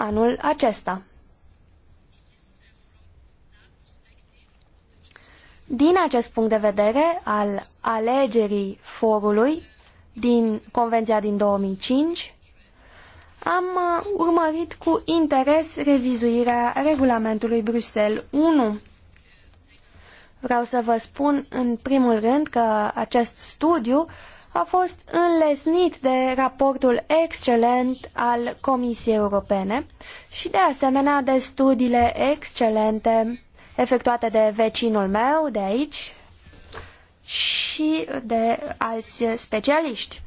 anul acesta. Din acest punct de vedere al alegerii forului din Convenția din 2005, am uh, urmărit cu interes revizuirea regulamentului Bruxelles 1. Vreau să vă spun în primul rând că acest studiu a fost înlesnit de raportul excelent al Comisiei Europene și de asemenea de studiile excelente efectuate de vecinul meu de aici și de alți specialiști.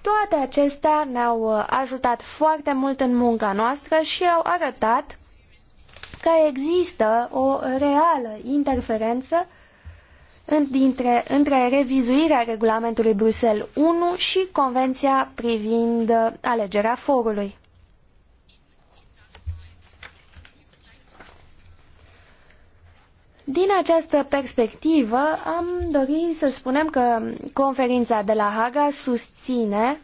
Toate acestea ne-au ajutat foarte mult în munca noastră și au arătat că există o reală interferență dintre, între revizuirea regulamentului Bruxelles 1 și Convenția privind alegerea forului. Din această perspectivă, am dori să spunem că conferința de la Haga susține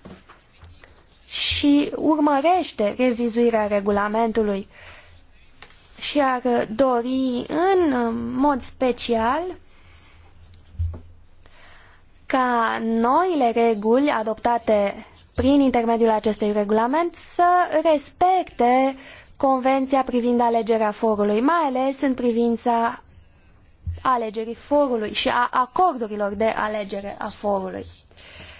și urmărește revizuirea regulamentului și ar dori în mod special ca noile reguli adoptate prin intermediul acestui regulament să respecte Convenția privind alegerea forului, mai ales în privința alegerii forului și a acordurilor de alegere a forului.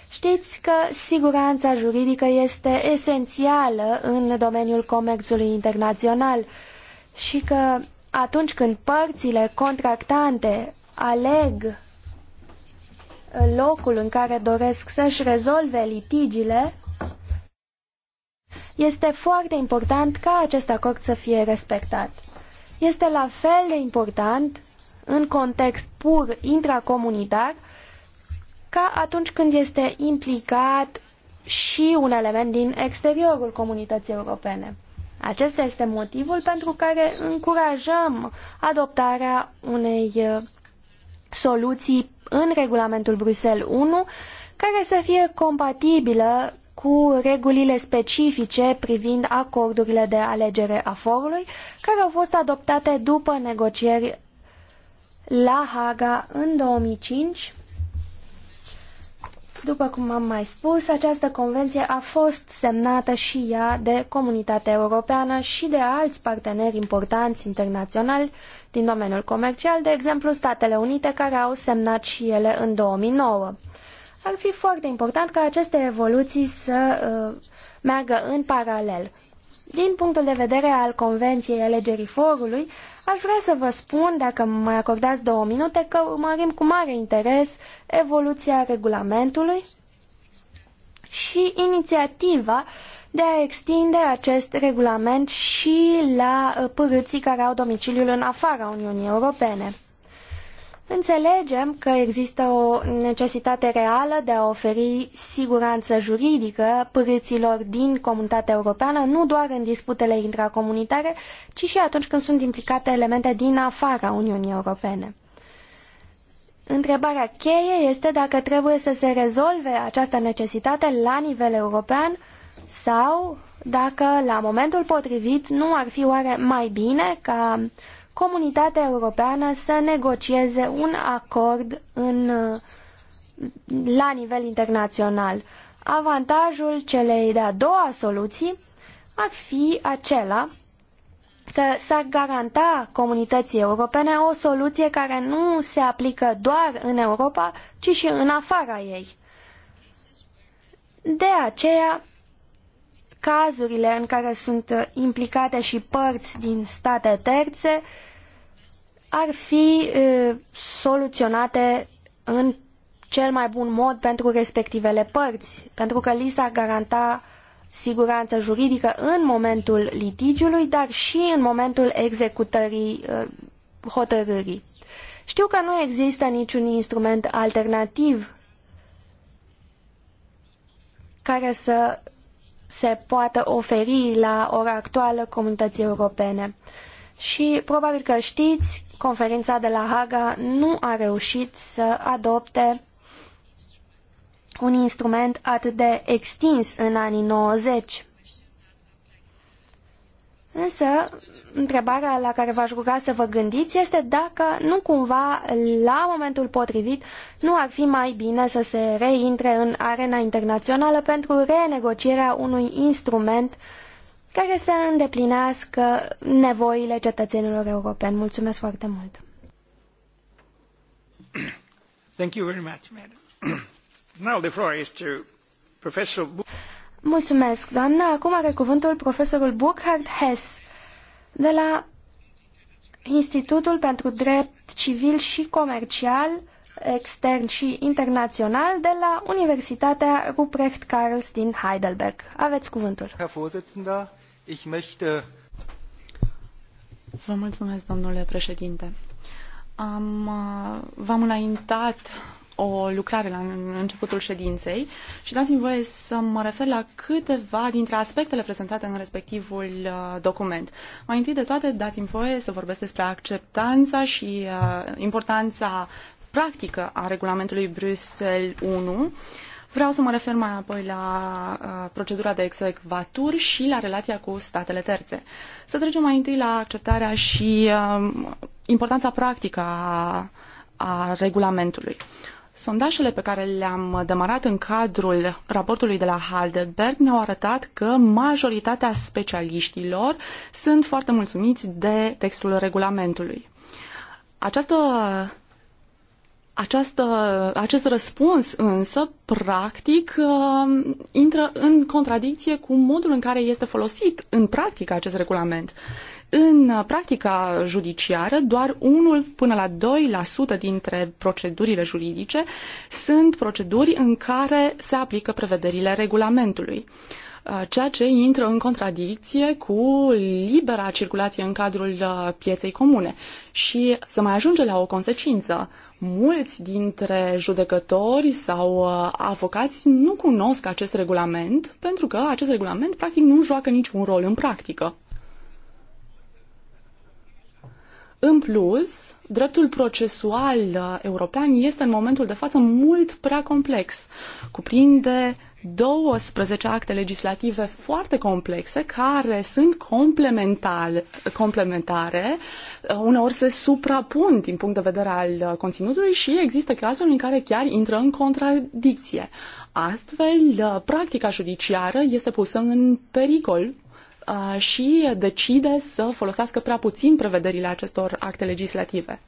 Știți că siguranța juridică este esențială în domeniul comerțului internațional și că atunci când părțile contractante aleg locul în care doresc să-și rezolve litigiile, este foarte important ca acest acord să fie respectat. Este la fel de important în context pur intracomunitar ca atunci când este implicat și un element din exteriorul comunității europene. Acesta este motivul pentru care încurajăm adoptarea unei soluții în regulamentul Bruxelles 1 care să fie compatibilă cu regulile specifice privind acordurile de alegere a forului, care au fost adoptate după negocieri la Haga în 2005. După cum am mai spus, această convenție a fost semnată și ea de comunitatea europeană și de alți parteneri importanți internaționali, din domeniul comercial, de exemplu Statele Unite, care au semnat și ele în 2009. Ar fi foarte important ca aceste evoluții să uh, meargă în paralel. Din punctul de vedere al Convenției Alegerii Forului, aș vrea să vă spun, dacă mai acordați două minute, că urmărim cu mare interes evoluția regulamentului și inițiativa uh, de a extinde acest regulament și la uh, părâții care au domiciliul în afara Uniunii Europene. Înțelegem că există o necesitate reală de a oferi siguranță juridică părâților din comunitatea europeană, nu doar în disputele intracomunitare, ci și atunci când sunt implicate elemente din afara Uniunii Europene. Întrebarea cheie este dacă trebuie să se rezolve această necesitate la nivel european sau dacă la momentul potrivit nu ar fi oare mai bine ca comunitatea europeană să negocieze un acord în, la nivel internațional. Avantajul celei de-a doua soluții ar fi acela că s-ar garanta comunității europene o soluție care nu se aplică doar în Europa, ci și în afara ei. De aceea, cazurile în care sunt uh, implicate și părți din state terțe ar fi uh, soluționate în cel mai bun mod pentru respectivele părți, pentru că li s-ar garanta siguranță juridică în momentul litigiului, dar și în momentul executării uh, hotărârii. Știu că nu există niciun instrument alternativ care să se poată oferi la ora actuală comunității europene. Și probabil că știți, conferința de la Haga nu a reușit să adopte un instrument atât de extins în anii 90. Însă, întrebarea la care v-aș ruga să vă gândiți este dacă nu cumva, la momentul potrivit, nu ar fi mai bine să se reintre în arena internațională pentru renegocierea unui instrument care să îndeplinească nevoile cetățenilor europeni. Mulțumesc foarte mult! Thank you very much, madam. Now the floor is to Professor Mulțumesc, doamna. Acum are cuvântul profesorul Burkhard Hess de la Institutul pentru Drept Civil și Comercial Extern și Internațional de la Universitatea Ruprecht Karls din Heidelberg. Aveți cuvântul. Vă mulțumesc, domnule președinte. Am, uh, v-am înaintat o lucrare la începutul ședinței și dați-mi voie să mă refer la câteva dintre aspectele prezentate în respectivul uh, document. Mai întâi de toate, dați-mi voie să vorbesc despre acceptanța și uh, importanța practică a regulamentului Bruxelles 1 Vreau să mă refer mai apoi la uh, procedura de execvaturi și la relația cu statele terțe. Să trecem mai întâi la acceptarea și uh, importanța practică a, a regulamentului. Sondajele pe care le-am demarat în cadrul raportului de la Haldeberg ne-au arătat că majoritatea specialiștilor sunt foarte mulțumiți de textul regulamentului. Această, această, acest răspuns însă, practic, uh, intră în contradicție cu modul în care este folosit în practică acest regulament. În practica judiciară, doar 1 până la 2% dintre procedurile juridice sunt proceduri în care se aplică prevederile regulamentului uh, ceea ce intră în contradicție cu libera circulație în cadrul uh, pieței comune. Și să mai ajunge la o consecință, mulți dintre judecători sau uh, avocați nu cunosc acest regulament pentru că acest regulament practic nu joacă niciun rol în practică. În plus, dreptul procesual uh, european este în momentul de față mult prea complex. Cuprinde 12 acte legislative foarte complexe care sunt complementare, uh, uneori se suprapun din punct de vedere al uh, conținutului și există cazuri în care chiar intră în contradicție. Astfel, practica judiciară este pusă în pericol și decide să folosească prea puțin prevederile acestor acte legislative.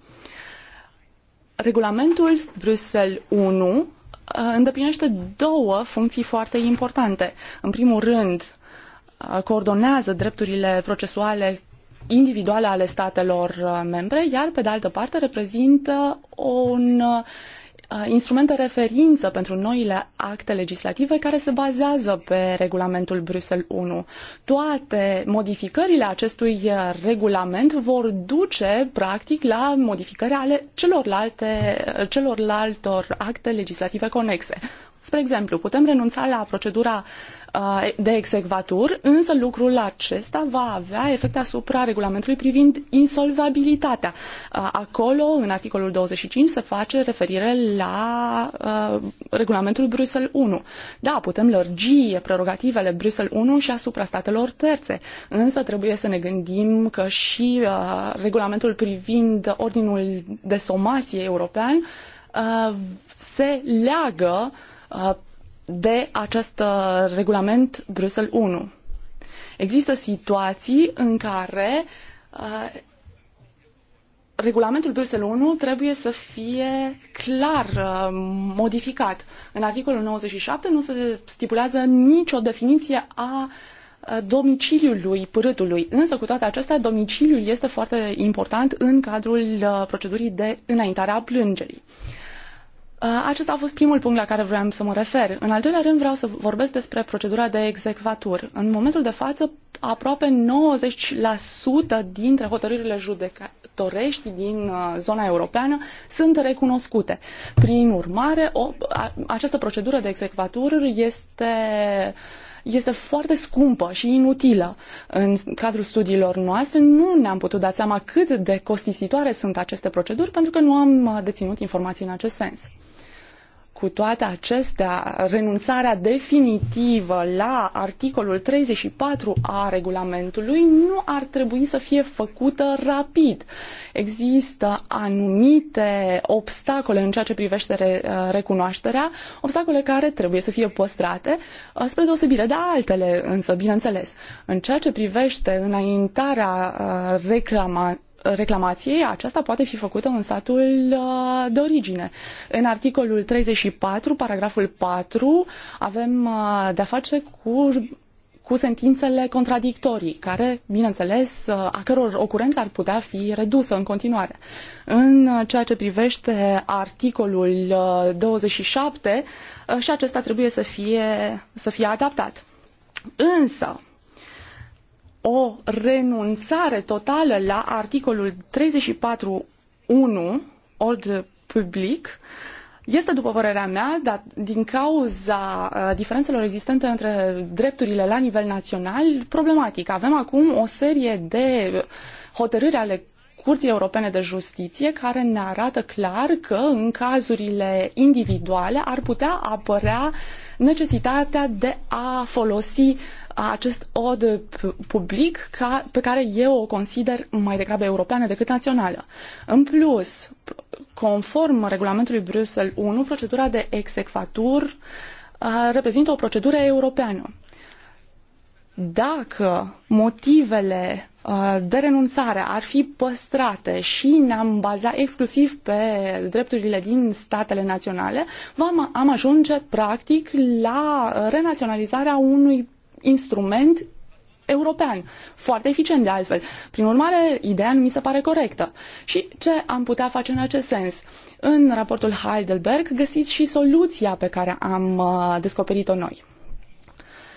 Regulamentul Bruxelles 1 îndeplinește două funcții foarte importante. În primul rând, coordonează drepturile procesuale individuale ale statelor membre, iar pe de altă parte reprezintă un Uh, instrument de referință pentru noile acte legislative care se bazează pe regulamentul Bruxelles 1. Toate modificările acestui uh, regulament vor duce, practic, la modificări ale celorlalte, uh, celorlaltor acte legislative conexe. Spre exemplu, putem renunța la procedura uh, de execvatur, însă lucrul acesta va avea efect asupra regulamentului privind insolvabilitatea. Uh, acolo, în articolul 25, se face referire la uh, regulamentul Bruxelles 1. Da, putem lărgi prerogativele Bruxelles 1 și asupra statelor terțe, însă trebuie să ne gândim că și regulamentul privind ordinul de somație european se leagă uh, Uh, de acest uh, regulament Bruxelles 1. Există situații în care uh, regulamentul Bruxelles 1 trebuie să fie clar modificat. În articolul 97 nu se stipulează nicio definiție a domiciliului pârâtului. Însă, cu toate acestea, domiciliul este foarte important în cadrul procedurii de înaintare a plângerii. Uh, acesta a fost primul punct la care vreau să mă refer. În al doilea rând vreau să vorbesc despre procedura de execvatur. În momentul de față, aproape 90% dintre hotărârile judecătorești din uh, zona europeană sunt recunoscute. Prin urmare, o, a, această procedură de execvatur este este foarte scumpă și inutilă. În cadrul studiilor noastre nu ne-am putut da seama cât de costisitoare sunt aceste proceduri pentru că nu am uh, deținut informații în acest sens. Cu toate acestea, renunțarea definitivă la articolul 34 a regulamentului nu ar trebui să fie făcută rapid. Există anumite obstacole în ceea ce privește uh, recunoașterea, obstacole care trebuie să fie păstrate, uh, spre deosebire de altele, însă, bineînțeles. În ceea ce privește înaintarea uh, reclamației, reclamației, aceasta poate fi făcută în statul uh, de origine. În articolul 34, paragraful 4, avem uh, de-a face cu cu sentințele contradictorii, care, bineînțeles, uh, a căror ocurență ar putea fi redusă în continuare. În ceea ce privește articolul 27, și acesta trebuie să fie, să fie adaptat. Însă, o renunțare totală la articolul 34.1, ord public, este, după părerea mea, dat din cauza uh, diferențelor existente între drepturile la nivel național, problematic. Avem acum o serie de hotărâri ale Curții Europene de Justiție care ne arată clar că în cazurile individuale ar putea apărea necesitatea de a folosi uh, acest od public ca, pe care eu o consider mai degrabă europeană decât națională. În plus, conform regulamentului Brussel 1, procedura de execvatur uh, reprezintă o procedură europeană. Dacă motivele Uh, de renunțare ar fi păstrate și ne-am baza exclusiv pe drepturile din statele naționale, am, am ajunge practic la renaționalizarea unui instrument european, foarte eficient de altfel. Prin urmare, ideea nu mi se pare corectă. Și ce am putea face în acest sens? În raportul Heidelberg găsiți și soluția pe care am uh, descoperit-o noi.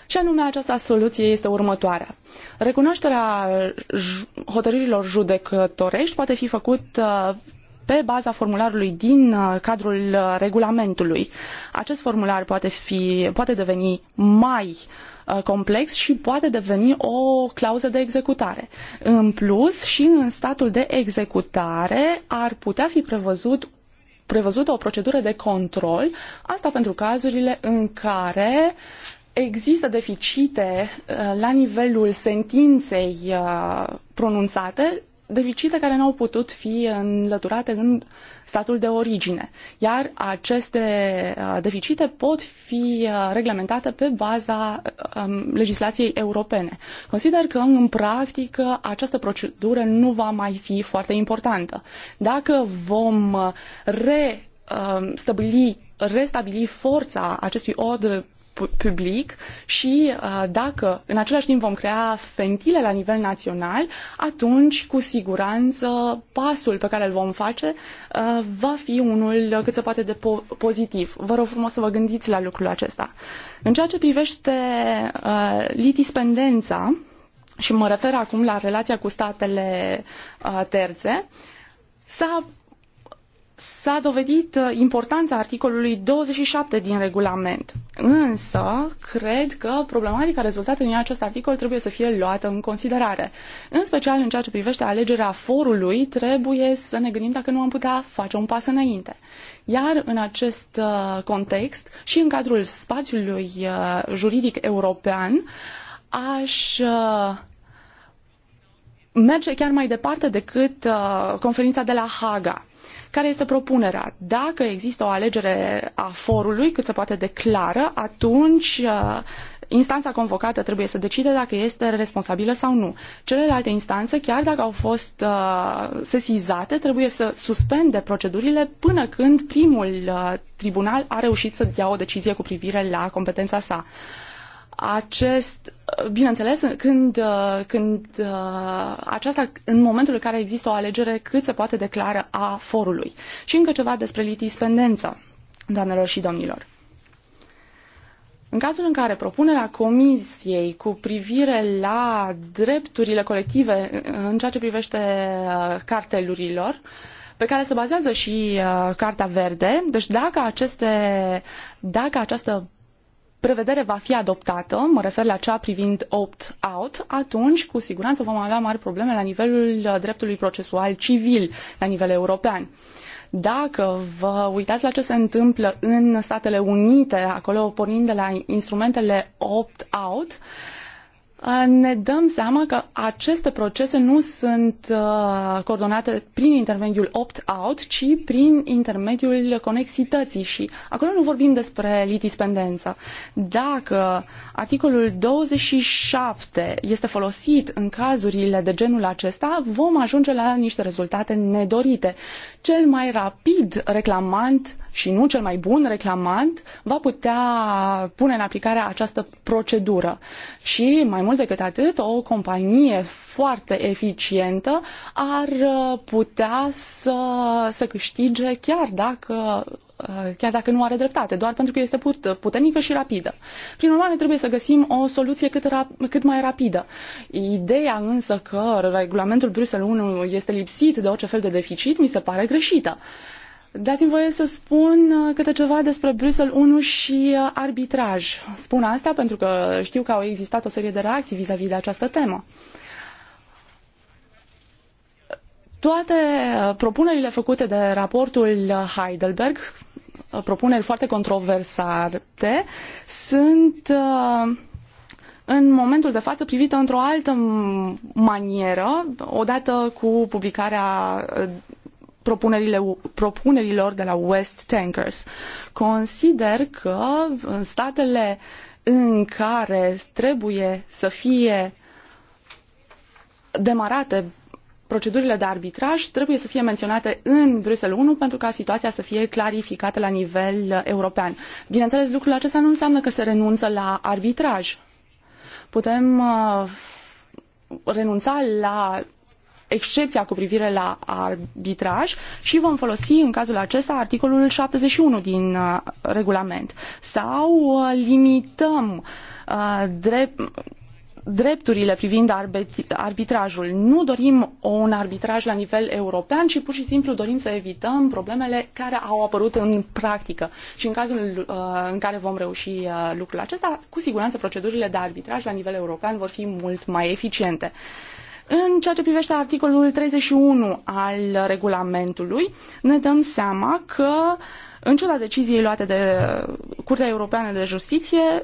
Și anume această soluție este următoarea. Recunoașterea hotărârilor judecătorești poate fi făcută uh, pe baza formularului din uh, cadrul uh, regulamentului. Acest formular poate, fi, poate deveni mai complex și poate deveni o clauză de executare. În plus, și în statul de executare ar putea fi prevăzut prevăzută o procedură de control, asta pentru cazurile în care uh, există deficite uh, la nivelul sentinței uh, pronunțate, deficite care nu au putut fi înlăturate în statul de origine. Iar aceste uh, deficite pot fi reglementate pe baza um, legislației europene. Consider că, în practică, această procedură nu va mai fi foarte importantă. Dacă vom re stabili, restabili forța acestui ordin public și uh, dacă în același timp vom crea fentile la nivel național, atunci cu siguranță pasul pe care îl vom face uh, va fi unul cât se poate de po- pozitiv. Vă rog frumos să vă gândiți la lucrul acesta. În ceea ce privește uh, litispendența, și mă refer acum la relația cu statele terțe, s-a s-a dovedit uh, importanța articolului 27 din regulament. Însă, cred că problematica rezultată din acest articol trebuie să fie luată în considerare. În special în ceea ce privește alegerea forului, trebuie să ne gândim dacă nu am putea face un pas înainte. Iar în acest uh, context și în cadrul spațiului uh, juridic european, aș merge chiar mai departe decât conferința de la Haga care este propunerea? Dacă există o alegere a forului cât se poate de clară, atunci uh, instanța convocată trebuie să decide dacă este responsabilă sau nu. Celelalte instanțe, chiar dacă au fost uh, sesizate, trebuie să suspende procedurile până când primul uh, tribunal a reușit să dea o decizie cu privire la competența sa. Uh, acest, bineînțeles, când, când aceasta, în momentul în care există o alegere cât se poate declară a forului. Și încă ceva despre litispendență, doamnelor și domnilor. În cazul în care propunerea Comisiei cu privire la drepturile colective în ceea ce privește uh, cartelurilor, pe care se bazează și uh, Carta Verde, deci dacă, aceste, dacă această prevedere va fi adoptată, mă refer la cea privind opt-out, atunci cu siguranță vom avea mari probleme la nivelul uh, dreptului procesual civil la nivel european. Dacă vă uitați la ce se întâmplă în Statele Unite, acolo pornind de la instrumentele opt-out, uh, ne dăm seama că aceste procese nu sunt uh, coordonate prin intermediul opt-out, ci prin intermediul conexității și acolo nu vorbim despre litispendență. Dacă articolul 27 este folosit în cazurile de genul acesta, vom ajunge la niște rezultate nedorite. Cel mai rapid reclamant și nu cel mai bun reclamant va putea pune în aplicare această procedură. Și mai mult decât atât, o companie foarte eficientă ar putea să, să câștige chiar dacă uh, chiar dacă nu are dreptate, doar pentru că este put, puternică și rapidă. Prin urmare, trebuie să găsim o soluție cât, rap- cât mai rapidă. Ideea însă că regulamentul Bruxelles 1 este lipsit de orice fel de deficit mi se pare greșită. Uh, Dați-mi voie să spun uh, câte ceva despre Bruxelles 1 și uh, arbitraj. Spun asta pentru că știu că au existat o serie de reacții vis-a-vis -vis de această temă. Toate uh, propunerile făcute de raportul Heidelberg, propuneri foarte controversate, sunt în momentul de față privită într-o altă manieră, odată cu publicarea propunerilor de la West Tankers. Consider că în statele în care trebuie să fie demarate procedurile de arbitraj trebuie să fie menționate în Bruxelles 1 pentru ca situația să fie clarificată la nivel european. Bineînțeles, lucrul acesta nu înseamnă că se renunță la arbitraj. Putem uh, renunța la excepția cu privire la arbitraj și vom folosi în cazul acesta articolul 71 din uh, regulament. Sau uh, limităm uh, drept drepturile privind arbitrajul. Nu dorim un arbitraj la nivel european, ci pur și simplu dorim să evităm problemele care au apărut în practică. Și în cazul în care vom reuși lucrul acesta, cu siguranță procedurile de arbitraj la nivel european vor fi mult mai eficiente. În ceea ce privește articolul 31 al regulamentului, ne dăm seama că, în ciuda deciziei luate de Curtea Europeană de Justiție,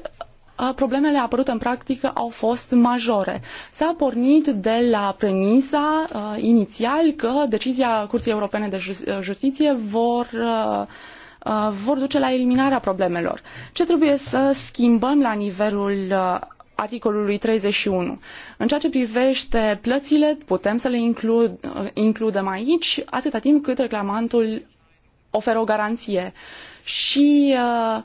problemele apărute în practică au fost majore. S-a pornit de la premisa uh, inițial că decizia Curții Europene de Justiție vor uh, vor duce la eliminarea problemelor. Ce trebuie să schimbăm la nivelul articolului 31. În ceea ce privește plățile, putem să le includ, includem aici atâta timp cât reclamantul oferă o garanție. Și uh,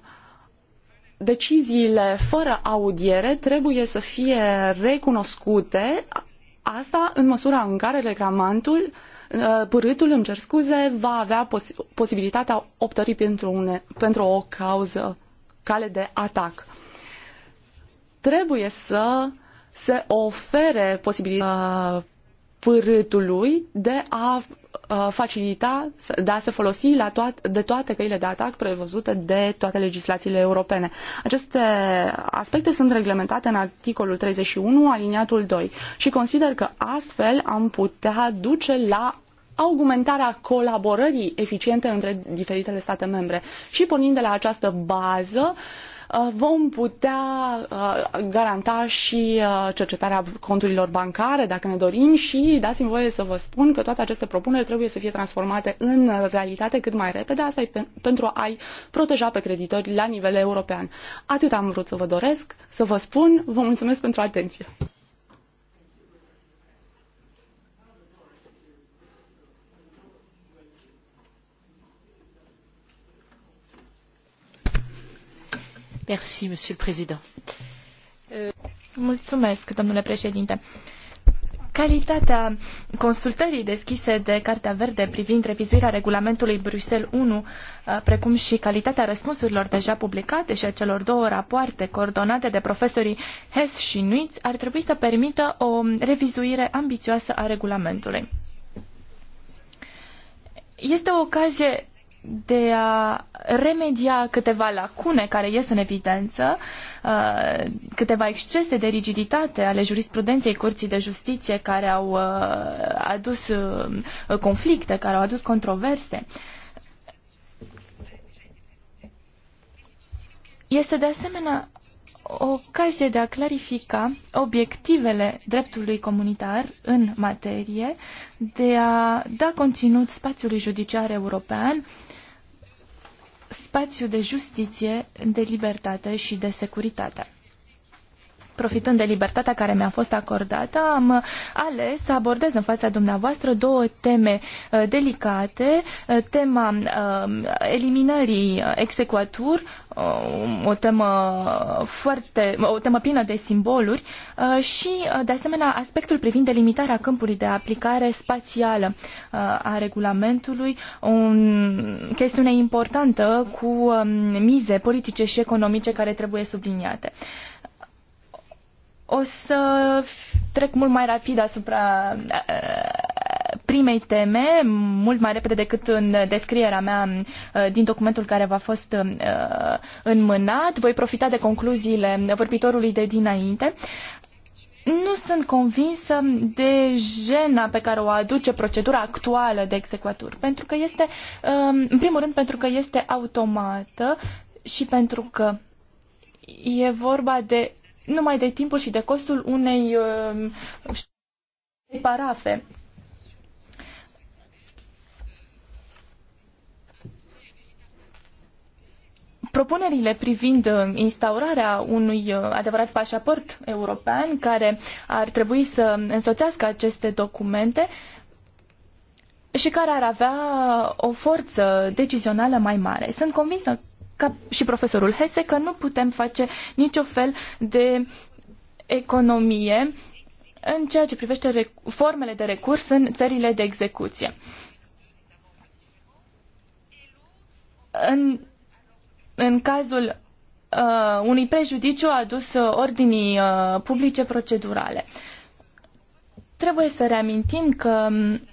deciziile fără audiere trebuie să fie recunoscute, asta în măsura în care reclamantul uh, pârâtul, îmi cer scuze, va avea posibilitatea optării pentru, une, pentru o cauză, cale de atac trebuie să se ofere posibilitatea uh, pârâtului de a uh, facilita, de a se folosi la toat, de toate căile de atac prevăzute de toate legislațiile europene. Aceste aspecte sunt reglementate în articolul 31, aliniatul 2 și consider că astfel am putea duce la augmentarea colaborării eficiente între diferitele state membre și pornind de la această bază uh, Uh, vom putea uh, garanta și uh, cercetarea conturilor bancare, dacă ne dorim, și dați-mi voie să vă spun că toate aceste propuneri trebuie să fie transformate în realitate cât mai repede, asta e pentru a-i proteja pe creditori la nivel european. Atât am vrut să vă doresc, să vă spun, vă mulțumesc pentru atenție. Uh, mulțumesc, domnule președinte. Calitatea consultării deschise de Cartea Verde privind revizuirea regulamentului Bruxelles 1, uh, precum și calitatea răspunsurilor deja publicate și a celor două rapoarte coordonate de profesorii Hess și Nuitz, ar trebui să permită o revizuire ambițioasă a regulamentului. Este o ocazie de a remedia câteva lacune care ies în evidență, uh, câteva excese de rigiditate ale jurisprudenței Curții de Justiție care au uh, adus uh, conflicte, care au adus controverse. Este de asemenea o ocazie de a clarifica obiectivele dreptului comunitar în materie, de a da conținut spațiului judiciar european, spațiu de justiție, de libertate și de securitate profitând de libertatea care mi-a fost acordată, am ales să abordez în fața dumneavoastră două teme uh, delicate, uh, tema uh, eliminării execuatur, o temă foarte, o temă plină de simboluri și, de asemenea, aspectul privind delimitarea câmpului de aplicare spațială a regulamentului, o chestiune importantă cu um, mize politice și economice care trebuie subliniate. O să trec mult mai rapid asupra primei teme, mult mai repede decât în descrierea mea din documentul care v-a fost înmânat. Voi profita de concluziile vorbitorului de dinainte nu sunt convinsă de jena pe care o aduce procedura actuală de execuatur, pentru că este, în primul rând, pentru că este automată și pentru că e vorba de numai de timpul și de costul unei uh, parafe. Propunerile privind uh, instaurarea unui uh, adevărat pașaport european care ar trebui să însoțească aceste documente și care ar avea o forță decizională mai mare. Sunt convinsă ca și profesorul hese că nu putem face nicio fel de economie în ceea ce privește formele de recurs în țările de execuție. În, în cazul uh, unui prejudiciu adus ordinii uh, publice procedurale. Trebuie să reamintim că um,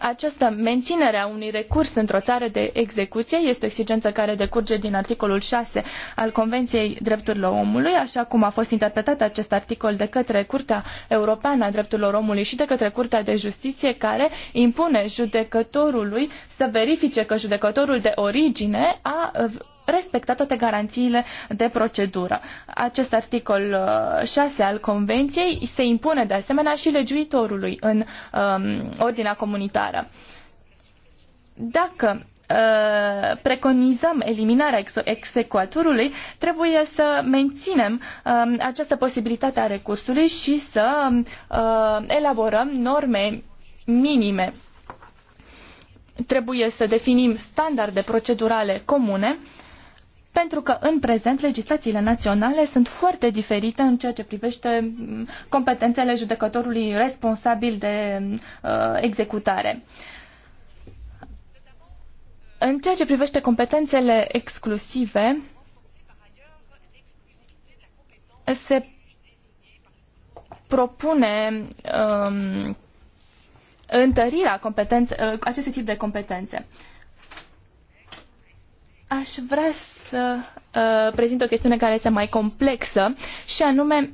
această menținere a unui recurs într-o țară de execuție este o exigență care decurge din articolul 6 al Convenției Drepturilor Omului, așa cum a fost interpretat acest articol de către Curtea Europeană a Drepturilor Omului și de către Curtea de Justiție, care impune judecătorului să verifice că judecătorul de origine a respecta toate garanțiile de procedură. Acest articol 6 uh, al Convenției se impune de asemenea și legiuitorului în um, ordinea comunitară. Dacă uh, preconizăm eliminarea execuatorului, trebuie să menținem um, această posibilitate a recursului și să um, uh, elaborăm norme minime trebuie să definim standarde procedurale comune pentru că în prezent legislațiile naționale sunt foarte diferite în ceea ce privește competențele judecătorului responsabil de uh, executare. În ceea ce privește competențele exclusive, se propune um, întărirea uh, acestui tip de competențe. Aș vrea să uh, prezint o chestiune care este mai complexă și anume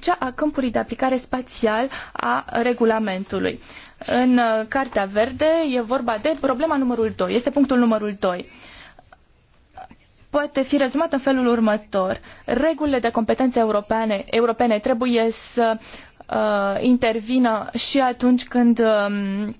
cea a câmpului de aplicare spațial a regulamentului. În uh, Cartea Verde e vorba de problema numărul 2, este punctul numărul 2 poate fi rezumat în felul următor. Regulile de competențe europene, europene trebuie să uh, intervină și atunci când um,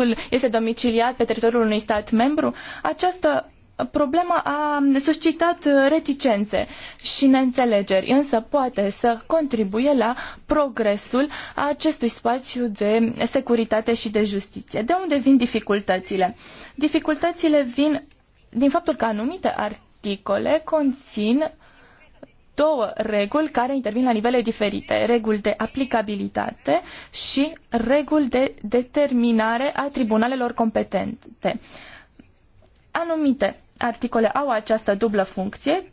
uh, este domiciliat pe teritoriul unui stat membru. Această problema a suscitat uh, reticențe și neînțelegeri, însă poate să contribuie la progresul acestui spațiu de securitate și de justiție. De unde vin dificultățile? Dificultățile vin din faptul că anumite articole conțin două reguli care intervin la nivele diferite, reguli de aplicabilitate și reguli de determinare a tribunalelor competente. Anumite articole au această dublă funcție.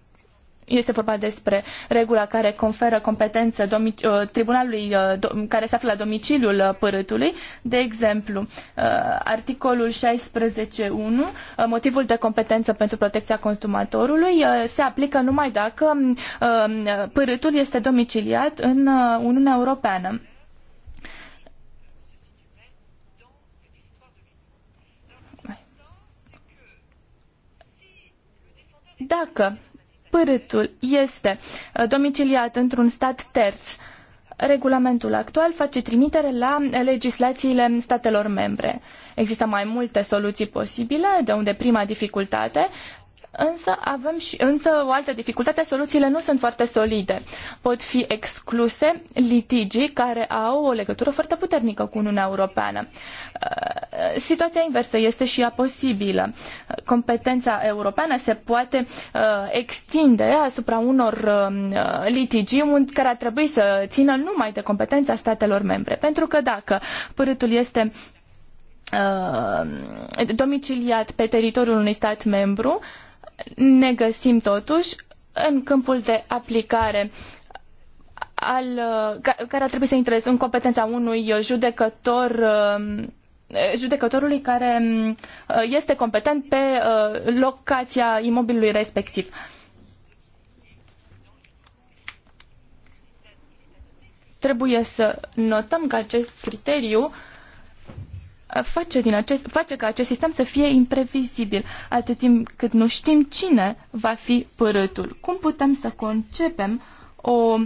Este vorba despre regula care conferă competență uh, tribunalului uh, care se află la domiciliul uh, părâtului. De exemplu, articolul 16.1, motivul de competență pentru protecția consumatorului, se aplică numai dacă um, părâtul este domiciliat în Uniunea Europeană. Dacă pârâtul este uh, domiciliat într-un stat terț, regulamentul actual face trimitere la legislațiile statelor membre. Există mai multe soluții posibile, de unde prima dificultate Însă avem și însă o altă dificultate, soluțiile nu sunt foarte solide. Pot fi excluse litigii care au o legătură foarte puternică cu Uniunea Europeană. Uh, situația inversă este și ea posibilă. Competența europeană se poate uh, extinde asupra unor uh, litigii care ar trebui să țină numai de competența statelor membre. Pentru că dacă pârâtul este domiciliat pe teritoriul unui stat membru, ne găsim totuși în câmpul de aplicare al, care ar trebui să intre în competența unui judecător um, judecătorului care um, este competent pe uh, locația imobilului respectiv. Trebuie să notăm că acest criteriu Uh, face, din acest, face ca acest sistem să fie imprevizibil, atât timp cât nu știm cine va fi părâtul. Cum putem să concepem o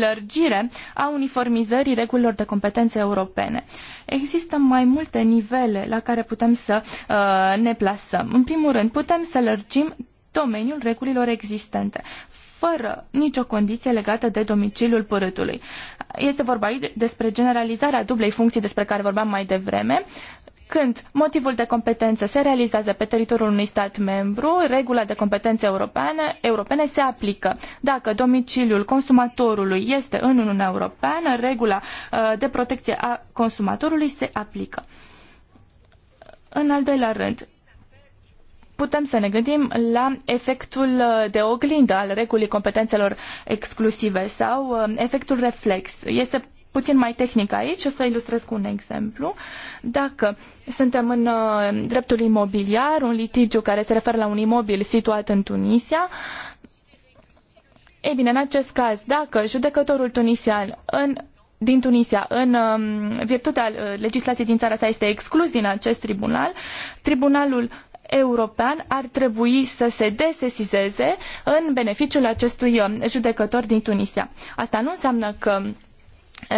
lărgire a uniformizării regulilor de competențe europene. Există mai multe nivele la care putem să uh, ne plasăm. În primul rând, putem să lărgim domeniul regulilor existente, fără nicio condiție legată de domiciliul părâtului. Este vorba aici despre generalizarea dublei funcții despre care vorbeam mai devreme, când motivul de competență se realizează pe teritoriul unui stat membru, regula de competențe europene, europene se aplică. Dacă domiciliul consumatorului este în Uniunea Europeană, regula uh, de protecție a consumatorului se aplică. În al doilea rând, putem să ne gândim la efectul uh, de oglindă al regulii competențelor exclusive sau uh, efectul reflex. Este puțin mai tehnic aici, o să ilustrez cu un exemplu. Dacă suntem în uh, dreptul imobiliar, un litigiu care se referă la un imobil situat în Tunisia, ei bine, în acest caz, dacă judecătorul tunisian în din Tunisia, în um, virtutea legislației din țara sa, este exclus din acest tribunal. Tribunalul european ar trebui să se desesizeze în beneficiul acestui um, judecător din Tunisia. Asta nu înseamnă că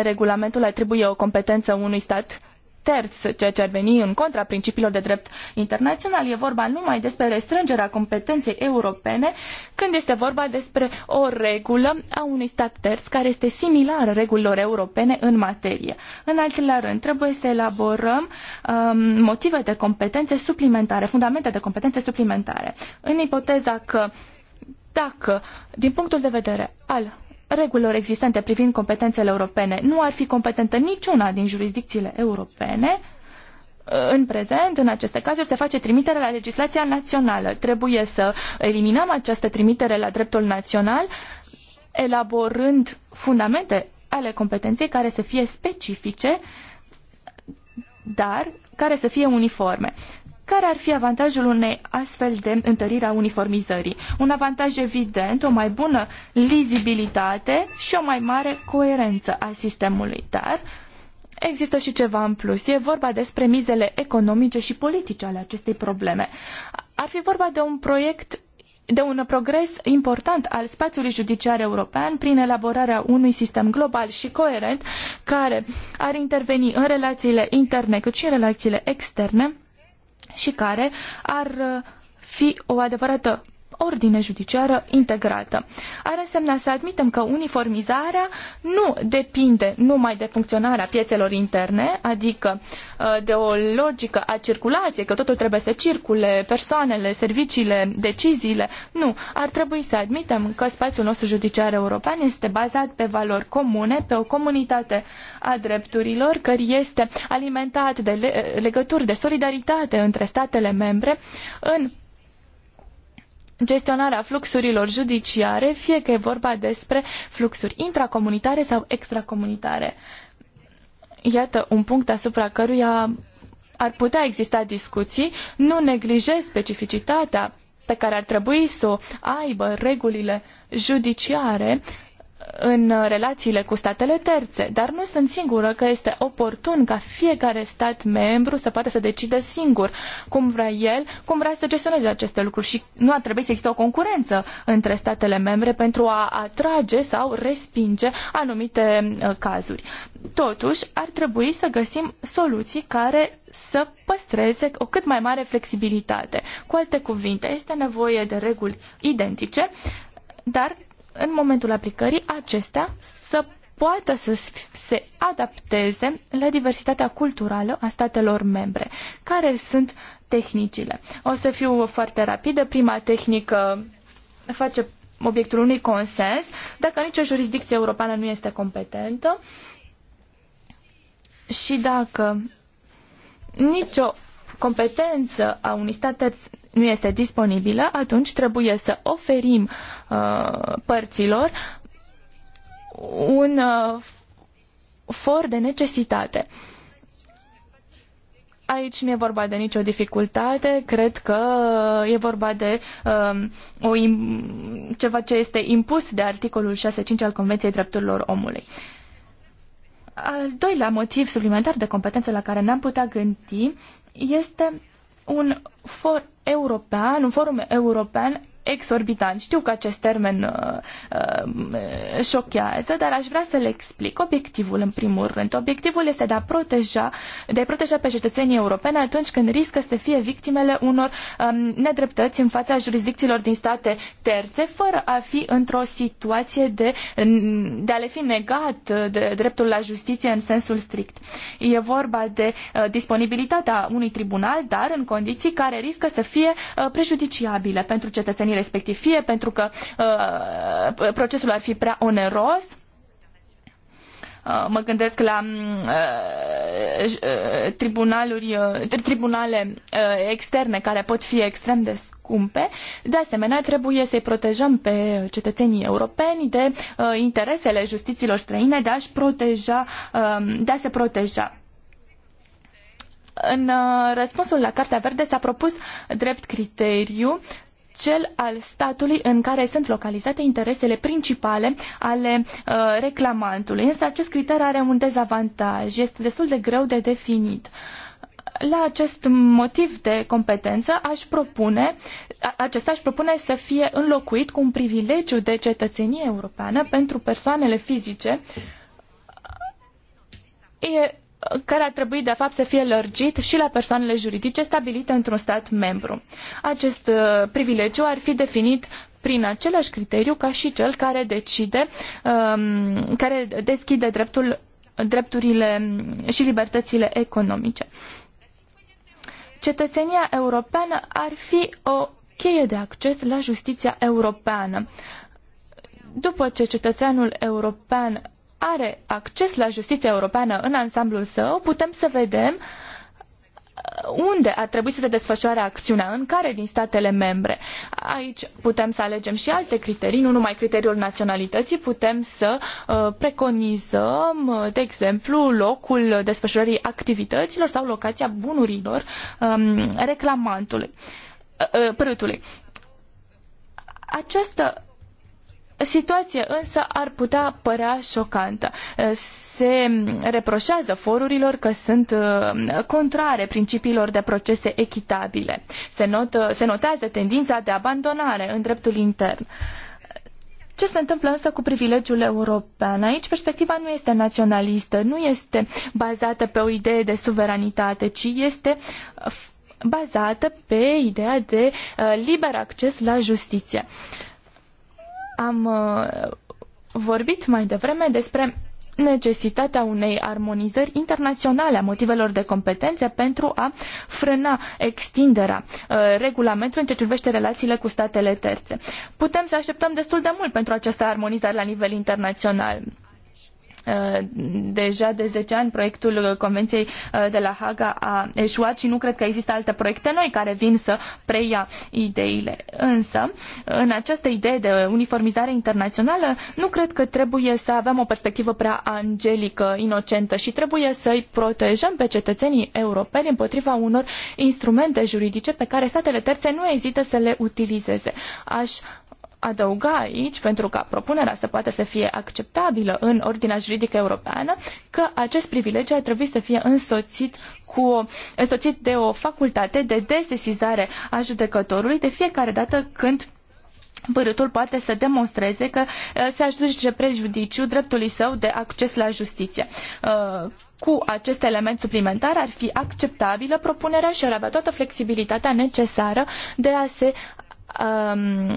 regulamentul atribuie o competență unui stat terț, ceea ce ar veni în contra principiilor de drept internațional. E vorba numai despre restrângerea competenței europene când este vorba despre o regulă a unui stat terț care este similară regulilor europene în materie. În al treilea rând, trebuie să elaborăm um, motive de competențe suplimentare, fundamente de competențe suplimentare. În ipoteza că dacă, din punctul de vedere al regulilor existente privind competențele europene nu ar fi competentă niciuna din jurisdicțiile europene, în prezent, în aceste cazuri, se face trimitere la legislația națională. Trebuie să eliminăm această trimitere la dreptul național, elaborând fundamente ale competenței care să fie specifice, dar care să fie uniforme. Care ar fi avantajul unei astfel de întărire a uniformizării? Un avantaj evident, o mai bună lizibilitate și o mai mare coerență a sistemului, dar Există și ceva în plus. E vorba despre mizele economice și politice ale acestei probleme. Ar fi vorba de un proiect de un progres important al spațiului judiciar european prin elaborarea unui sistem global și coerent care ar interveni în relațiile interne cât și în relațiile externe și care ar uh, fi o adevărată ordine judiciară integrată. Ar însemna să admitem că uniformizarea nu depinde numai de funcționarea piețelor interne, adică uh, de o logică a circulației, că totul trebuie să circule, persoanele, serviciile, deciziile. Nu, ar trebui să admitem că spațiul nostru judiciar european este bazat pe valori comune, pe o comunitate a drepturilor, care este alimentat de legături de solidaritate între statele membre în gestionarea fluxurilor judiciare, fie că e vorba despre fluxuri intracomunitare sau extracomunitare. Iată un punct asupra căruia ar putea exista discuții, nu neglijez specificitatea pe care ar trebui să o aibă regulile judiciare în uh, relațiile cu statele terțe, dar nu sunt singură că este oportun ca fiecare stat membru să poată să decide singur cum vrea el, cum vrea să gestioneze aceste lucruri și nu ar trebui să existe o concurență între statele membre pentru a atrage sau respinge anumite uh, cazuri. Totuși, ar trebui să găsim soluții care să păstreze o cât mai mare flexibilitate. Cu alte cuvinte, este nevoie de reguli identice, dar în momentul aplicării acestea să poată să se adapteze la diversitatea culturală a statelor membre. Care sunt tehnicile? O să fiu foarte rapidă. Prima tehnică face obiectul unui consens. Dacă nicio jurisdicție europeană nu este competentă și dacă nicio competență a unui stat terț nu este disponibilă, atunci trebuie să oferim uh, părților un uh, for de necesitate. Aici nu e vorba de nicio dificultate, cred că uh, e vorba de um, o, ceva ce este impus de articolul 6.5 al Convenției Drepturilor Omului. Al doilea motiv suplimentar de competență la care ne-am putea gândi este un for european, un forum european exorbitant. Știu că acest termen uh, uh, șochează, dar aș vrea să le explic obiectivul în primul rând. Obiectivul este de a proteja, de a proteja pe cetățenii europeni atunci când riscă să fie victimele unor um, nedreptăți în fața jurisdicțiilor din state terțe, fără a fi într-o situație de, de a le fi negat uh, de dreptul la justiție în sensul strict. E vorba de uh, disponibilitatea unui tribunal, dar în condiții care riscă să fie uh, prejudiciabile pentru cetățenii respectiv, fie pentru că uh, procesul ar fi prea oneros, uh, mă gândesc la mm, uh, uh, tribunaluri, tribunale externe care pot fi extrem de scumpe. De asemenea, trebuie să-i protejăm pe cetățenii europeni de interesele justițiilor străine de a-și proteja, de a se proteja. În răspunsul la Cartea Verde s-a propus drept criteriu cel al statului în care sunt localizate interesele principale ale uh, reclamantului. Însă acest criteriu are un dezavantaj, este destul de greu de definit. La acest motiv de competență aș propune, acesta aș propune să fie înlocuit cu un privilegiu de cetățenie europeană pentru persoanele fizice e care ar trebui de fapt să fie lărgit și la persoanele juridice stabilite într-un stat membru. Acest uh, privilegiu ar fi definit prin același criteriu ca și cel care decide, um, care deschide dreptul, drepturile și libertățile economice. Cetățenia europeană ar fi o cheie de acces la justiția europeană. După ce cetățeanul european are acces la justiția europeană în ansamblul său, putem să vedem uh, unde ar trebui să se desfășoare acțiunea, în care din statele membre. Aici putem să alegem și alte criterii, nu numai criteriul naționalității, putem să uh, preconizăm, uh, de exemplu, locul desfășurării activităților sau locația bunurilor um, reclamantului, uh, Această situație însă ar putea părea șocantă. Eh, se reproșează forurilor că sunt eh, contrare principiilor de procese echitabile. Se, not, se notează tendința de abandonare în dreptul intern. Ce se întâmplă însă cu privilegiul european? Aici perspectiva nu este naționalistă, nu este bazată pe o idee de suveranitate, ci este eh, bazată pe ideea de liber acces la justiție. Am uh, vorbit mai devreme despre necesitatea unei armonizări internaționale a motivelor de competență pentru a frâna extinderea uh, regulamentului în ceea ce privește relațiile cu statele terțe. Putem să așteptăm destul de mult pentru această armonizare la nivel internațional. Uh, deja de 10 ani proiectul Convenției uh, de la Haga a eșuat și nu cred că există alte proiecte noi care vin să preia ideile. Însă, în această idee de uniformizare internațională, nu cred că trebuie să avem o perspectivă prea angelică, inocentă și trebuie să-i protejăm pe cetățenii europeni împotriva unor instrumente juridice pe care statele terțe nu ezită să le utilizeze. Aș adăuga aici, pentru ca propunerea să poată să fie acceptabilă în ordinea juridică europeană, că acest privilegiu ar trebui să fie însoțit cu o, însoțit de o facultate de desesizare a judecătorului de fiecare dată când părâtul poate să demonstreze că uh, se ajunge prejudiciu dreptului său de acces la justiție. Uh, cu acest element suplimentar ar fi acceptabilă propunerea și ar avea toată flexibilitatea necesară de a se Um,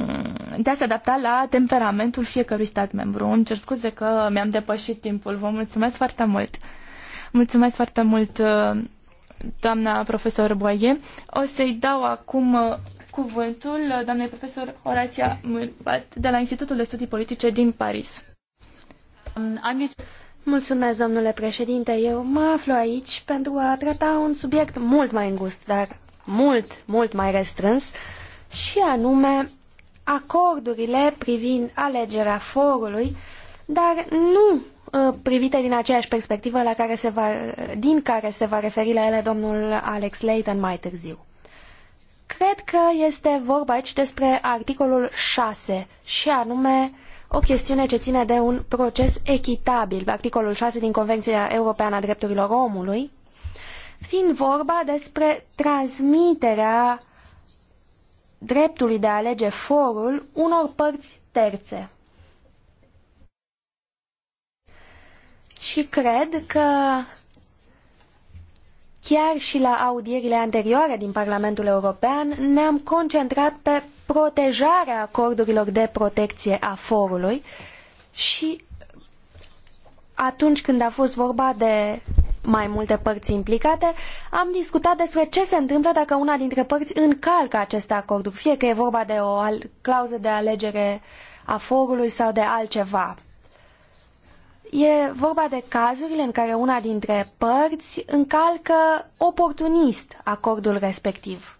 de a se adapta la temperamentul fiecărui stat membru. Îmi cer scuze că mi-am depășit timpul. Vă mulțumesc foarte mult. Mulțumesc foarte mult, uh, doamna profesor Boie. O să-i dau acum uh, cuvântul uh, doamnei profesor Horația Mârbat de la Institutul de Studii Politice din Paris. Mulțumesc, domnule președinte. Eu mă aflu aici pentru a trata un subiect mult mai îngust, dar mult, mult mai restrâns, uh, și anume acordurile privind alegerea forului, dar nu uh, privite din aceeași perspectivă la care se va, din care se va referi la ele domnul Alex Leighton mai târziu. Cred că este vorba aici despre articolul 6 și anume o chestiune ce ține de un proces echitabil, articolul 6 din Convenția Europeană a Drepturilor Omului, fiind vorba despre transmiterea dreptului de a alege forul unor părți terțe. Și cred că chiar și la audierile anterioare din Parlamentul European ne-am concentrat pe protejarea acordurilor de protecție a forului și atunci când a fost vorba de mai multe părți implicate, am discutat despre ce se întâmplă dacă una dintre părți încalcă aceste acorduri, fie că e vorba de o clauză de alegere a forului sau de altceva. E vorba de cazurile în care una dintre părți încalcă oportunist acordul respectiv.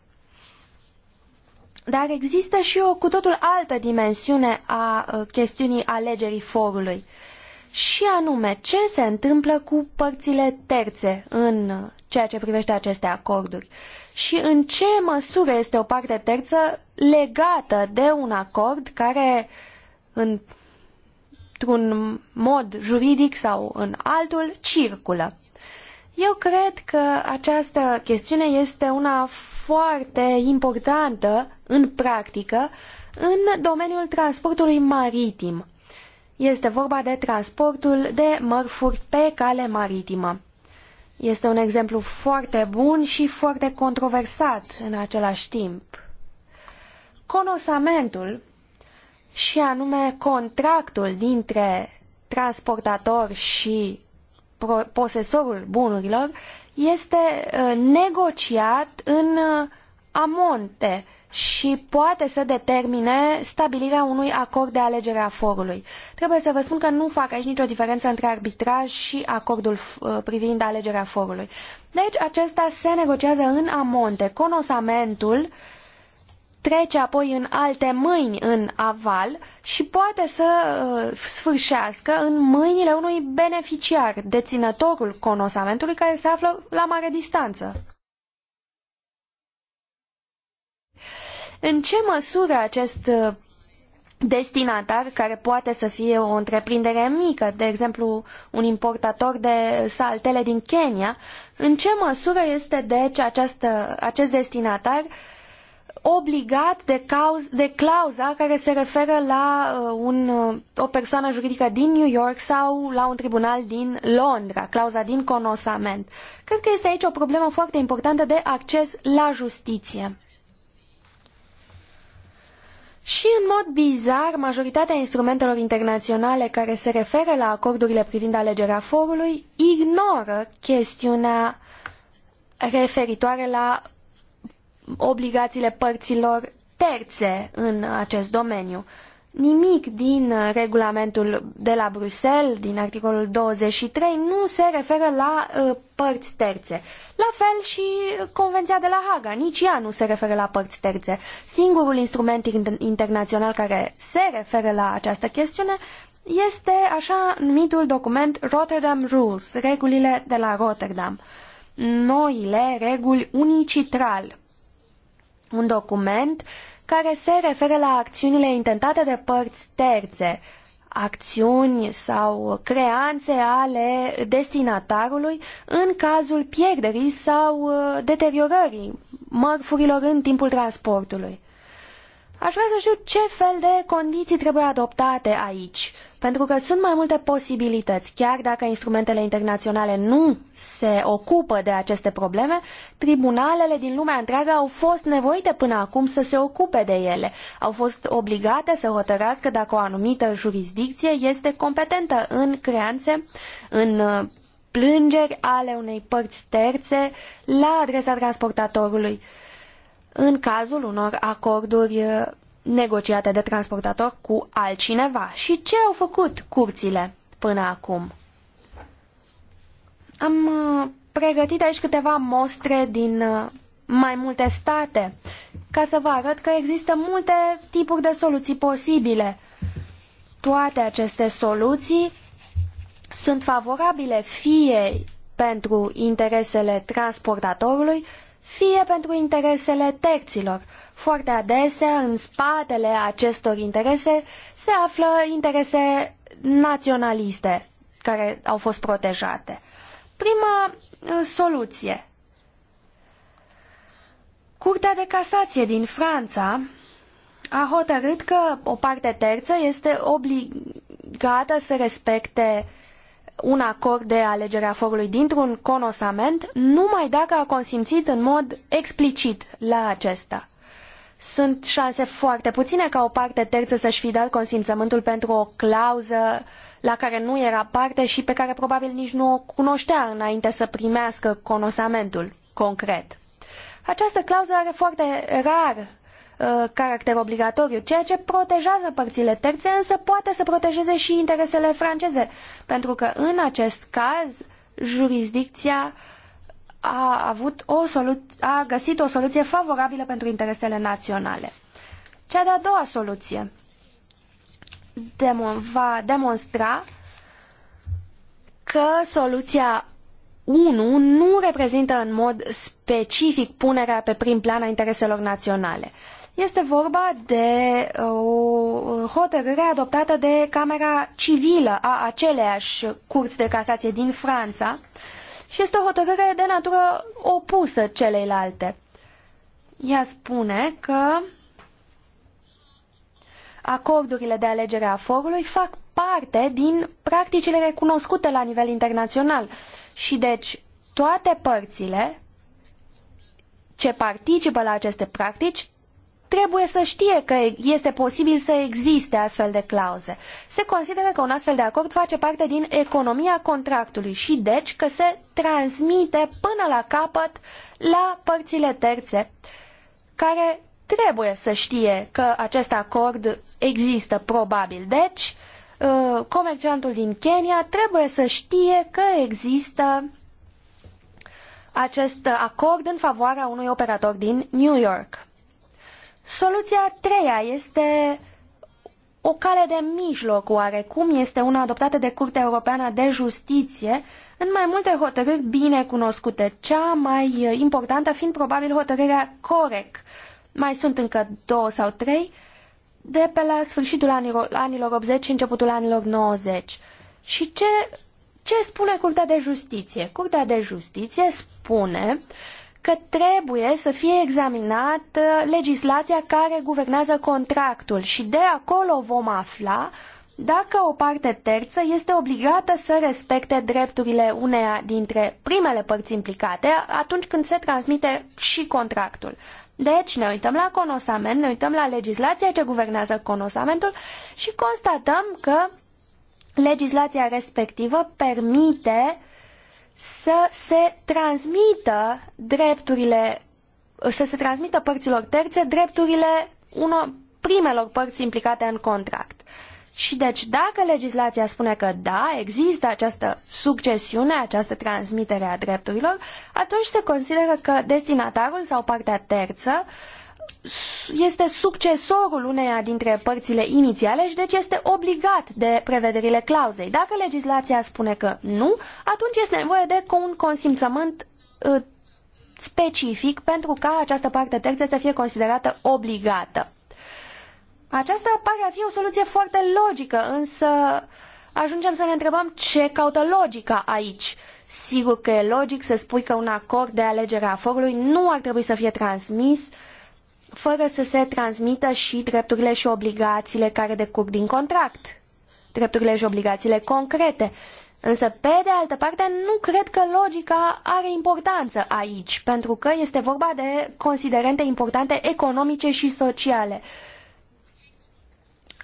Dar există și o cu totul altă dimensiune a uh, chestiunii alegerii forului și anume ce se întâmplă cu părțile terțe în ceea ce privește aceste acorduri și în ce măsură este o parte terță legată de un acord care în într-un mod juridic sau în altul, circulă. Eu cred că această chestiune este una foarte importantă în practică în domeniul transportului maritim. Este vorba de transportul de mărfuri pe cale maritimă. Este un exemplu foarte bun și foarte controversat în același timp. Conosamentul, și anume contractul dintre transportator și posesorul bunurilor, este uh, negociat în uh, amonte și poate să determine stabilirea unui acord de alegere a forului. Trebuie să vă spun că nu fac aici nicio diferență între arbitraj și acordul uh, privind alegerea forului. Deci acesta se negociază în amonte. Conosamentul trece apoi în alte mâini în aval și poate să uh, sfârșească în mâinile unui beneficiar, deținătorul conosamentului care se află la mare distanță. În ce măsură acest uh, destinatar, care poate să fie o întreprindere mică, de exemplu un importator de saltele din Kenya, în ce măsură este deci această, acest destinatar obligat de, cauz, de clauza care se referă la uh, un, uh, o persoană juridică din New York sau la un tribunal din Londra, clauza din conosament. Cred că este aici o problemă foarte importantă de acces la justiție. Și, în mod bizar, majoritatea instrumentelor internaționale care se referă la acordurile privind alegerea forului ignoră chestiunea referitoare la obligațiile părților terțe în acest domeniu. Nimic din uh, regulamentul de la Bruxelles, din articolul 23, nu se referă la uh, părți terțe. La fel și Convenția de la Haga, nici ea nu se referă la părți terțe. Singurul instrument internațional care se referă la această chestiune este așa numitul document Rotterdam Rules, regulile de la Rotterdam, noile reguli unicitral. Un document uh, care se referă la acțiunile intentate de părți terțe, acțiuni sau creanțe ale destinatarului în cazul pierderii sau uh, deteriorării mărfurilor în timpul transportului. Aș vrea să știu ce fel de condiții trebuie adoptate aici. Pentru că sunt mai multe posibilități. Chiar dacă instrumentele internaționale nu se ocupă de aceste probleme, tribunalele din lumea întreagă au fost nevoite până acum să se ocupe de ele. Au fost obligate să hotărască dacă o anumită jurisdicție este competentă în creanțe, în uh, plângeri ale unei părți terțe la adresa transportatorului în cazul unor acorduri uh, negociate de transportator cu altcineva. Și ce au făcut curțile până acum? Am uh, pregătit aici câteva mostre din uh, mai multe state ca să vă arăt că există multe tipuri de soluții posibile. Toate aceste soluții sunt favorabile fie pentru interesele transportatorului, fie pentru interesele terților. Foarte adesea, în spatele acestor interese, se află interese naționaliste care au fost protejate. Prima uh, soluție. Curtea de casație din Franța a hotărât că o parte terță este obligată să respecte un acord de alegere a forului dintr-un conosament numai dacă a consimțit în mod explicit la acesta. Sunt șanse foarte puține ca o parte terță să-și fi dat consimțământul pentru o clauză la care nu era parte și pe care probabil nici nu o cunoștea înainte să primească conosamentul concret. Această clauză are foarte rar Uh, caracter obligatoriu, ceea ce protejează părțile terțe, însă poate să protejeze și interesele franceze, pentru că în acest caz jurisdicția a, avut o a găsit o soluție favorabilă pentru interesele naționale. Cea de-a doua soluție demon va demonstra că soluția 1 nu reprezintă în mod specific punerea pe prim plan a intereselor naționale. Este vorba de uh, o hotărâre adoptată de Camera Civilă a aceleiași curți de casație din Franța și este o hotărâre de natură opusă celeilalte. Ea spune că acordurile de alegere a forului fac parte din practicile recunoscute la nivel internațional și deci toate părțile ce participă la aceste practici trebuie să știe că este posibil să existe astfel de clauze. Se consideră că un astfel de acord face parte din economia contractului și deci că se transmite până la capăt la părțile terțe care trebuie să știe că acest acord există probabil. Deci, uh, comerciantul din Kenya trebuie să știe că există acest acord în favoarea unui operator din New York. Soluția a treia este o cale de mijloc oarecum, este una adoptată de Curtea Europeană de Justiție în mai multe hotărâri bine cunoscute, cea mai importantă fiind probabil hotărârea Corec. Mai sunt încă două sau trei de pe la sfârșitul anilor, anilor 80 și începutul anilor 90. Și ce, ce spune Curtea de Justiție? Curtea de Justiție spune uh, că trebuie să fie examinată uh, legislația care guvernează contractul și de acolo vom afla dacă o parte terță este obligată să respecte drepturile uneia dintre primele părți implicate atunci când se transmite și contractul. Deci ne uităm la conosament, ne uităm la legislația ce guvernează conosamentul și constatăm că legislația respectivă permite să se transmită drepturile, să se transmită părților terțe drepturile unor primelor părți implicate în contract. Și deci, dacă legislația spune că da, există această succesiune, această transmitere a drepturilor, atunci se consideră că destinatarul sau partea terță uh, este succesorul uneia dintre părțile inițiale și deci este obligat de prevederile clauzei. Dacă legislația spune că nu, atunci este nevoie de un consimțământ uh, specific pentru ca această parte terță să fie considerată obligată. Aceasta pare a fi o soluție foarte logică, însă ajungem să ne întrebăm ce caută logica aici. Sigur că e logic să spui că un acord de alegere a forului nu ar trebui să fie transmis uh, fără să se transmită și drepturile și obligațiile care decurg din contract, drepturile și obligațiile concrete. Însă, pe de altă parte, nu cred că logica are importanță aici, pentru că este vorba de considerente importante economice și sociale.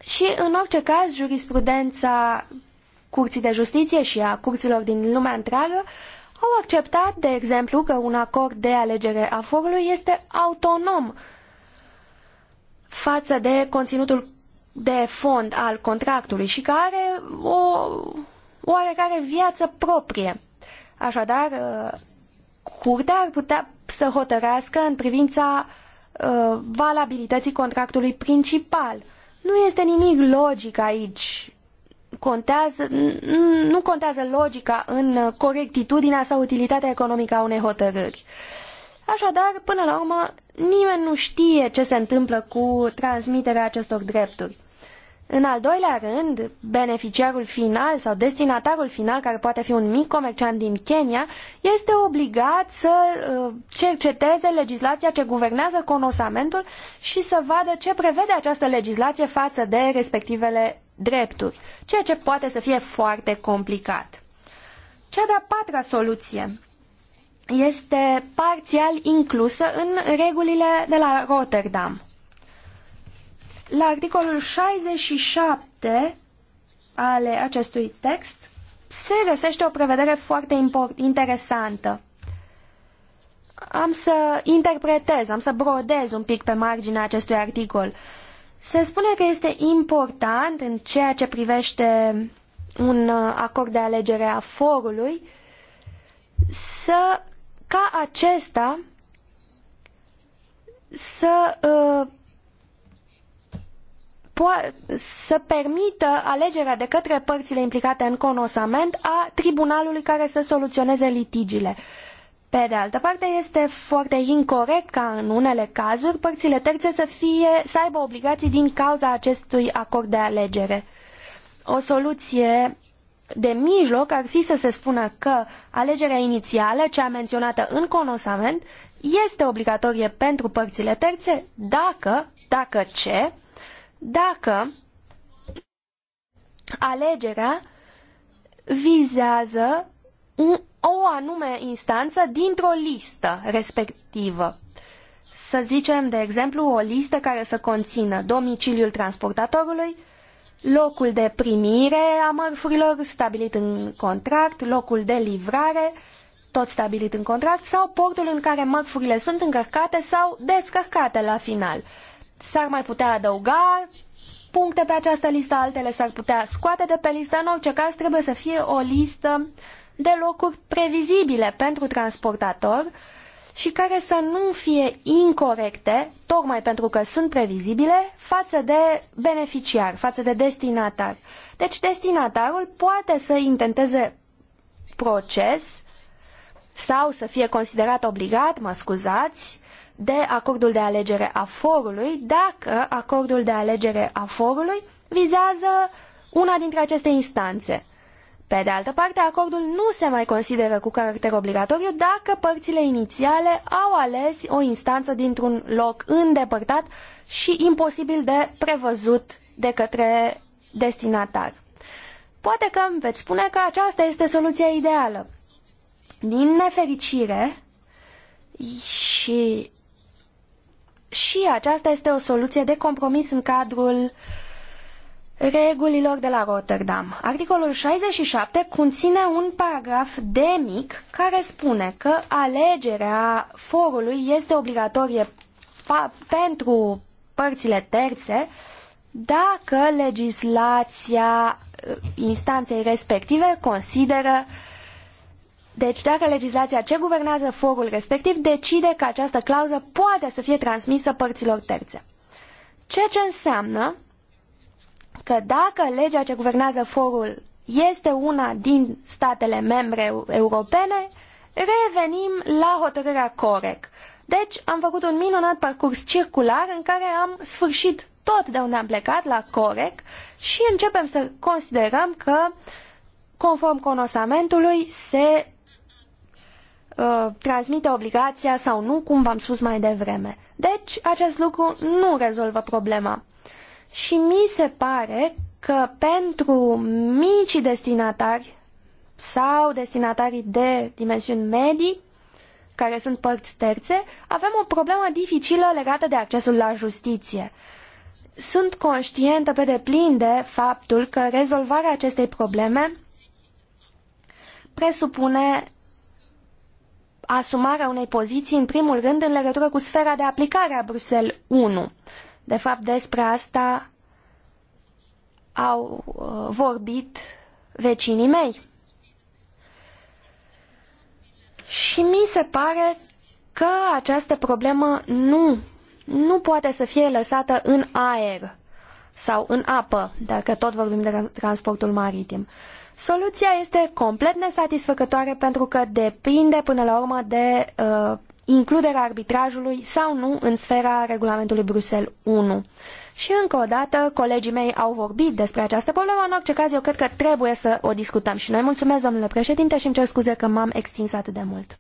Și, în orice caz, jurisprudența Curții de Justiție și a curților din lumea întreagă au acceptat, de exemplu, că un acord de alegere a forului este autonom față de conținutul de fond al contractului și care are o oarecare viață proprie. Așadar, uh, curtea ar putea să hotărească în privința uh, valabilității contractului principal. Nu este nimic logic aici. Contează, nu contează logica în corectitudinea sau utilitatea economică a unei hotărâri. Uh, Așadar, până la urmă, nimeni nu știe ce se întâmplă cu transmiterea acestor drepturi. În al doilea rând, beneficiarul final sau destinatarul final, care poate fi un mic comerciant din Kenya, este obligat să uh, cerceteze legislația ce guvernează conosamentul și să vadă ce prevede această legislație față de respectivele drepturi, ceea ce poate să fie foarte complicat. Cea de-a patra soluție este parțial inclusă în regulile de la Rotterdam. La articolul 67 ale acestui text se găsește o prevedere foarte interesantă. Am să interpretez, am să brodez un pic pe marginea acestui articol. Se spune că este important în ceea ce privește un uh, acord de alegere a forului să ca acesta să uh, să permită alegerea de către părțile implicate în conosament a tribunalului care să soluționeze litigiile. Pe de altă parte, este foarte incorrect ca în unele cazuri părțile terțe să, fie, să aibă obligații din cauza acestui acord de alegere. O soluție de mijloc ar fi să se spună că alegerea inițială, cea menționată în conosament, este obligatorie pentru părțile terțe dacă, dacă ce, dacă alegerea vizează o anume instanță dintr-o listă respectivă. Să zicem, de exemplu, o listă care să conțină domiciliul transportatorului, locul de primire a mărfurilor stabilit în contract, locul de livrare tot stabilit în contract sau portul în care mărfurile sunt încărcate sau descărcate la final. S-ar mai putea adăuga puncte pe această listă, altele s-ar putea scoate de pe listă. În orice caz, trebuie să fie o listă de locuri previzibile pentru transportator uh, și care să nu fie incorrecte, tocmai pentru că sunt previzibile, față de beneficiar, față de destinatar. Deci destinatarul poate să intenteze proces sau să fie considerat obligat, mă scuzați, de acordul de alegere a forului, dacă acordul de alegere a forului vizează una dintre aceste instanțe. Pe de altă parte, acordul nu se mai consideră cu caracter obligatoriu dacă părțile inițiale au ales o instanță dintr-un loc îndepărtat și imposibil de prevăzut de către destinatar. Poate că îmi veți spune că aceasta este soluția ideală. Din nefericire și și aceasta este o soluție de compromis în cadrul regulilor de la Rotterdam. Articolul 67 conține un paragraf de mic care spune că alegerea forului este obligatorie pentru părțile terțe dacă legislația uh, instanței respective consideră deci dacă legislația ce guvernează forul respectiv decide că această clauză poate să fie transmisă părților terțe. Ceea ce înseamnă că dacă legea ce guvernează forul este una din statele membre europene, revenim la hotărârea Corec. Deci am făcut un minunat parcurs circular în care am sfârșit tot de unde am plecat la Corec și începem să considerăm că conform conosamentului se uh, transmite obligația sau nu, cum v-am spus mai devreme. Deci, acest lucru nu rezolvă problema. Și mi se pare că pentru micii destinatari sau destinatarii de dimensiuni medii, care sunt părți terțe, avem o problemă dificilă legată de accesul la justiție. Sunt conștientă pe deplin de faptul că rezolvarea acestei probleme presupune asumarea unei poziții, în primul rând, în legătură cu sfera de aplicare a Bruxelles 1. De fapt, despre asta au uh, vorbit vecinii mei. Și mi se pare că această problemă nu, nu poate să fie lăsată în aer sau în apă, dacă tot vorbim de transportul maritim. Soluția este complet nesatisfăcătoare pentru că depinde până la urmă de uh, includerea arbitrajului sau nu în sfera regulamentului Bruxelles 1. Și încă o dată, colegii mei au vorbit despre această problemă, în orice caz eu cred că trebuie să o discutăm și noi. Mulțumesc, domnule președinte, și îmi cer scuze că m-am extins atât de mult.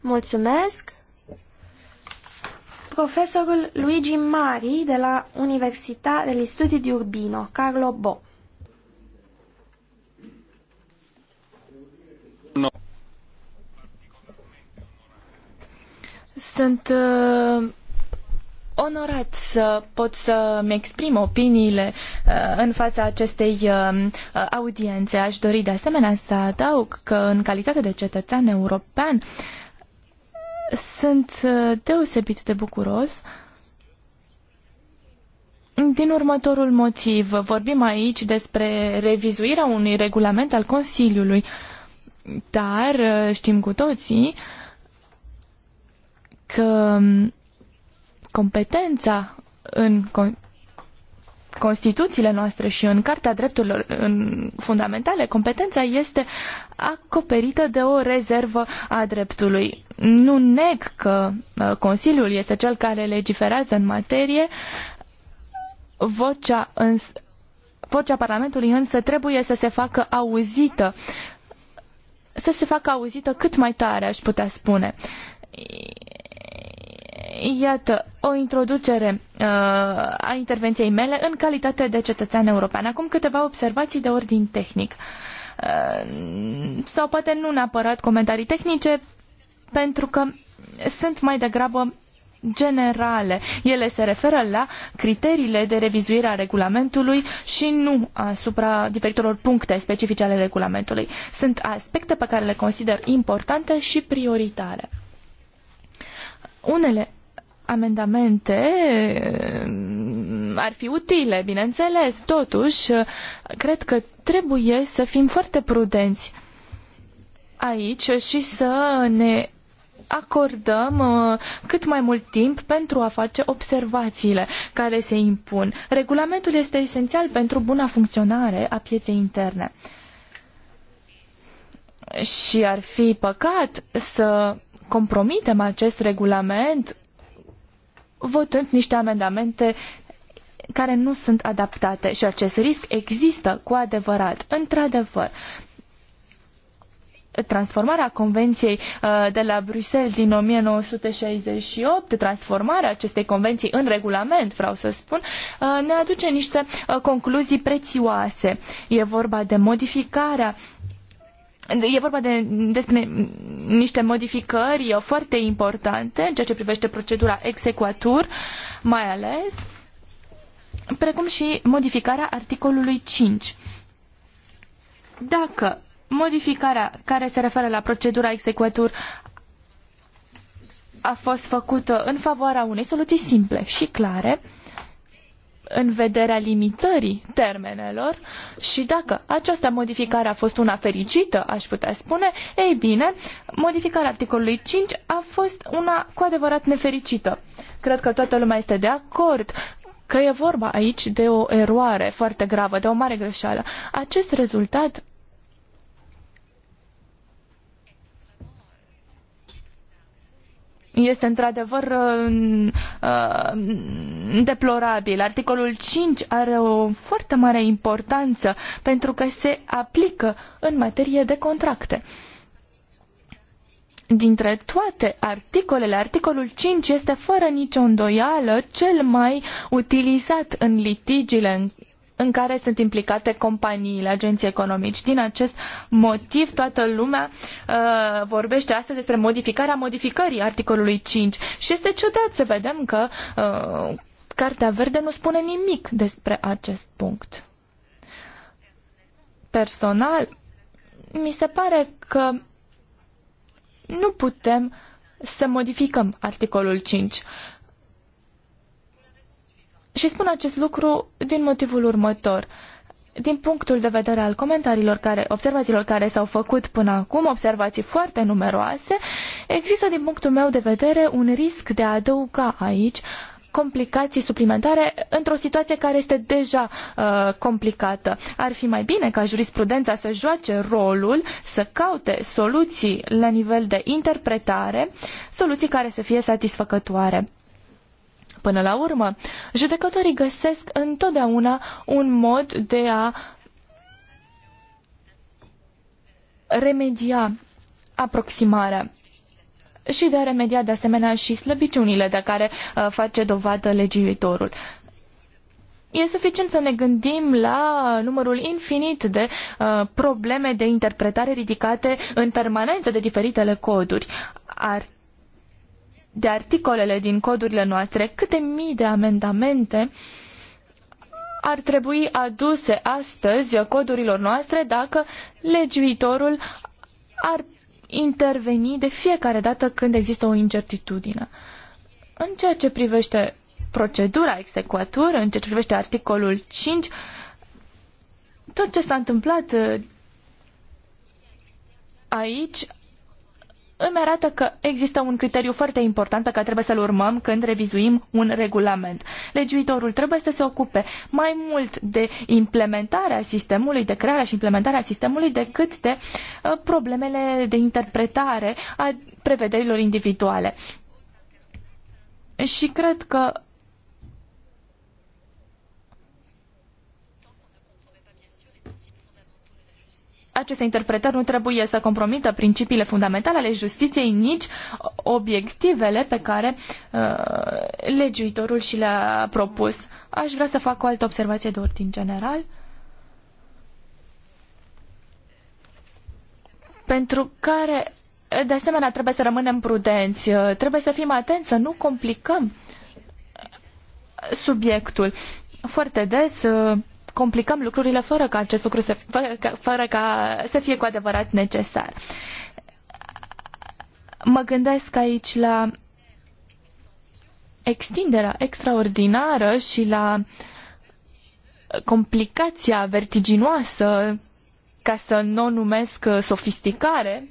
Mulțumesc! Profesorul Luigi Mari de la Università de Studi di Urbino, Carlo Bo. Sunt uh, onorat să pot să-mi exprim opiniile uh, în fața acestei uh, uh, audiențe. Aș dori de asemenea să adaug că în calitate de cetățean european sunt deosebit de bucuros din următorul motiv. Vorbim aici despre revizuirea unui regulament al Consiliului, dar știm cu toții că um, competența în Constituțiile noastre și în Cartea Drepturilor în Fundamentale, competența este acoperită de o rezervă a dreptului. Nu neg că uh, Consiliul este cel care legiferează în materie, vocea, îns- vocea Parlamentului însă trebuie să se facă auzită, să se facă auzită cât mai tare, aș putea spune Iată, o introducere uh, a intervenției mele în calitate de cetățean european. Acum câteva observații de ordin tehnic. Uh, sau poate nu neapărat comentarii tehnice, pentru că sunt mai degrabă generale. Ele se referă la criteriile de revizuire a regulamentului și nu asupra diferitelor puncte specifice ale regulamentului. Sunt aspecte pe care le consider importante și prioritare. Unele amendamente eh, ar fi utile, bineînțeles. Totuși, eh, cred că trebuie să fim foarte prudenți aici și să ne acordăm eh, cât mai mult timp pentru a face observațiile care se impun. Regulamentul este esențial pentru buna funcționare a pieței interne. Și ar fi păcat să compromitem acest regulament votând niște amendamente care nu sunt adaptate și acest risc există cu adevărat, într-adevăr. Transformarea Convenției uh, de la Bruxelles din 1968, transformarea acestei convenții în regulament, vreau să spun, uh, ne aduce niște uh, concluzii prețioase. E vorba de modificarea E vorba de, despre niște modificări foarte importante în ceea ce privește procedura execuatur, mai ales, precum și modificarea articolului 5. Dacă modificarea care se referă la procedura execuatur a fost făcută în favoarea unei soluții simple și clare, în vederea limitării termenelor și dacă această modificare a fost una fericită, aș putea spune, ei bine, modificarea articolului 5 a fost una cu adevărat nefericită. Cred că toată lumea este de acord că e vorba aici de o eroare foarte gravă, de o mare greșeală. Acest rezultat este într-adevăr uh, uh, deplorabil. Articolul 5 are o foarte mare importanță pentru că se aplică în materie de contracte. Dintre toate articolele, articolul 5 este fără nicio îndoială cel mai utilizat în litigiile în care sunt implicate companiile, agenții economici. Din acest motiv, toată lumea uh, vorbește astăzi despre modificarea modificării articolului 5 și este ciudat să vedem că uh, Cartea Verde nu spune nimic despre acest punct. Personal, mi se pare că nu putem să modificăm articolul 5. Și spun acest lucru din motivul următor. Din punctul de vedere al comentariilor care, observațiilor care s-au făcut până acum, observații foarte numeroase, există din punctul meu de vedere un risc de a adăuga aici complicații suplimentare într-o situație care este deja uh, complicată. Ar fi mai bine ca jurisprudența să joace rolul, să caute soluții la nivel de interpretare, soluții care să fie satisfăcătoare până la urmă. Judecătorii găsesc întotdeauna un mod de a remedia aproximarea și de a remedia de asemenea și slăbiciunile de care uh, face dovadă legiuitorul. E suficient să ne gândim la numărul infinit de uh, probleme de interpretare ridicate în permanență de diferitele coduri. Ar de articolele din codurile noastre, câte mii de amendamente ar trebui aduse astăzi codurilor noastre dacă legiuitorul ar interveni de fiecare dată când există o incertitudine. În ceea ce privește procedura execuatură, în ceea ce privește articolul 5, tot ce s-a întâmplat eh, aici îmi arată că există un criteriu foarte important pe care trebuie să-l urmăm când revizuim un regulament. Legiuitorul trebuie să se ocupe mai mult de implementarea sistemului, de crearea și implementarea sistemului, decât de uh, problemele de interpretare a prevederilor individuale. Și cred că aceste interpretări nu trebuie să compromită principiile fundamentale ale justiției, nici obiectivele pe care uh, legiuitorul și le-a propus. Aș vrea să fac o altă observație de ordin general. Pentru care, de asemenea, trebuie să rămânem prudenți, uh, trebuie să fim atenți, să nu complicăm uh, subiectul. Foarte des uh, complicăm lucrurile fără ca acest lucru să, fără, ca, fără ca să fie cu adevărat necesar. Mă gândesc aici la extinderea extraordinară și la complicația vertiginoasă, ca să nu o numesc sofisticare,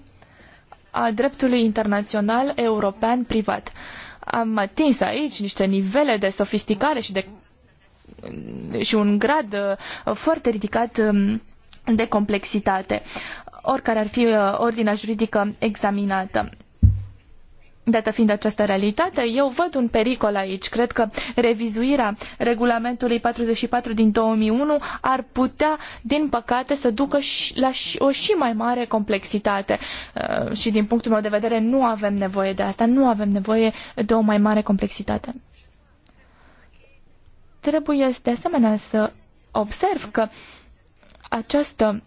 a dreptului internațional european privat. Am atins aici niște nivele de sofisticare și de și un grad uh, foarte ridicat um, de complexitate, oricare ar fi uh, ordinea juridică examinată. Dată fiind această realitate, eu văd un pericol aici. Cred că revizuirea regulamentului 44 din 2001 ar putea, din păcate, să ducă și la o și mai mare complexitate. Uh, și din punctul meu de vedere, nu avem nevoie de asta, nu avem nevoie de o mai mare complexitate. Trebuie de asemenea să observ că această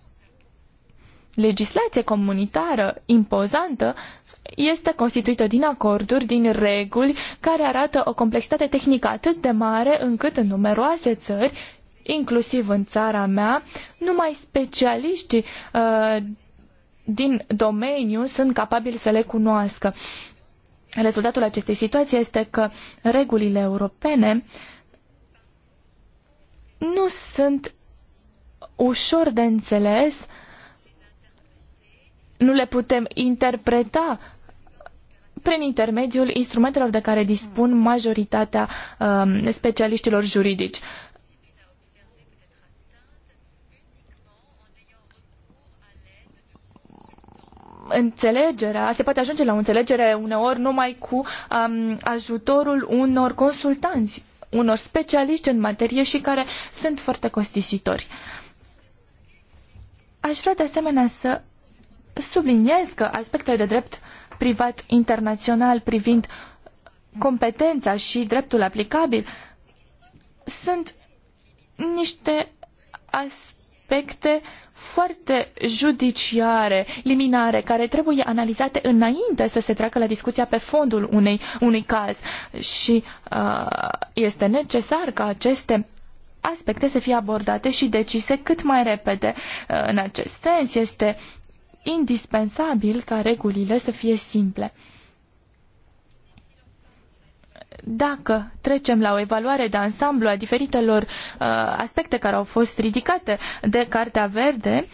legislație comunitară impozantă este constituită din acorduri, din reguli care arată o complexitate tehnică atât de mare încât în numeroase țări, inclusiv în țara mea, numai specialiștii uh, din domeniu sunt capabili să le cunoască. Rezultatul acestei situații este că regulile europene uh, nu sunt ușor de înțeles, nu le putem interpreta prin intermediul instrumentelor de care dispun majoritatea um, specialiștilor juridici. înțelegerea, se poate ajunge la o înțelegere uneori numai cu um, ajutorul unor consultanți unor specialiști în materie și care sunt foarte costisitori. Aș vrea de asemenea să subliniez că aspectele de drept privat internațional privind competența și dreptul aplicabil sunt niște aspecte foarte judiciare, liminare, care trebuie analizate înainte să se treacă la discuția pe fondul unei, unui caz. Și uh, este necesar ca aceste aspecte să fie abordate și decise cât mai repede. Uh, în acest sens, este indispensabil ca regulile să fie simple dacă trecem la o evaluare de ansamblu a diferitelor uh, aspecte care au fost ridicate de Cartea Verde,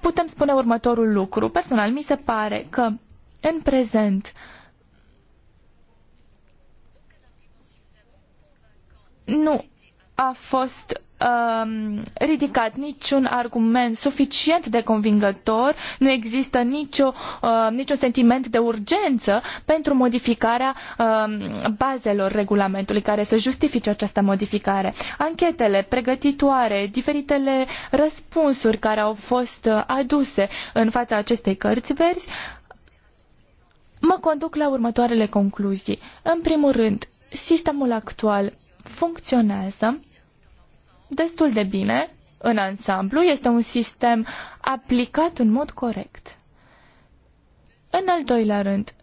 putem spune următorul lucru. Personal, mi se pare că în prezent nu a fost Um, ridicat niciun argument suficient de convingător, nu există nicio, uh, niciun sentiment de urgență pentru modificarea um, bazelor regulamentului care să justifice această modificare. Anchetele pregătitoare, diferitele răspunsuri care au fost uh, aduse în fața acestei cărți verzi, mă conduc la următoarele concluzii. În primul rând, sistemul actual funcționează destul de bine în ansamblu, este un sistem aplicat în mod corect. În al doilea rând,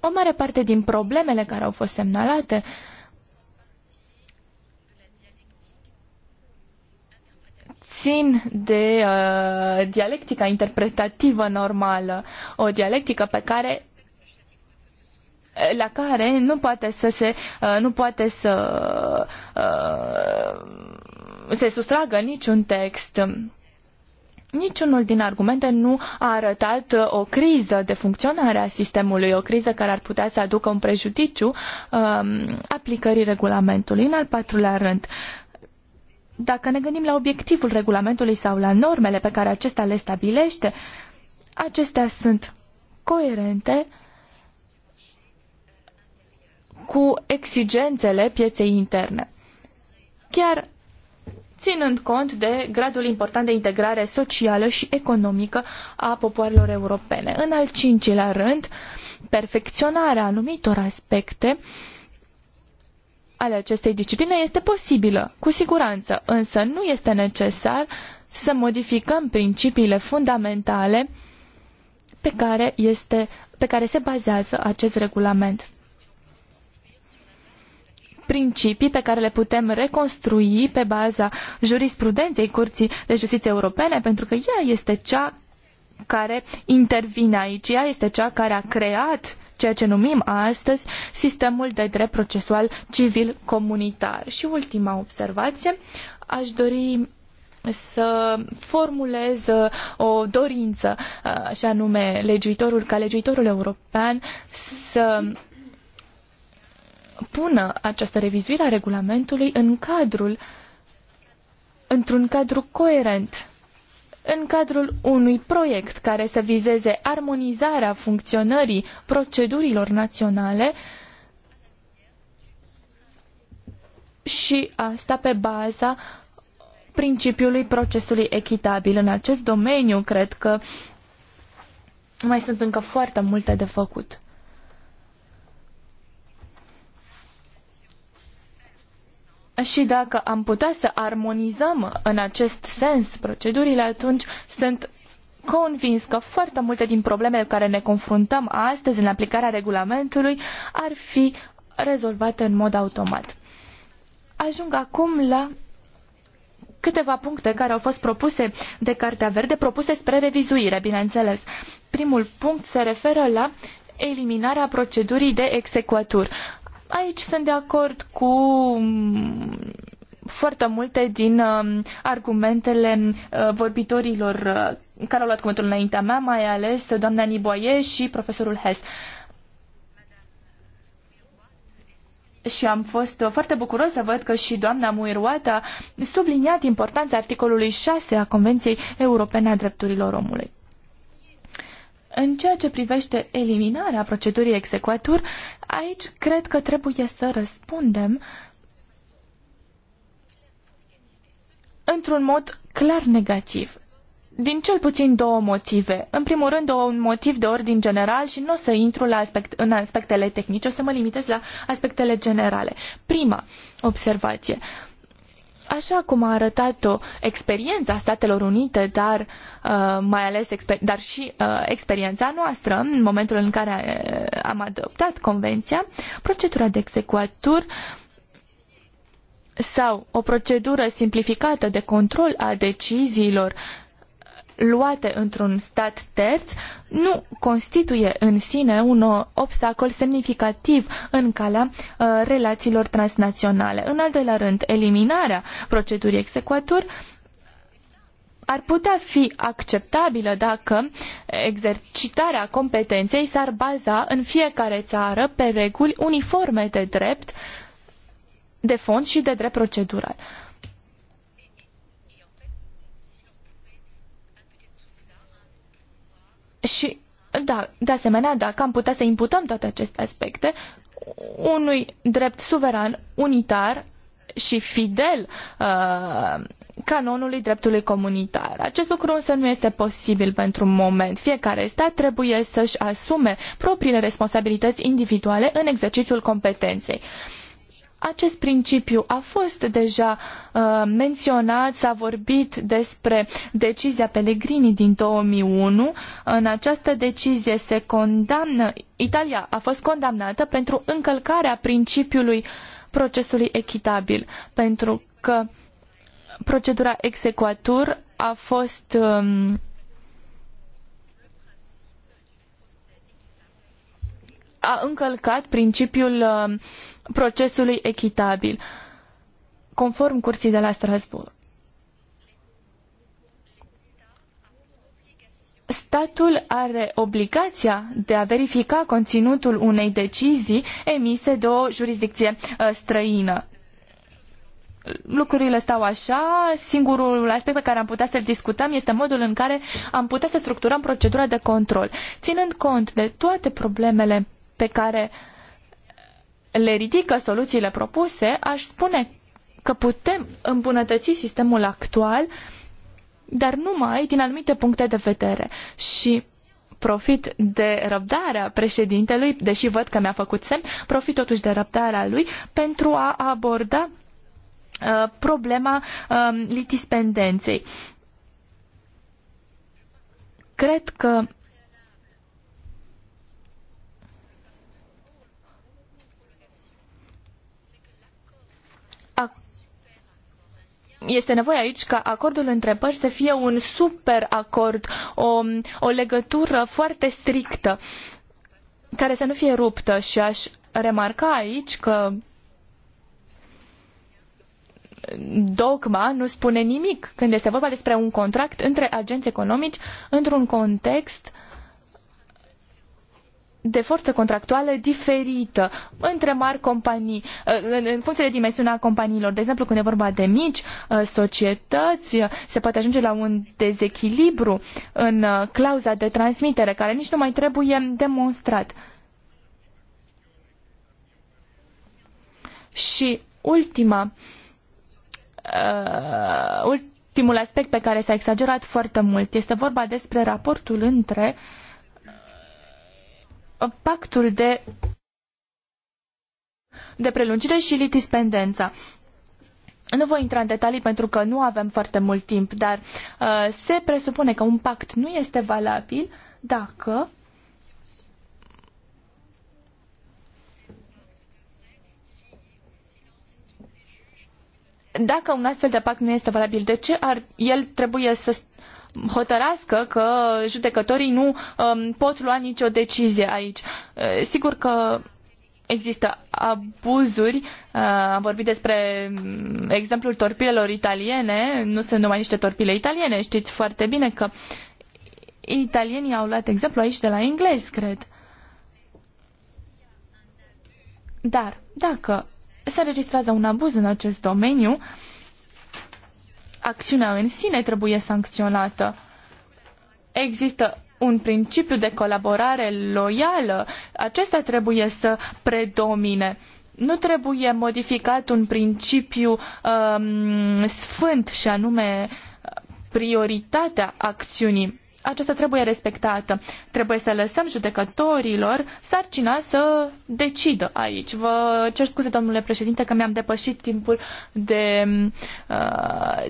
o mare parte din problemele care au fost semnalate țin de uh, dialectica interpretativă normală, o dialectică pe care la care nu poate să se uh, nu poate să uh, se sustragă niciun text. Niciunul din argumente nu a arătat o criză de funcționare a sistemului, o criză care ar putea să aducă un prejudiciu um, aplicării regulamentului. În al patrulea rând, dacă ne gândim la obiectivul regulamentului sau la normele pe care acesta le stabilește, acestea sunt coerente uh, cu exigențele pieței interne. Chiar ținând cont de gradul important de integrare socială și economică a popoarelor europene. În al cincilea rând, perfecționarea anumitor aspecte ale acestei discipline este posibilă, cu siguranță, însă nu este necesar să modificăm principiile fundamentale pe care, este, pe care se bazează acest regulament principii pe care le putem reconstrui pe baza jurisprudenței Curții de Justiție Europene, pentru că ea este cea care intervine aici, ea este cea care a creat ceea ce numim astăzi sistemul de drept procesual civil comunitar. Și ultima observație, aș dori să formulez uh, o dorință, așa uh, anume legiuitorul, ca legiuitorul european să pună această revizuire a regulamentului în cadrul, într-un cadru coerent, în cadrul unui proiect care să vizeze armonizarea funcționării procedurilor naționale și asta pe baza principiului procesului echitabil. În acest domeniu, cred că mai sunt încă foarte multe de făcut. și dacă am putea să armonizăm în acest sens procedurile, atunci sunt convins că foarte multe din problemele cu care ne confruntăm astăzi în aplicarea regulamentului ar fi rezolvate în mod automat. Ajung acum la câteva puncte care au fost propuse de Cartea Verde, propuse spre revizuire, bineînțeles. Primul punct se referă la eliminarea procedurii de execuatur. Aici sunt de acord cu mm, foarte multe din uh, argumentele uh, vorbitorilor uh, care au luat cuvântul înaintea mea, mai ales doamna Niboie și profesorul Hess. Și am fost foarte bucuros să văd că și doamna Muiruat a subliniat importanța articolului 6 a Convenției Europene a Drepturilor Omului. În ceea ce privește eliminarea procedurii execuatur, Aici cred că trebuie să răspundem într-un mod clar negativ. Din cel puțin două motive. În primul rând, un motiv de ordin general și nu o să intru la aspect, în aspectele tehnice, o să mă limitez la aspectele generale. Prima observație. Uh, așa cum a arătat-o experiența Statelor Unite, dar uh, mai ales dar și uh, experiența noastră în momentul în care uh, am adoptat convenția, procedura de execuatur sau o procedură simplificată de control a deciziilor luate într-un stat terț nu constituie în sine un obstacol semnificativ în calea uh, relațiilor transnaționale. În al doilea rând, eliminarea procedurii execuatur ar putea fi acceptabilă dacă exercitarea competenței s-ar baza în fiecare țară pe reguli uniforme de drept, de fond și de drept procedural. Și, da, de asemenea, dacă am putea să imputăm toate aceste aspecte unui drept suveran, unitar și fidel uh, canonului dreptului comunitar. Acest lucru însă nu este posibil pentru un moment. Fiecare stat trebuie să-și asume propriile responsabilități individuale în exercițiul competenței. Uh, acest principiu a fost deja uh, menționat, s-a vorbit despre decizia Pellegrini din 2001. În această decizie se condamnă, Italia a fost condamnată pentru încălcarea principiului procesului echitabil, pentru că procedura execuatur a fost um, a încălcat principiul uh, procesului echitabil, conform curții de la Strasbourg. Statul are obligația de a verifica conținutul unei decizii emise de o jurisdicție uh, străină lucrurile stau așa, singurul aspect pe care am putea să-l discutăm este modul în care am putea să structurăm procedura de control, ținând cont de toate problemele pe care le ridică soluțiile propuse, aș spune că putem îmbunătăți sistemul actual, dar numai din anumite puncte de vedere. Și profit de răbdarea președintelui, deși văd că mi-a făcut semn, profit totuși de răbdarea lui pentru a aborda uh, problema um, litispendenței. Cred că este nevoie aici ca acordul între părți să fie un super acord, o, o legătură foarte strictă, care să nu fie ruptă și aș remarca aici că dogma nu spune nimic când este vorba despre un contract între agenți economici într-un context de forță contractuală diferită între mari companii, uh, în funcție de dimensiunea companiilor. De exemplu, când e vorba de mici uh, societăți, uh, se poate ajunge la un dezechilibru în clauza de transmitere, care nici nu mai trebuie demonstrat. Și ultima, ultimul aspect pe care s-a exagerat foarte mult este vorba despre raportul între uh, pactul de, de prelungire și litispendența. Nu voi intra în detalii pentru că nu avem foarte mult timp, dar uh, se presupune că un pact nu este valabil dacă dacă un astfel de pact nu este valabil, de ce ar, el trebuie să hotărască că judecătorii nu um, pot lua nicio decizie aici. Uh, sigur că există abuzuri. Uh, am vorbit despre um, exemplul torpilelor italiene. Nu sunt numai niște torpile italiene. Știți foarte bine că italienii au luat exemplu aici de la englezi, cred. Dar dacă se înregistrează un abuz în acest domeniu, uh, acțiunea în sine trebuie sancționată. Există un principiu de colaborare loială, acesta trebuie să predomine. Nu trebuie modificat un principiu um, sfânt și anume prioritatea acțiunii. Aceasta trebuie respectată. Trebuie să lăsăm judecătorilor sarcina să decidă aici. Vă cer scuze, domnule președinte, că mi-am depășit timpul de uh,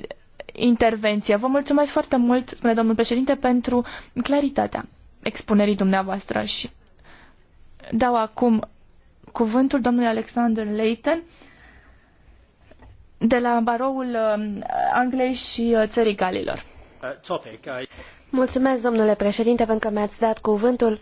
intervenție. Vă mulțumesc foarte mult, spune domnul președinte, pentru claritatea expunerii dumneavoastră și dau acum cuvântul domnului Alexander Leighton de la baroul um, Angliei și uh, țării Galilor. Uh, mulțumesc, domnule președinte, pentru că mi-ați dat cuvântul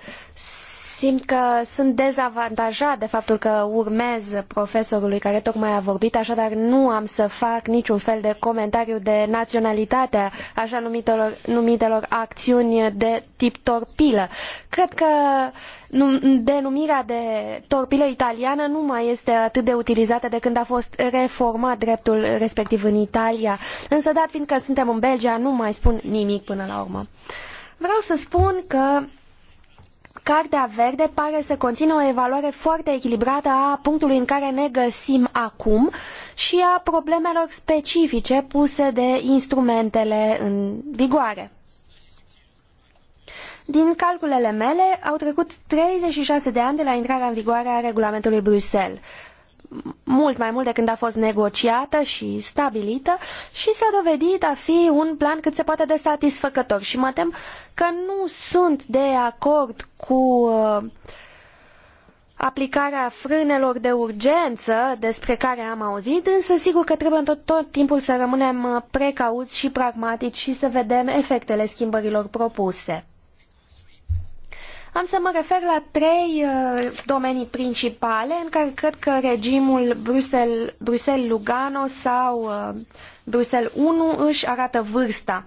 simt că sunt dezavantajat de faptul că urmez profesorului care tocmai a vorbit, așadar nu am să fac niciun fel de comentariu de naționalitatea așa numitelor, numitelor acțiuni de tip torpilă. Cred că denumirea de torpilă italiană nu mai este atât de utilizată de când a fost reformat dreptul respectiv în Italia. Însă, dat fiindcă suntem în Belgia, nu mai spun nimic până la urmă. Vreau să spun că Cartea Verde pare să conțină o evaluare foarte echilibrată a punctului în care ne găsim acum și a problemelor specifice puse de instrumentele în vigoare. Din calculele mele, au trecut 36 de ani de la intrarea în vigoare a regulamentului Bruxelles mult mai mult de când a fost negociată și stabilită și s-a dovedit a fi un plan cât se poate de satisfăcător și mă tem că nu sunt de acord cu uh, aplicarea frânelor de urgență despre care am auzit, însă sigur că trebuie tot, tot timpul să rămânem uh, precauți și pragmatici și să vedem efectele schimbărilor propuse. Am să mă refer la trei uh, domenii principale în care cred că regimul Bruxelles-Lugano sau uh, Bruxelles 1 își arată vârsta,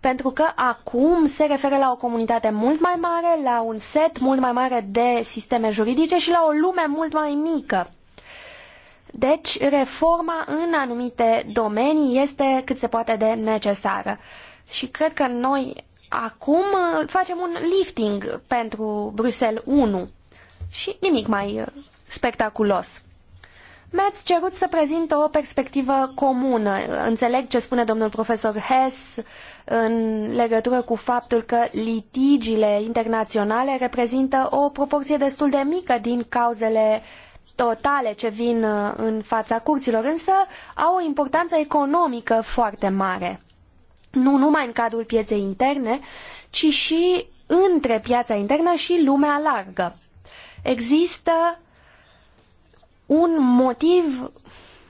pentru că acum se referă la o comunitate mult mai mare, la un set mult mai mare de sisteme juridice și la o lume mult mai mică. Deci, reforma în anumite domenii este cât se poate de necesară. Și cred că noi Acum uh, facem un lifting pentru Bruxelles 1 și nimic mai uh, spectaculos. Mi-ați cerut să prezint o perspectivă comună. Înțeleg ce spune domnul profesor Hess în legătură cu faptul că litigiile internaționale reprezintă o proporție destul de mică din cauzele totale ce vin uh, în fața curților, însă au o importanță economică foarte mare nu numai în cadrul pieței interne, ci și între piața internă și lumea largă. Există un motiv,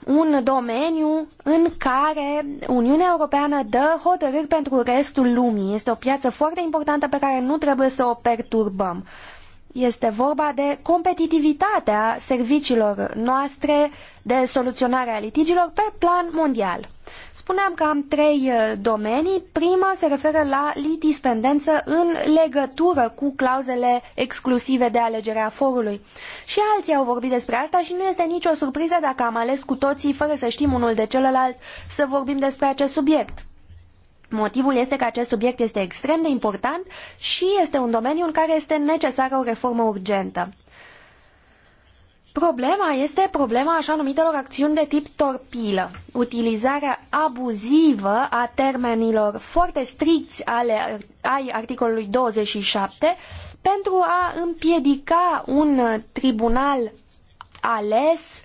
un domeniu în care Uniunea Europeană dă hotărâri pentru restul lumii. Este o piață foarte importantă pe care nu trebuie să o perturbăm. Este vorba de competitivitatea serviciilor noastre de soluționare a litigiilor pe plan mondial. Spuneam că am trei uh, domenii. Prima se referă la litispendență în legătură cu clauzele exclusive de alegere a forului. Și alții au vorbit despre asta și nu este nicio surpriză dacă am ales cu toții, fără să știm unul de celălalt, să vorbim despre acest subiect. Motivul este că acest subiect este extrem de important și este un domeniu în care este necesară o reformă urgentă. Problema este problema așa numitelor acțiuni de tip torpilă, utilizarea abuzivă a termenilor foarte stricți ale, ai articolului 27 pentru a împiedica un tribunal ales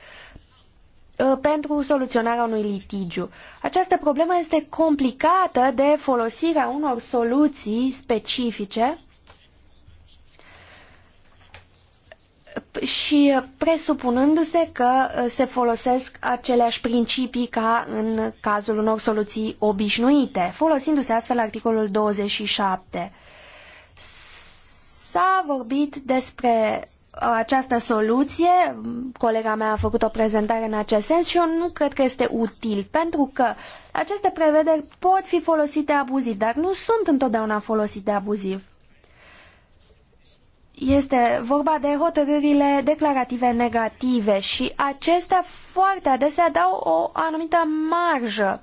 Uh, pentru soluționarea unui litigiu. Această problemă este complicată de folosirea unor soluții specifice și presupunându-se că uh, se folosesc aceleași principii ca în cazul unor soluții obișnuite, folosindu-se astfel articolul 27. S-a vorbit despre această soluție, colega mea a făcut o prezentare în acest sens și eu nu cred că este util, pentru că aceste prevederi pot fi folosite abuziv, dar nu sunt întotdeauna folosite abuziv. Este vorba de hotărârile declarative negative și acestea foarte adesea dau o anumită marjă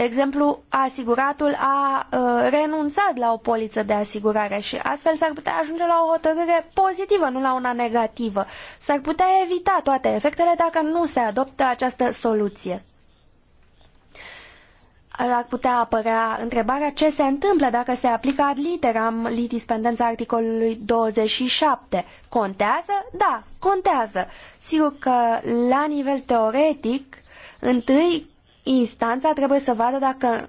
de exemplu, asiguratul a uh, renunțat la o poliță de asigurare și astfel s-ar putea ajunge la o hotărâre pozitivă, nu la una negativă. S-ar putea evita toate efectele dacă nu se adoptă această soluție ar putea apărea întrebarea ce se întâmplă dacă se aplică ad literam litispendența articolului 27. Contează? Da, contează. Sigur că la nivel teoretic, întâi instanța trebuie să vadă dacă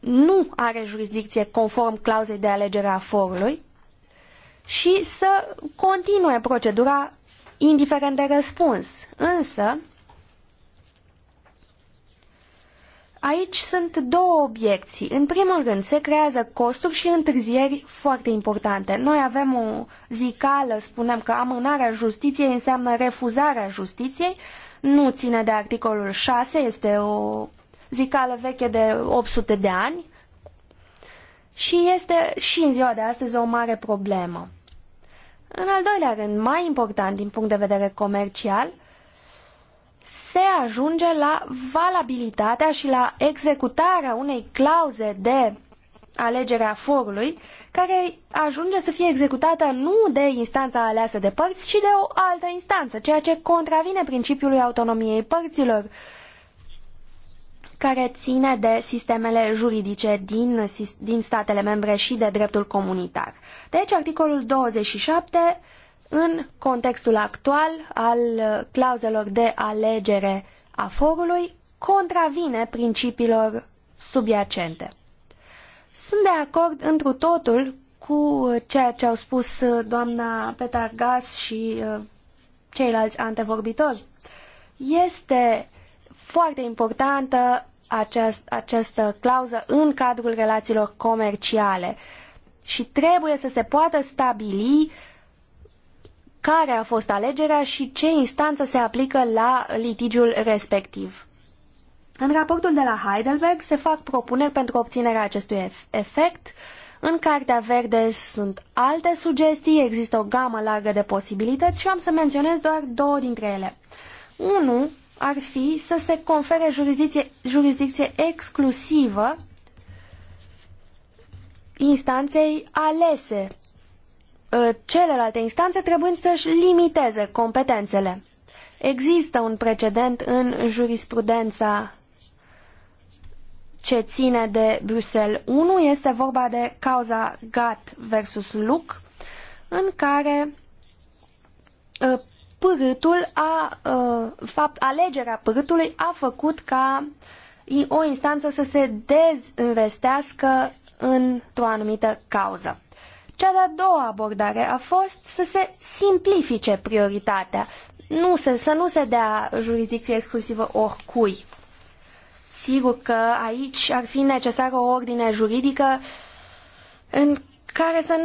nu are jurisdicție conform clauzei de alegere a forului și să continue procedura indiferent de răspuns. Însă, aici sunt două obiecții. În primul rând, se creează costuri și întârzieri foarte importante. Noi avem o zicală, spunem că amânarea justiției înseamnă refuzarea justiției, uh, nu ține de articolul 6, este o zicală veche de 800 de ani și este și în ziua de astăzi o mare problemă. În al doilea rând, mai important din punct de vedere comercial, se ajunge la valabilitatea și la executarea unei clauze de alegerea forului, care ajunge să fie executată nu de instanța aleasă de părți, ci de o altă instanță, ceea ce contravine principiului autonomiei părților, care ține de sistemele juridice din, din statele membre și de dreptul comunitar. Deci, articolul 27, în contextul actual al clauzelor de alegere a forului, contravine principiilor subiacente. Sunt de acord întru totul cu ceea ce au spus uh, doamna Petargas și uh, ceilalți antevorbitori. Este foarte importantă aceast, această clauză în cadrul relațiilor comerciale și trebuie să se poată stabili care a fost alegerea și ce instanță se aplică la litigiul respectiv. În raportul de la Heidelberg se fac propuneri pentru obținerea acestui efect. În Cartea Verde sunt alte sugestii, există o gamă largă de posibilități și am să menționez doar două dintre ele. Unu Ar fi să se confere jurisdicție, jurisdicție exclusivă instanței alese, ă, celelalte instanțe trebuie să-și limiteze competențele. Există un precedent în jurisprudența ce ține de Bruxelles 1 este vorba de cauza GAT versus LUC, în care uh, pârâtul a, uh, fapt, alegerea pârâtului a făcut ca o instanță să se dezinvestească într-o anumită cauză. Cea de-a doua abordare a fost să se simplifice prioritatea, nu se, să nu se dea jurisdicție exclusivă oricui. Sigur că aici ar fi necesară o ordine juridică în care să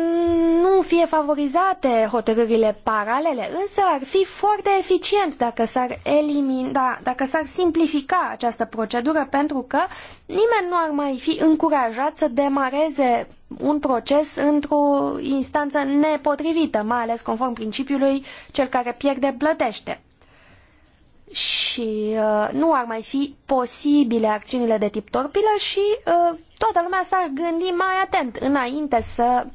nu fie favorizate hotărârile paralele, însă ar fi foarte eficient dacă s-ar elimina, da, dacă s-ar simplifica această procedură, pentru că nimeni nu ar mai fi încurajat să demareze un proces într-o instanță nepotrivită, mai ales conform principiului cel care pierde plătește și uh, nu ar mai fi posibile acțiunile de tip torpilă și uh, toată lumea s-ar gândi mai atent înainte să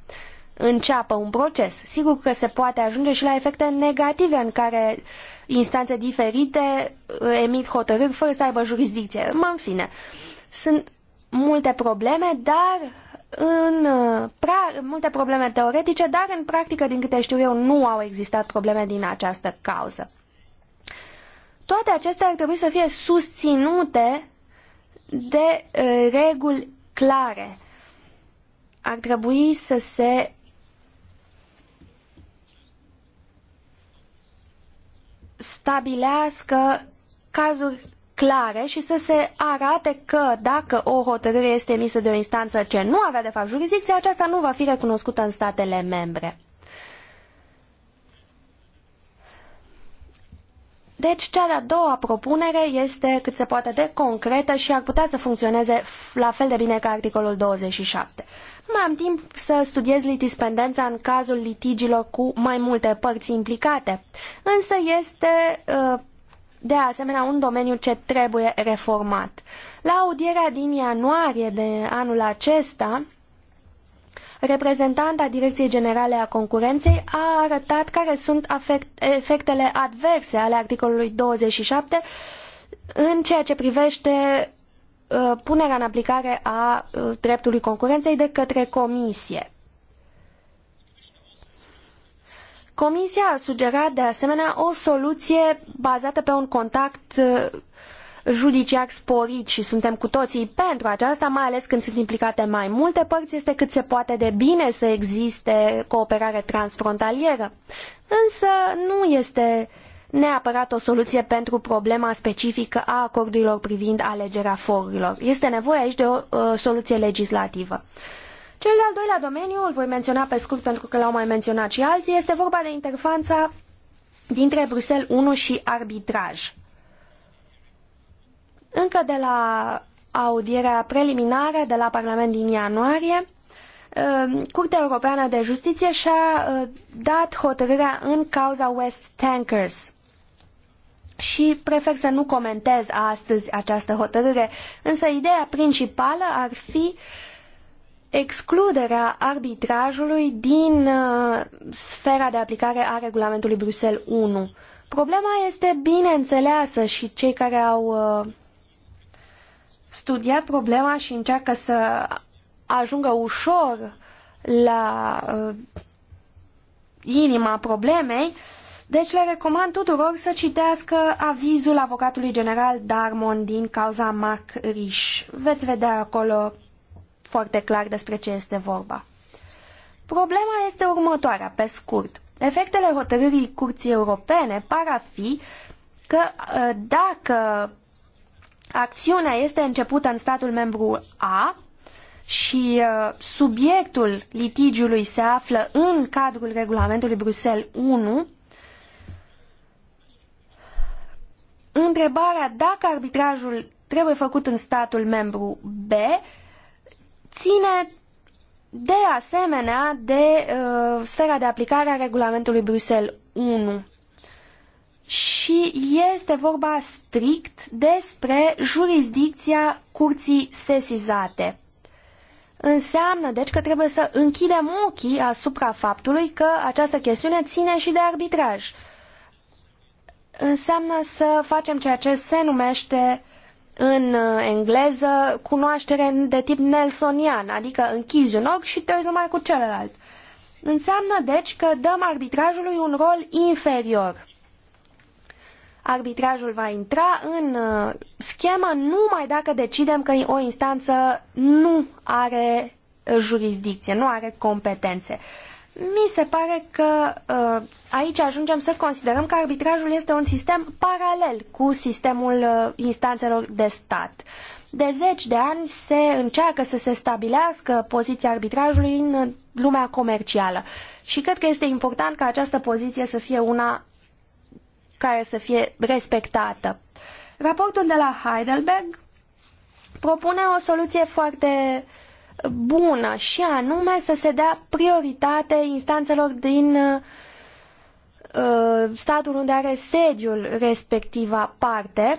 înceapă un proces. Sigur că se poate ajunge și la efecte negative în care instanțe diferite uh, emit hotărâri fără să aibă jurisdicție. Mă, în fine, sunt multe probleme, dar în uh, pra, multe probleme teoretice, dar în practică, din câte știu eu, nu au existat probleme din această cauză. Toate acestea ar trebui să fie susținute de reguli clare. Ar trebui să se stabilească cazuri clare și să se arate că dacă o hotărâre este emisă de o instanță ce nu avea de fapt jurisdicție, aceasta nu va fi recunoscută în statele membre. Deci, cea de-a doua propunere este cât se poate de concretă și ar putea să funcționeze la fel de bine ca articolul 27. Mai am timp să studiez litispendența în cazul litigilor cu mai multe părți implicate, însă este uh, de asemenea un domeniu ce trebuie reformat. La audierea din ianuarie de anul acesta, Reprezentanta Direcției Generale a Concurenței a arătat care sunt efectele adverse ale articolului 27 în ceea ce privește uh, punerea în aplicare a uh, dreptului concurenței de către Comisie. Comisia a sugerat de asemenea o soluție bazată pe un contact uh, judiciar sporit și suntem cu toții pentru aceasta, mai ales când sunt implicate mai multe părți, este cât se poate de bine să existe cooperare transfrontalieră. Însă nu este neapărat o soluție pentru problema specifică a acordurilor privind alegerea forurilor. Este nevoie aici de o uh, soluție legislativă. Cel de-al doilea domeniu, îl voi menționa pe scurt pentru că l-au mai menționat și alții, este vorba de interfanța dintre Bruxelles 1 și arbitraj. Încă de la audierea preliminară de la Parlament din ianuarie, uh, Curtea Europeană de Justiție și-a uh, dat hotărârea în cauza West Tankers. Și prefer să nu comentez astăzi această hotărâre, însă ideea principală ar fi excluderea arbitrajului din uh, sfera de aplicare a regulamentului Bruxelles 1. Problema este bine înțeleasă și cei care au studiat problema și încearcă să ajungă ușor la uh, inima problemei, deci le recomand tuturor să citească avizul avocatului general Darmon din cauza Mark Riș. Veți vedea acolo foarte clar despre ce este vorba. Problema este următoarea, pe scurt. Efectele hotărârii Curții Europene par a fi că uh, dacă Acțiunea este începută în statul membru A și uh, subiectul litigiului se află în cadrul regulamentului Bruxelles 1 întrebarea dacă arbitrajul trebuie făcut în statul membru B ține de asemenea de uh, sfera de aplicare a regulamentului Bruxelles 1 și este vorba strict despre jurisdicția curții sesizate. Înseamnă, deci, că trebuie să închidem ochii asupra faptului că această chestiune ține și de arbitraj. Înseamnă să facem ceea ce se numește în engleză cunoaștere de tip nelsonian, adică închizi un ochi și te uiți numai cu celălalt. Înseamnă, deci, că dăm arbitrajului un rol inferior arbitrajul va intra în uh, schemă numai dacă decidem că o instanță nu are uh, jurisdicție, nu are competențe. Mi se pare că uh, aici ajungem să considerăm că arbitrajul este un sistem paralel cu sistemul instanțelor de stat. De zeci de ani se încearcă să se stabilească poziția arbitrajului în lumea comercială și cred că este important ca această poziție să fie una care să fie respectată. Raportul de la Heidelberg propune o soluție foarte bună și anume să se dea prioritate instanțelor din uh, statul unde are sediul respectiva parte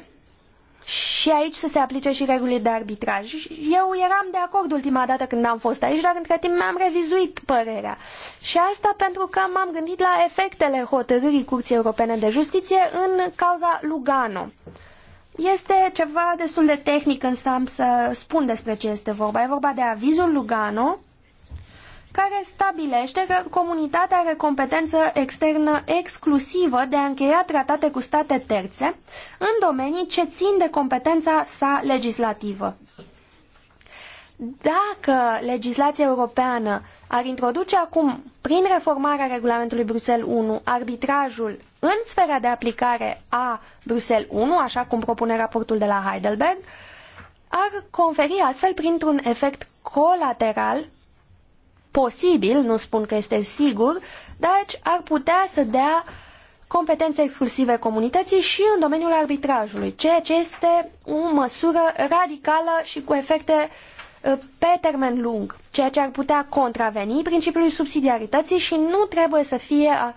și aici să se aplice și regulile de arbitraj. Eu eram de acord ultima dată când am fost aici, dar între timp mi-am revizuit părerea. Și asta pentru că m-am gândit la efectele hotărârii Curții Europene de Justiție în cauza Lugano. Este ceva destul de tehnic însă am să spun despre ce este vorba. E vorba de avizul Lugano, care stabilește că comunitatea are competență externă exclusivă de a încheia tratate cu state terțe în domenii ce țin de competența sa legislativă. Dacă legislația europeană ar introduce acum, prin reformarea regulamentului Bruxelles 1, arbitrajul în sfera de aplicare a Bruxelles 1, așa cum propune raportul de la Heidelberg, ar conferi astfel, printr-un efect colateral, posibil, nu spun că este sigur, dar deci ar putea să dea competențe exclusive comunității și în domeniul arbitrajului, ceea ce este o măsură radicală și cu efecte uh, pe termen lung, ceea ce ar putea contraveni principiului subsidiarității și nu trebuie să fie uh,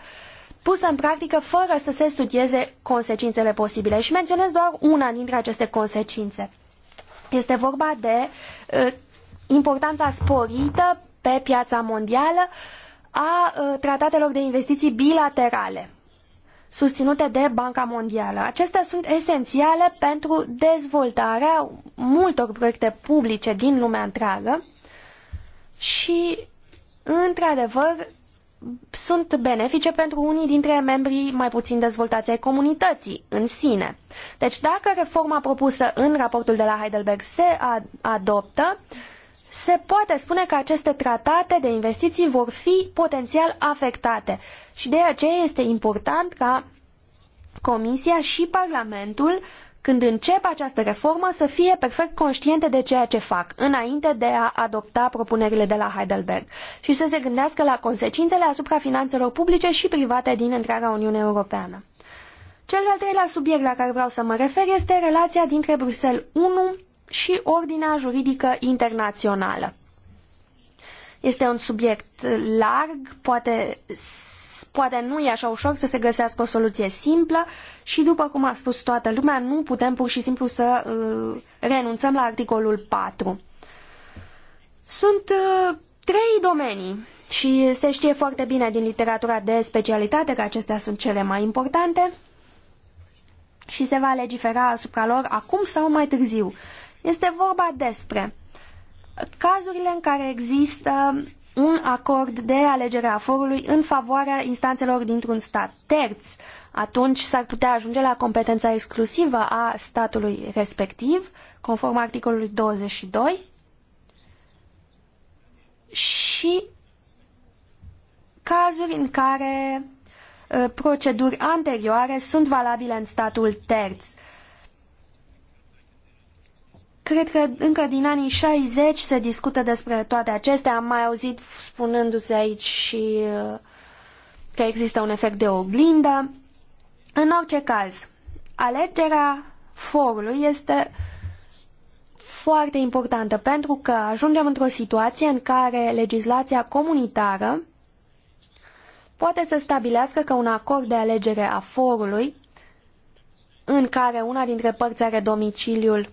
pusă în practică fără să se studieze consecințele posibile. Și menționez doar una dintre aceste consecințe. Este vorba de uh, importanța sporită pe piața mondială a uh, tratatelor de investiții bilaterale susținute de Banca Mondială. Acestea sunt esențiale pentru dezvoltarea multor proiecte publice din lumea întreagă și, într-adevăr, sunt benefice pentru unii dintre membrii mai puțin dezvoltați ai comunității în sine. Deci dacă reforma propusă în raportul de la Heidelberg se adoptă, se poate spune că aceste tratate de investiții vor fi potențial afectate și de aceea este important ca Comisia și Parlamentul, când încep această reformă, să fie perfect conștiente de ceea ce fac, înainte de a adopta propunerile de la Heidelberg și să se gândească la consecințele asupra finanțelor publice și private din întreaga Uniune Europeană. Cel de-al treilea subiect la care vreau să mă refer este relația dintre Bruxelles 1 și ordinea juridică internațională. Este un subiect larg, poate, poate nu e așa ușor să se găsească o soluție simplă și, după cum a spus toată lumea, nu putem pur și simplu să uh, renunțăm la articolul 4. Sunt uh, trei domenii și se știe foarte bine din literatura de specialitate că acestea sunt cele mai importante și se va legifera asupra lor acum sau mai târziu. Este vorba despre cazurile în care există un acord de alegere a forului în favoarea instanțelor dintr-un stat terț. Atunci s-ar putea ajunge la competența exclusivă a statului respectiv, conform articolului 22, și cazuri în care uh, proceduri anterioare sunt valabile în statul terț. Cred că încă din anii 60 se discută despre toate acestea. Am mai auzit spunându-se aici și uh, că există un efect de oglindă. În orice caz, alegerea forului este foarte importantă pentru că ajungem într-o situație în care legislația comunitară poate să stabilească că un acord de alegere a forului în care una dintre părți are domiciliul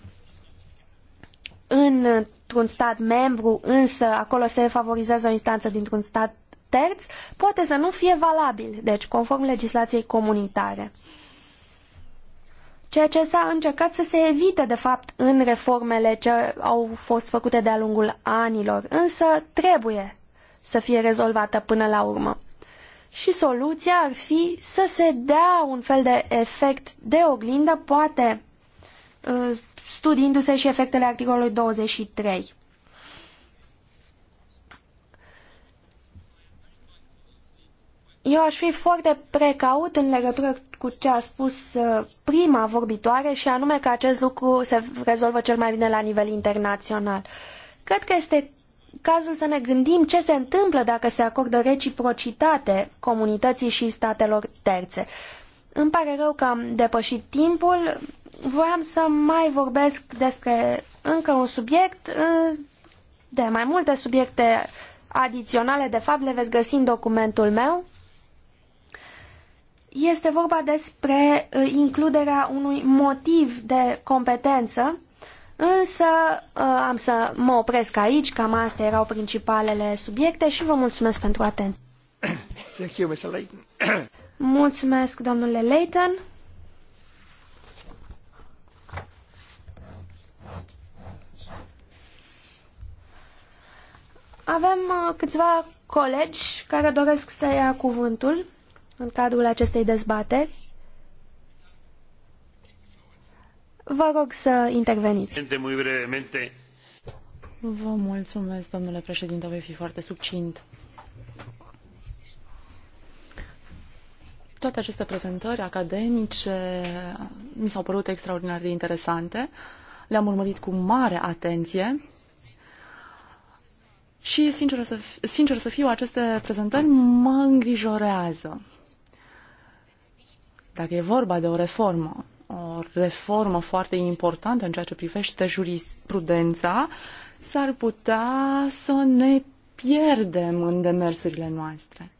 într-un stat membru, însă acolo se favorizează o instanță dintr-un stat terț, poate să nu fie valabil, deci conform legislației comunitare. Ceea ce s-a încercat să se evite, de fapt, în reformele ce au fost făcute de-a lungul anilor, însă trebuie să fie rezolvată până la urmă. Și soluția ar fi să se dea un fel de efect de oglindă, poate uh, studiindu-se și efectele articolului 23. Eu aș fi foarte precaut în legătură cu ce a spus uh, prima vorbitoare și anume că acest lucru se rezolvă cel mai bine la nivel internațional. Cred că este cazul să ne gândim ce se întâmplă dacă se acordă reciprocitate comunității și statelor terțe. Îmi pare rău că am depășit timpul. Voiam să mai vorbesc despre încă un subiect, de mai multe subiecte adiționale, de fapt le veți găsi în documentul meu. Este vorba despre uh, includerea unui motiv de competență, însă uh, am să mă opresc aici, cam astea erau principalele subiecte și vă mulțumesc pentru atenție. Mulțumesc, domnule Leighton. Avem uh, câțiva colegi care doresc să ia cuvântul în cadrul acestei dezbateri. Vă rog să interveniți. Vă mulțumesc, domnule președinte, voi fi foarte succint. Toate aceste prezentări academice mi s-au părut extraordinar de interesante. Le-am urmărit cu mare atenție și, sincer să, sincer să fiu, aceste prezentări mă îngrijorează. Dacă e vorba de o reformă, o reformă foarte importantă în ceea ce privește jurisprudența, s-ar putea să ne pierdem în demersurile noastre.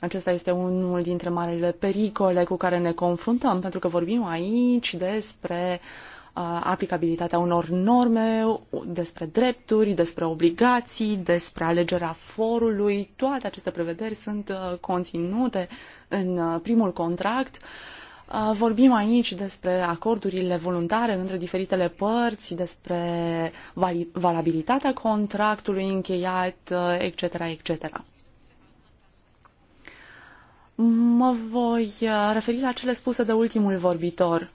Acesta este unul dintre marele pericole cu care ne confruntăm, pentru că vorbim aici despre uh, Uh, aplicabilitatea unor norme despre drepturi, despre obligații, despre alegerea forului. Toate aceste prevederi sunt uh, conținute în uh, primul contract. Vorbim aici despre acordurile voluntare între diferitele părți, despre valabilitatea contractului încheiat, etc., etc. Mă voi referi la cele spuse de ultimul vorbitor. Uh,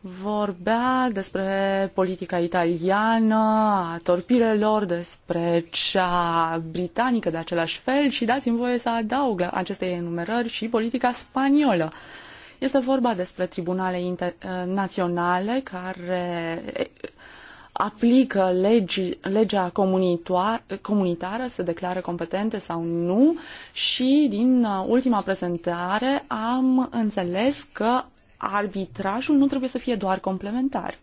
vorbea despre politica italiană, a torpilelor, despre cea britanică de același fel și dați-mi voie să adaug la aceste enumerări și politica spaniolă. Este vorba despre tribunale naționale care aplică legi, legea comunitară, se declară competente sau nu și din ultima prezentare am înțeles că arbitrajul nu trebuie să fie doar complementar.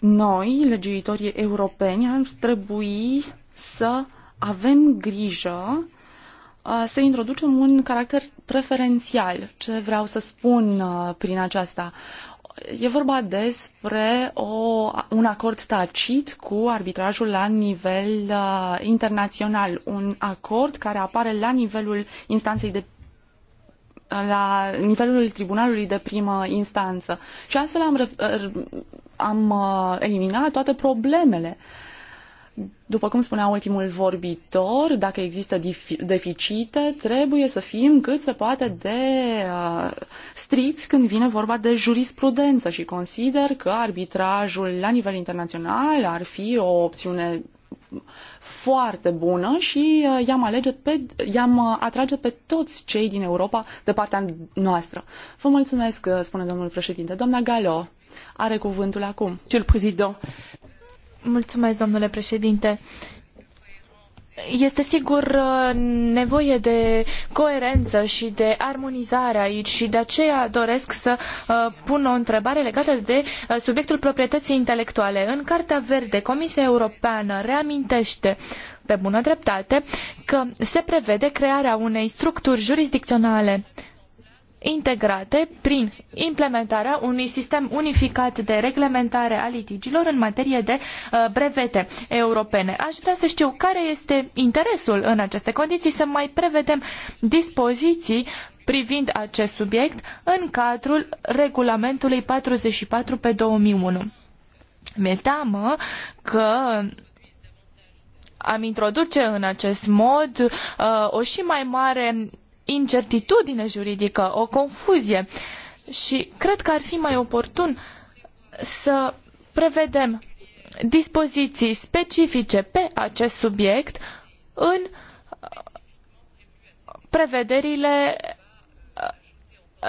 Noi, legiuitorii europeni, ar trebui să avem grijă uh, să introducem un caracter preferențial. Ce vreau să spun uh, prin aceasta? E vorba despre o, un acord tacit cu arbitrajul la nivel uh, internațional, un acord care apare la nivelul instanței de uh, la nivelul tribunalului de primă instanță. Și astfel am, uh, am uh, eliminat toate problemele uh, după cum spunea ultimul vorbitor, dacă există deficite, trebuie să fim cât se poate de uh, striți când vine vorba de jurisprudență și consider că arbitrajul la nivel internațional ar fi o opțiune foarte bună și uh, i-am, alege pe, i-am uh, atrage pe toți cei din Europa de partea noastră. Vă mulțumesc, uh, spune domnul președinte. Doamna Galo are cuvântul acum. Cel prezident. Mulțumesc, domnule președinte. Este sigur uh, nevoie de coerență și de armonizare aici și de aceea doresc să uh, pun o întrebare legată de uh, subiectul proprietății intelectuale. În Cartea Verde, Comisia Europeană reamintește pe bună dreptate că se prevede crearea unei structuri jurisdicționale uh, integrate prin implementarea unui sistem unificat de reglementare a litigiilor în materie de uh, brevete europene. Aș vrea să știu care este interesul în aceste condiții să mai prevedem dispoziții privind acest subiect în cadrul regulamentului 44 pe 2001. Mi-e teamă că am introduce în acest mod uh, o și mai mare incertitudine juridică, o confuzie. Și cred că ar fi mai oportun să prevedem dispoziții specifice pe acest subiect în uh, prevederile uh,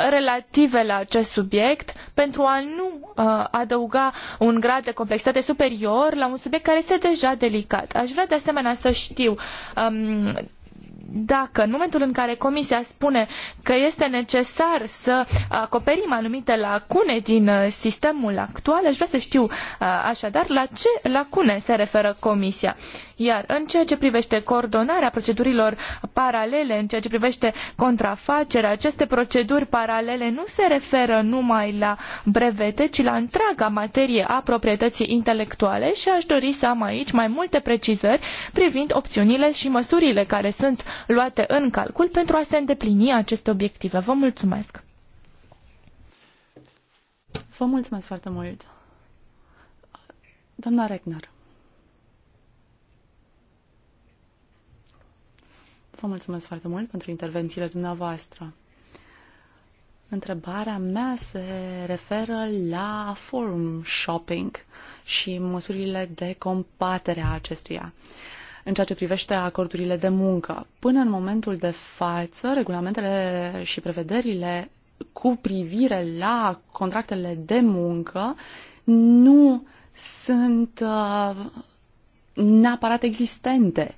relative la acest subiect pentru a nu uh, adăuga un grad de complexitate superior la un subiect care este deja delicat. Aș vrea de asemenea să știu um, dacă în momentul în care Comisia spune că este necesar să acoperim anumite lacune din uh, sistemul actual, aș vrea să știu uh, așadar la ce lacune se referă Comisia. Iar în ceea ce privește coordonarea procedurilor paralele, în ceea ce privește contrafacerea, aceste proceduri paralele nu se referă numai la brevete, ci la întreaga materie a proprietății intelectuale și aș dori să am aici mai multe precizări privind opțiunile și măsurile care sunt luate în calcul pentru a se îndeplini aceste obiective. Vă mulțumesc! Vă mulțumesc foarte mult! Doamna Regner. Vă mulțumesc foarte mult pentru intervențiile dumneavoastră. Întrebarea mea se referă la forum shopping și măsurile de combatere a acestuia. Uh, în ceea ce privește acordurile de muncă. Până în momentul de față, regulamentele și prevederile cu privire la contractele de muncă nu sunt uh, neapărat existente.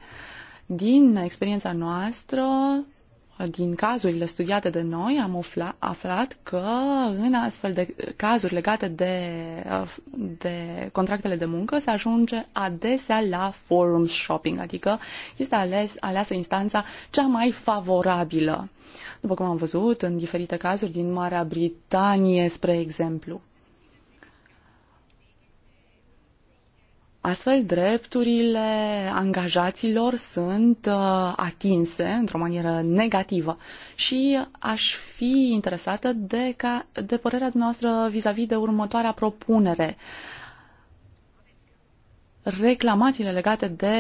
Din experiența noastră, din cazurile studiate de noi am aflat că în astfel de cazuri legate de, de contractele de muncă se ajunge adesea la forum shopping, adică este ales, aleasă instanța cea mai favorabilă. După cum am văzut în diferite cazuri din Marea Britanie, spre exemplu. Astfel, drepturile angajaților sunt uh, atinse într-o manieră negativă și aș fi interesată de, ca, de părerea dumneavoastră vis-a-vis -vis de următoarea propunere. Reclamațiile legate de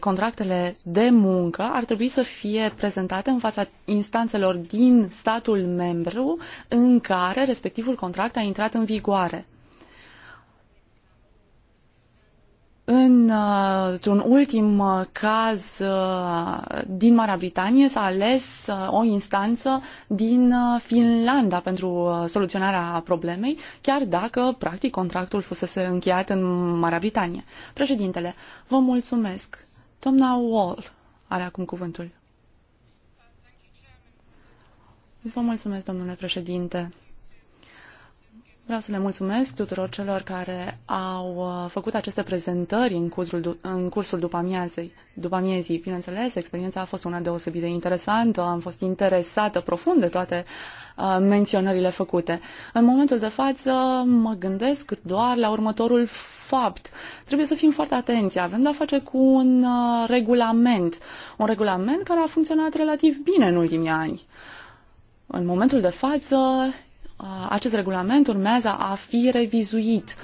contractele de muncă ar trebui să fie prezentate în fața instanțelor din statul membru în care respectivul contract a intrat în vigoare. în, într-un ultim uh, caz uh, din Marea Britanie s-a ales uh, o instanță din Finlanda pentru soluționarea problemei, chiar dacă, practic, contractul fusese încheiat în Marea Britanie. Președintele, vă mulțumesc. Doamna Wall are acum cuvântul. Vă mulțumesc, domnule președinte. Vreau să le mulțumesc tuturor celor care au uh, făcut aceste prezentări în, cursul, în cursul după amiazei. După amiezii, bineînțeles, experiența a fost una deosebit de interesantă, am fost interesată profund de toate uh, menționările făcute. În momentul de față mă gândesc doar la următorul fapt. Trebuie să fim foarte atenți. Avem de-a face cu un uh, regulament. Un regulament care a funcționat relativ bine în ultimii ani. În momentul de față acest regulament urmează a fi revizuit.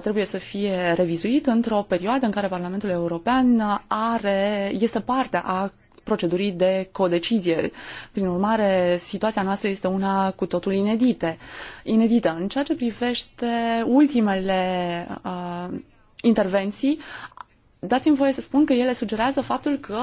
Trebuie să fie revizuit într-o perioadă în care Parlamentul European are, este parte a procedurii de codecizie. Prin urmare, situația noastră este una cu totul inedite. inedită. În ceea ce privește ultimele uh, intervenții, Dați-mi voie să spun că ele sugerează faptul că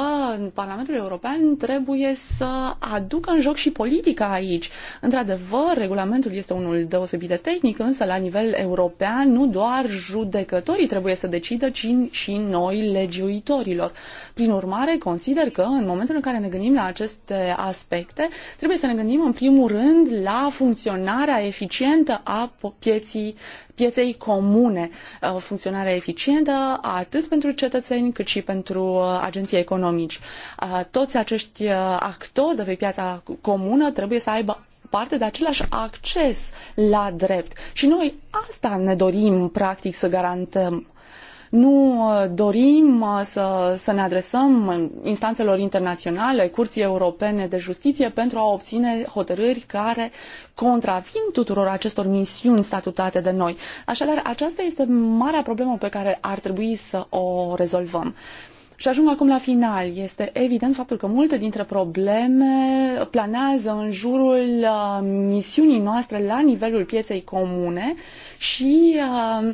Parlamentul European trebuie să aducă în joc și politica aici. Într-adevăr, regulamentul este unul deosebit de tehnic, însă la nivel european nu doar judecătorii trebuie să decidă, ci și noi legiuitorilor. Prin urmare, consider că în momentul în care ne gândim la aceste aspecte, trebuie să ne gândim în primul rând la funcționarea eficientă a pieții pieței comune, uh, o funcționare eficientă atât pentru cetățeni cât și pentru uh, agenții economici. Uh, toți acești actori de pe piața comună trebuie să aibă parte de același acces la drept. Și noi asta ne dorim, practic, să garantăm. Nu uh, dorim uh, să, să ne adresăm instanțelor internaționale, curții europene de justiție, pentru a obține hotărâri care contravin tuturor acestor misiuni statutate de noi. Așadar, aceasta este marea problemă pe care ar trebui să o rezolvăm. Și ajung acum la final. Este evident faptul că multe dintre probleme planează în jurul uh, misiunii noastre la nivelul pieței comune și uh,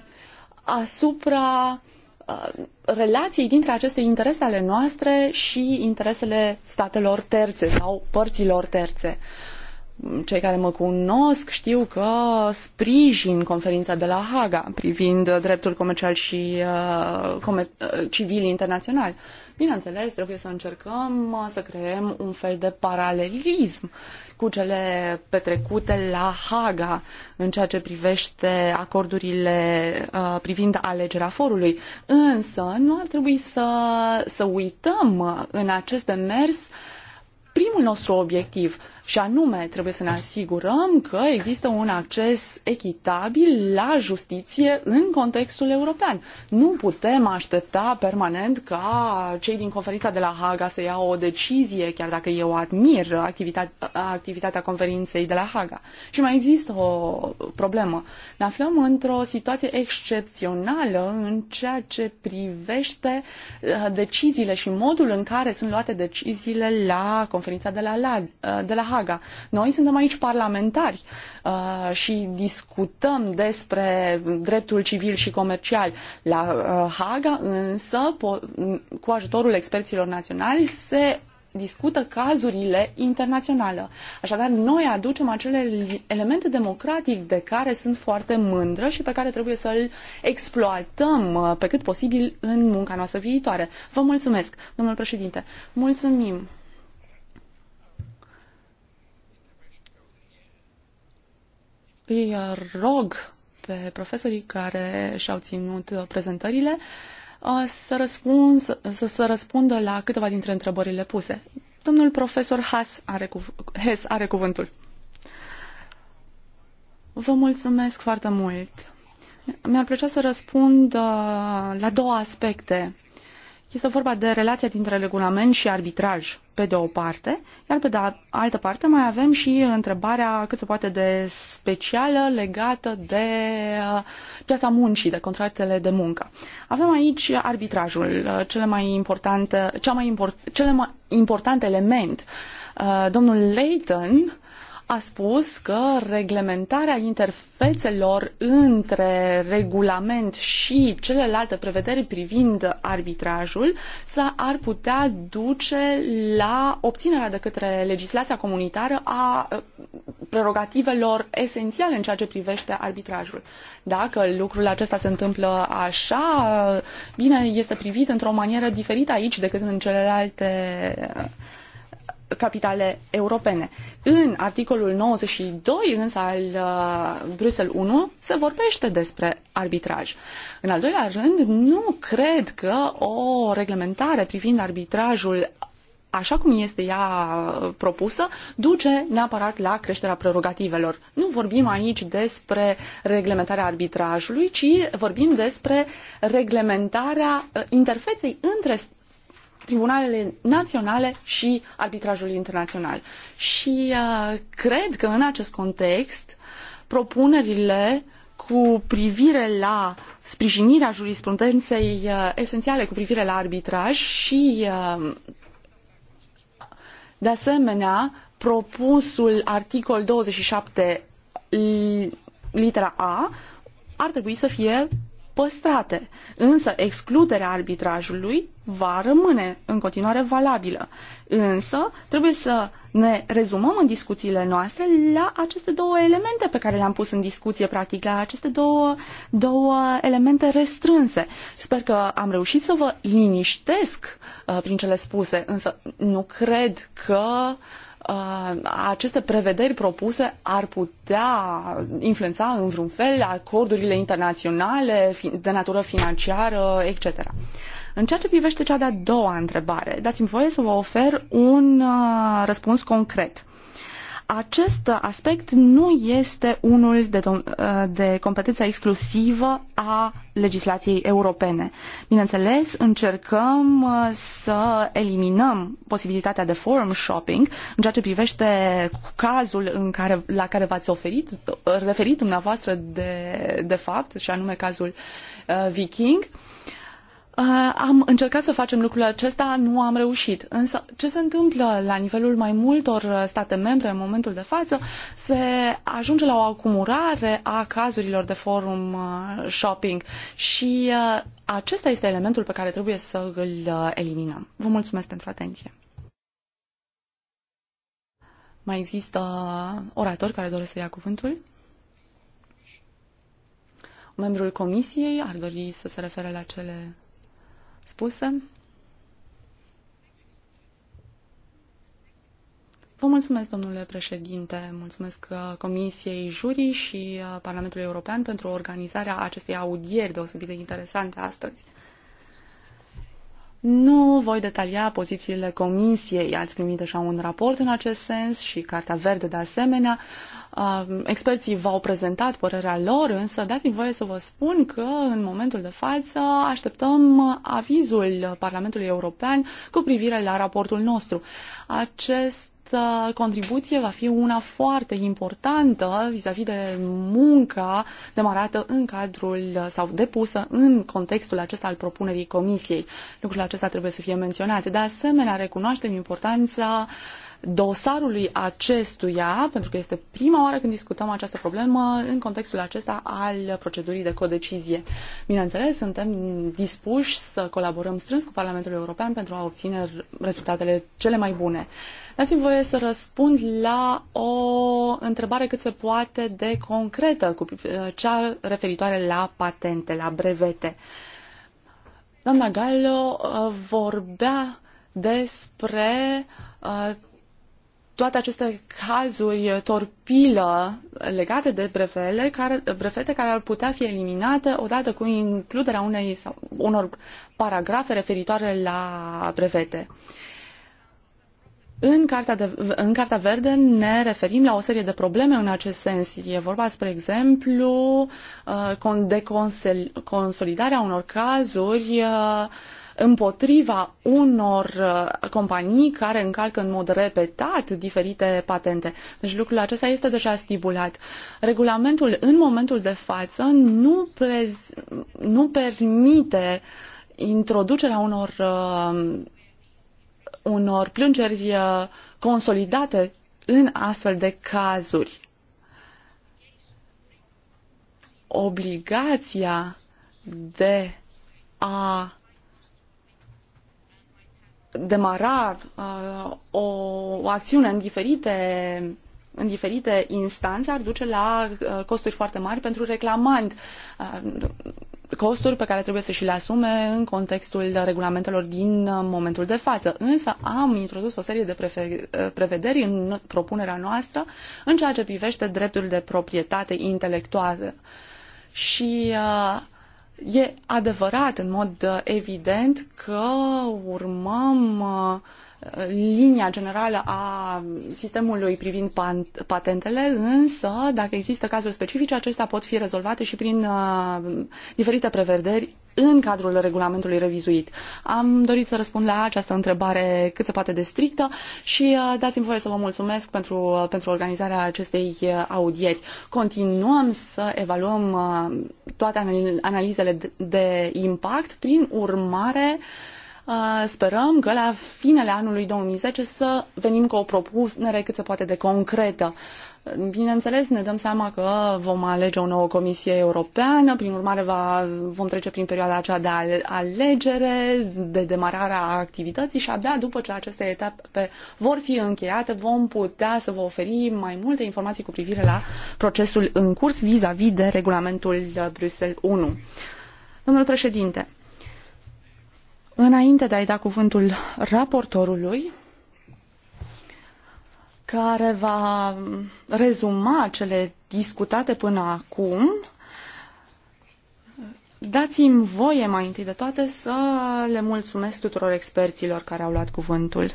asupra uh, relației dintre aceste interese ale noastre și interesele statelor terțe sau părților terțe. Cei care mă cunosc știu că sprijin conferința de la Haga privind dreptul comercial și uh, comer- uh, civil internațional. Bineînțeles, trebuie să încercăm uh, să creăm un fel de paralelism uh, cu cele petrecute la Haga în ceea ce privește acordurile uh, privind alegerea forului. Însă nu ar trebui să, să uităm în acest demers primul nostru obiectiv, și anume, trebuie să ne asigurăm că există un acces echitabil la justiție în contextul european. Nu putem aștepta permanent ca cei din conferința de la Haga să ia o decizie, chiar dacă eu admir activitatea, activitatea conferinței de la Haga. Și mai există o problemă. Ne aflăm într-o situație excepțională în ceea ce privește uh, deciziile și modul în care sunt luate deciziile la conferința de la, la, uh, de la Haga. Haga. Noi suntem aici parlamentari uh, și discutăm despre dreptul civil și comercial. La uh, Haga însă, cu ajutorul experților naționali, se discută cazurile internaționale. Așadar, noi aducem acele elemente democratic de care sunt foarte mândră și pe care trebuie să-l exploatăm uh, pe cât posibil în munca noastră viitoare. Vă mulțumesc, domnul președinte. Mulțumim. îi uh, rog pe profesorii care și-au ținut uh, prezentările uh, să, răspund, să, să răspundă la câteva dintre întrebările puse. Domnul profesor Haas are cuv- Hess are cuvântul. Vă mulțumesc foarte mult. Mi-ar plăcea să răspund la două aspecte este vorba de relația dintre regulament și arbitraj, pe de o parte, iar pe de altă parte mai avem și întrebarea cât se poate de specială legată de uh, piața muncii, de contractele de muncă. Avem aici arbitrajul, uh, cele mai importante, cea mai import, cele mai important element. Uh, domnul Leighton a spus că reglementarea interfețelor între regulament și celelalte prevederi privind arbitrajul ar putea duce la obținerea de către legislația comunitară a prerogativelor esențiale în ceea ce privește arbitrajul. Dacă lucrul acesta se întâmplă așa, bine, este privit într-o manieră diferită aici decât în celelalte capitale europene. În articolul 92, însă al uh, Bruxelles 1, se vorbește despre arbitraj. În al doilea rând, nu cred că o reglementare privind arbitrajul așa cum este ea propusă, duce neapărat la creșterea prerogativelor. Nu vorbim aici despre reglementarea arbitrajului, ci vorbim despre reglementarea uh, interfeței între tribunalele naționale și arbitrajul internațional. Și uh, cred că în acest context propunerile cu privire la sprijinirea jurisprudenței uh, esențiale cu privire la arbitraj și uh, de asemenea propusul articol 27 litera A ar trebui să fie păstrate, însă excluderea arbitrajului va rămâne în continuare valabilă. Însă trebuie să ne rezumăm în discuțiile noastre la aceste două elemente pe care le-am pus în discuție, practic, la aceste două, două elemente restrânse. Sper că am reușit să vă liniștesc uh, prin cele spuse, însă nu cred că uh, Uh, aceste prevederi propuse ar putea influența în vreun fel acordurile internaționale de natură financiară, etc. În ceea ce privește cea de-a doua întrebare, dați-mi voie să vă ofer un uh, răspuns concret acest aspect nu este unul de, uh, de competență exclusivă a legislației europene. Bineînțeles, încercăm uh, să eliminăm posibilitatea de forum shopping în ceea ce privește cazul în care, la care v-ați oferit, referit dumneavoastră de, de fapt, și anume cazul uh, Viking. Uh, Uh, am încercat să facem lucrul acesta, nu am reușit. Însă ce se întâmplă la nivelul mai multor uh, state membre în momentul de față, se ajunge la o acumulare a cazurilor de forum uh, shopping și acesta este elementul pe care trebuie să îl eliminăm. Vă mulțumesc pentru atenție. Mai există oratori care doresc să ia cuvântul? Membrul comisiei ar dori să se refere la cele spusă. Vă mulțumesc, domnule președinte, mulțumesc uh, Comisiei Jurii și uh, Parlamentului European pentru organizarea acestei audieri deosebit de interesante astăzi. Nu voi detalia pozițiile comisiei. Ați primit deja un raport în acest sens și Cartea Verde de asemenea. Uh, experții v-au prezentat părerea lor, însă dați-mi voie să vă spun că în momentul de față așteptăm avizul Parlamentului European cu privire la raportul nostru. Acest această contribuție va fi una foarte importantă vis-a-vis -vis de munca demarată în cadrul sau depusă în contextul acesta al propunerii Comisiei. lucrurile acesta trebuie să fie menționate, De asemenea, recunoaștem importanța uh, dosarului acestuia, pentru că este prima oară când discutăm această problemă în contextul acesta al procedurii de codecizie. Bineînțeles, suntem dispuși să colaborăm strâns cu Parlamentul European pentru a obține rezultatele cele mai bune. Dați-mi voie să răspund la o întrebare cât se poate de concretă, cu cea referitoare la patente, la brevete. Doamna Gallo uh, vorbea despre uh, toate aceste cazuri uh, torpilă uh, legate de brevele, care, uh, brevete care ar putea fi eliminate odată cu includerea unei sau unor paragrafe referitoare la brevete. În Cartea, de, în Cartea Verde ne referim la o serie de probleme în acest sens. E vorba, spre exemplu, de consolidarea unor cazuri împotriva unor uh, companii care încalcă în mod repetat diferite patente. Deci lucrul acesta este deja stipulat. Regulamentul în momentul de față nu, prez- nu permite introducerea unor, uh, unor plângeri uh, consolidate în astfel de cazuri. Obligația de a demara uh, o, o acțiune în diferite în diferite instanțe ar duce la uh, costuri foarte mari pentru reclamant, uh, costuri pe care trebuie să și le asume în contextul regulamentelor din momentul de față. Însă am introdus o serie de prevederi în propunerea noastră în ceea ce privește drepturile de proprietate intelectuală. Și uh, E adevărat, în mod uh, evident, că urmăm uh, linia generală a sistemului privind patentele, însă, dacă există cazuri specifice, acestea pot fi rezolvate și prin uh, diferite prevederi în cadrul regulamentului revizuit. Am dorit să răspund la această întrebare cât se poate de strictă și uh, dați-mi voie să vă mulțumesc pentru, uh, pentru organizarea acestei audieri. Continuăm să evaluăm toate analizele de impact, prin urmare Uh, sperăm că la finele anului 2010 să venim cu o propunere cât se poate de concretă. Bineînțeles, ne dăm seama că vom alege o nouă Comisie Europeană, prin urmare va, vom trece prin perioada aceea de alegere, de demarare a activității și abia după ce aceste etape vor fi încheiate, vom putea să vă oferim mai multe informații cu privire la procesul în curs vis-a-vis -vis de regulamentul uh, Bruxelles 1. Domnul președinte, Înainte de a-i da cuvântul raportorului, care va rezuma cele discutate până acum, dați-mi voie mai întâi de toate să le mulțumesc tuturor experților care au luat cuvântul.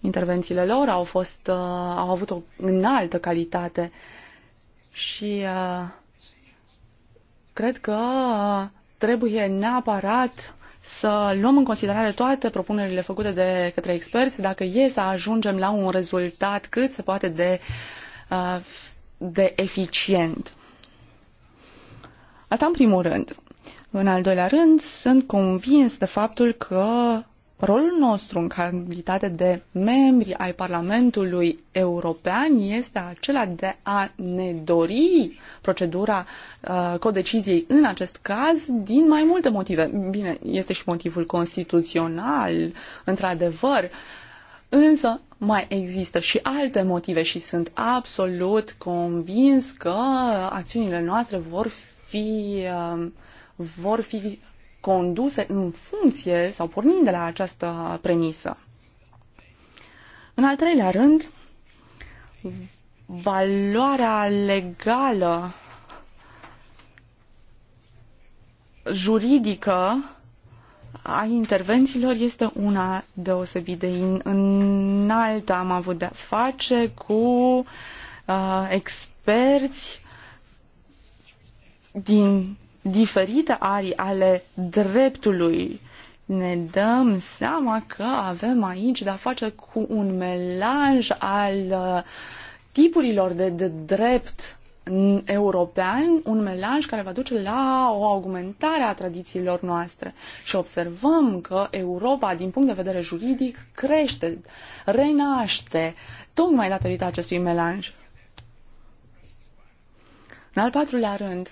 Intervențiile lor au, fost, uh, au avut o înaltă calitate și uh, cred că uh, trebuie neapărat să luăm în considerare toate propunerile făcute de către experți dacă e să ajungem la un rezultat cât se poate de, uh, de eficient. Asta în primul rând. În al doilea rând, sunt convins de faptul că Rolul nostru în calitate de membri ai Parlamentului European este acela de a ne dori procedura uh, codeciziei în acest caz din mai multe motive. Bine, este și motivul constituțional, într-adevăr, însă mai există și alte motive și sunt absolut convins că acțiunile noastre vor fi, uh, vor fi conduse în funcție sau pornind de la această premisă. În al treilea rând, valoarea legală juridică a intervențiilor este una deosebit de înaltă. Am avut de-a face cu uh, experți din diferite arii ale dreptului, ne dăm seama că avem aici de-a face cu un melanj al uh, tipurilor de, de drept european, un melanj care va duce la o augmentare a tradițiilor noastre. Și observăm că Europa, din punct de vedere juridic, crește, renaște, tocmai datorită acestui melanj. În al patrulea rând,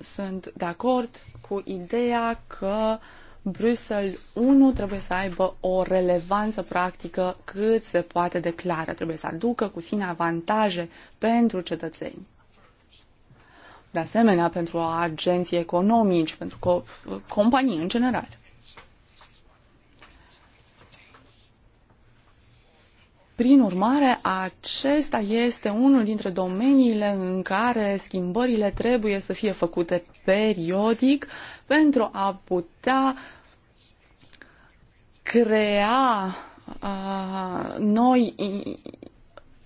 sunt de acord cu ideea că Bruxelles 1 trebuie să aibă o relevanță practică cât se poate declară. Trebuie să aducă cu sine avantaje pentru cetățeni. De asemenea, pentru agenții economici, pentru co- companii în general. Prin urmare, acesta este unul dintre domeniile în care schimbările trebuie să fie făcute periodic pentru a putea crea uh, noi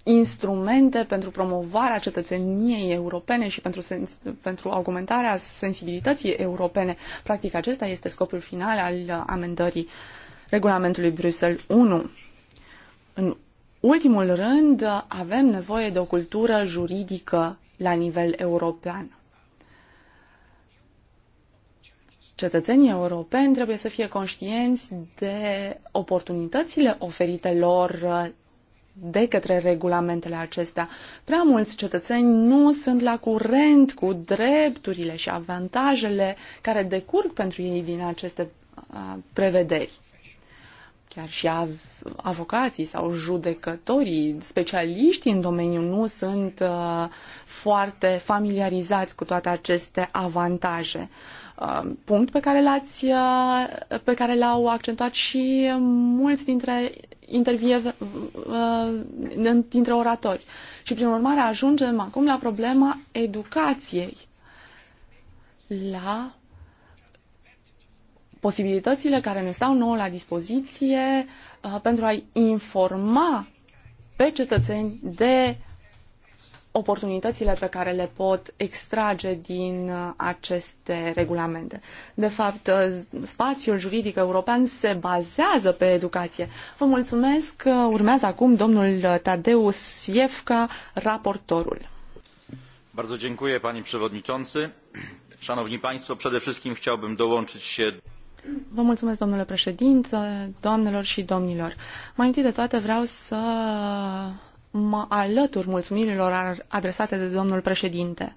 instrumente pentru promovarea cetățeniei europene și pentru, sens- pentru augmentarea sensibilității europene. Practic, acesta este scopul final al amendării regulamentului Bruxelles 1. În ultimul rând, avem nevoie de o cultură juridică la nivel european. Cetățenii europeni trebuie să fie conștienți de oportunitățile oferite lor de către regulamentele acestea. Prea mulți cetățeni nu sunt la curent cu drepturile și avantajele care decurg pentru ei din aceste uh, prevederi. Chiar și av- avocații sau judecătorii, specialiștii în domeniu nu sunt uh, foarte familiarizați cu toate aceste avantaje. Uh, punct pe care, l-ați, uh, pe care l-au accentuat și mulți dintre interviev, uh, dintre oratori. Și prin urmare ajungem acum la problema educației, la posibilitățile care ne stau nouă la dispoziție uh, pentru a informa pe cetățeni de oportunitățile pe care le pot extrage din uh, aceste regulamente. De fapt, uh, spațiul juridic european se bazează pe educație. Vă mulțumesc. Urmează acum domnul Tadeu Siefka, raportorul. Bardzo dziękuję, panie przewodniczący. Szanowni państwo, przede wszystkim chciałbym dołączyć się Vă mulțumesc, domnule președinte, doamnelor și domnilor. Mai întâi de toate vreau să mă alătur mulțumirilor adresate de domnul președinte.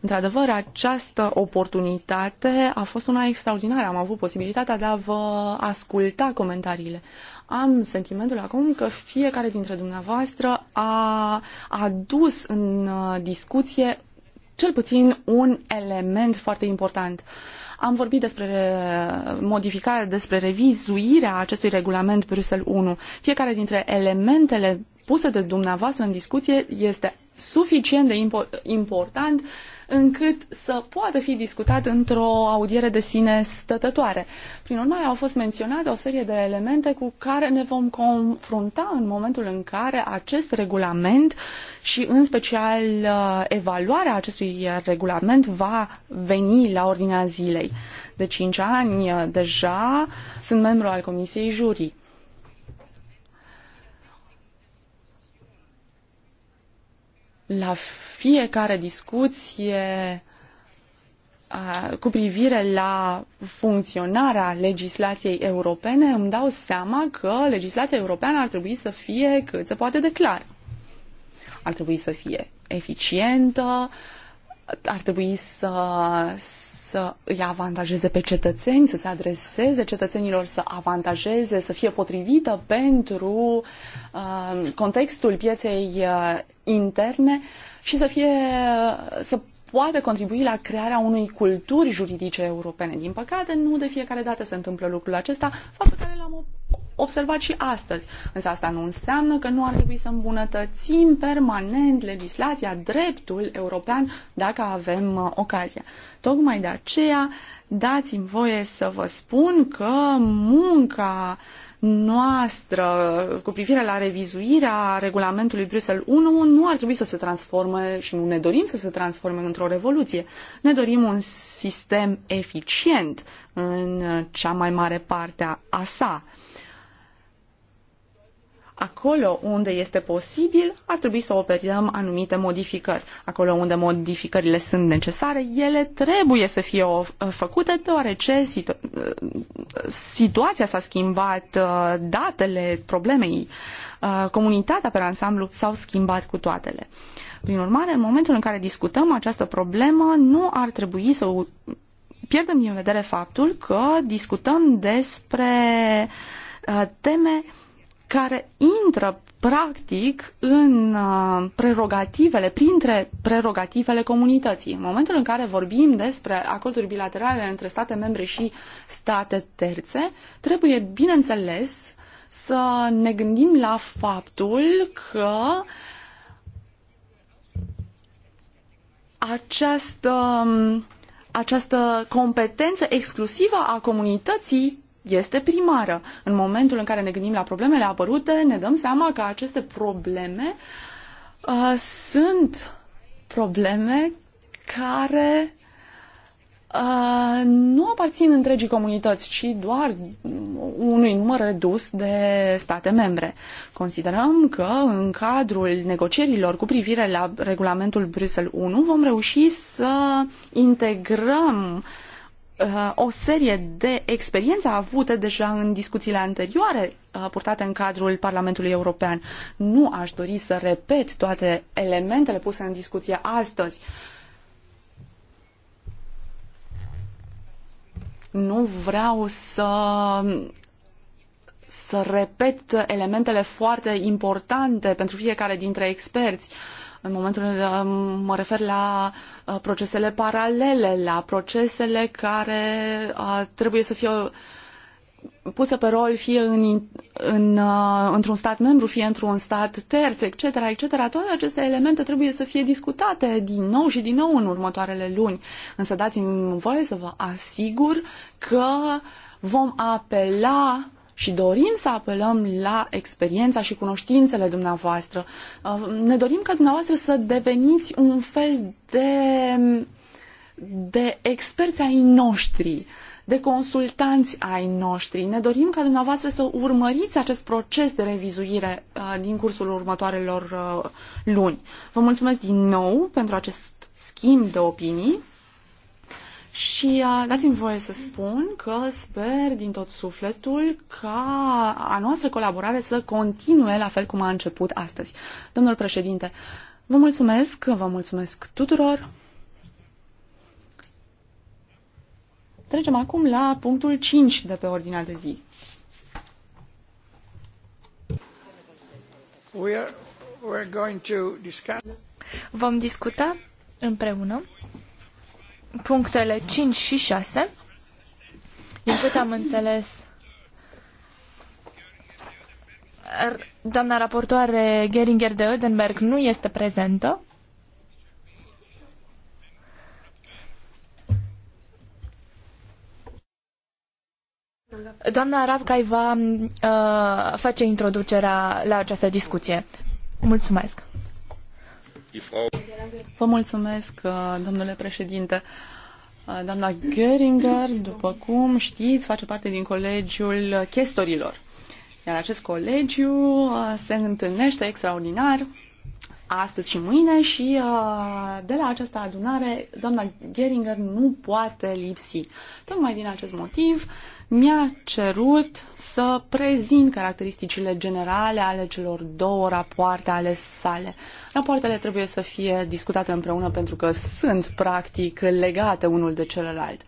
Într-adevăr, această oportunitate a fost una extraordinară. Am avut posibilitatea de a vă asculta comentariile. Am sentimentul acum că fiecare dintre dumneavoastră a adus în discuție cel puțin un element foarte important. Uh, am vorbit despre modificarea, despre revizuirea acestui regulament Bruxelles 1. Fiecare dintre elementele puse de dumneavoastră în discuție este suficient de impo- important uh, încât să poată fi discutat într-o audiere de sine stătătoare. Prin urmare, au fost menționate o serie de elemente cu care ne vom confrunta în momentul în care acest regulament și în special uh, evaluarea acestui regulament va veni la ordinea zilei. De 5 ani uh, deja sunt membru al Comisiei Jurii. la fiecare discuție cu privire la funcționarea legislației europene, îmi dau seama că legislația europeană ar trebui să fie cât se poate de clară. Ar trebui să fie eficientă, ar trebui să, să îi avantajeze pe cetățeni, să se adreseze cetățenilor, să avantajeze, să fie potrivită pentru uh, contextul pieței uh, interne și să fie să poate contribui la crearea unei culturi juridice europene. Din păcate, nu de fiecare dată se întâmplă lucrul acesta, faptul care l-am observat și astăzi. Însă asta nu înseamnă că nu ar trebui să îmbunătățim permanent legislația, dreptul european, dacă avem uh, ocazia. Tocmai de aceea dați-mi voie să vă spun că munca noastră cu privire la revizuirea regulamentului Bruxelles 1 nu ar trebui să se transforme și nu ne dorim să se transforme într-o revoluție. Ne dorim un sistem eficient în cea mai mare parte a sa. Acolo unde este posibil, ar trebui să operăm anumite modificări. Acolo unde modificările sunt necesare, ele trebuie să fie uh, făcute, deoarece situ- uh, situația s-a schimbat, uh, datele problemei, comunitatea pe ansamblu s-au schimbat cu toatele. Prin urmare, în momentul în care discutăm această problemă, nu ar trebui să pierdem din vedere faptul că discutăm despre teme care intră practic în uh, prerogativele, printre prerogativele comunității. În momentul în care vorbim despre acorduri bilaterale între state membre și state terțe, trebuie, bineînțeles, să ne gândim la faptul că această, um, această competență exclusivă a comunității este primară. În momentul în care ne gândim la problemele apărute, ne dăm seama că aceste probleme uh, sunt probleme care uh, nu aparțin întregii comunități, ci doar unui număr redus de state membre. Considerăm că în cadrul negocierilor cu privire la regulamentul Bruxelles 1 vom reuși să integrăm uh, Uh, o serie de experiențe avute deja în discuțiile anterioare uh, purtate în cadrul Parlamentului European. Nu aș dori să repet toate elementele puse în discuție astăzi. Nu vreau să să repet elementele foarte importante pentru fiecare dintre experți. Uh, în momentul uh, mă refer la uh, procesele paralele, la procesele care uh, trebuie să fie puse pe rol fie în, în, într-un stat membru, fie într-un stat terț, etc., etc., toate aceste elemente trebuie să fie discutate din nou și din nou în următoarele luni. Însă dați-mi voie să vă asigur că vom apela și dorim să apelăm la experiența și cunoștințele dumneavoastră. Uh, ne dorim ca dumneavoastră să deveniți un fel de, de experți ai noștri de consultanți ai noștri. Ne dorim ca dumneavoastră să urmăriți acest proces de revizuire uh, din cursul următoarelor uh, luni. Vă mulțumesc din nou pentru acest schimb de opinii. Și uh, dați-mi voie să spun că sper din tot sufletul ca a noastră colaborare să continue la fel cum a început astăzi. Domnul președinte, vă mulțumesc, vă mulțumesc tuturor. Trecem acum la punctul 5 de pe ordinea de zi. We are, we are going to discuss... Vom discuta împreună punctele 5 și 6. Din câte am înțeles, doamna raportoare Geringer de Oedenberg nu este prezentă. Doamna Rabcai va uh, face introducerea la această discuție. Mulțumesc! Vă mulțumesc, uh, domnule președinte. Uh, doamna Göringer, după cum știți, face parte din colegiul chestorilor. Iar acest colegiu uh, se întâlnește extraordinar astăzi și mâine și de la această adunare doamna Geringer nu poate lipsi. Tocmai din acest motiv mi-a cerut să prezint caracteristicile generale ale celor două rapoarte ale sale. Rapoartele trebuie să fie discutate împreună pentru că sunt practic legate unul de celălalt.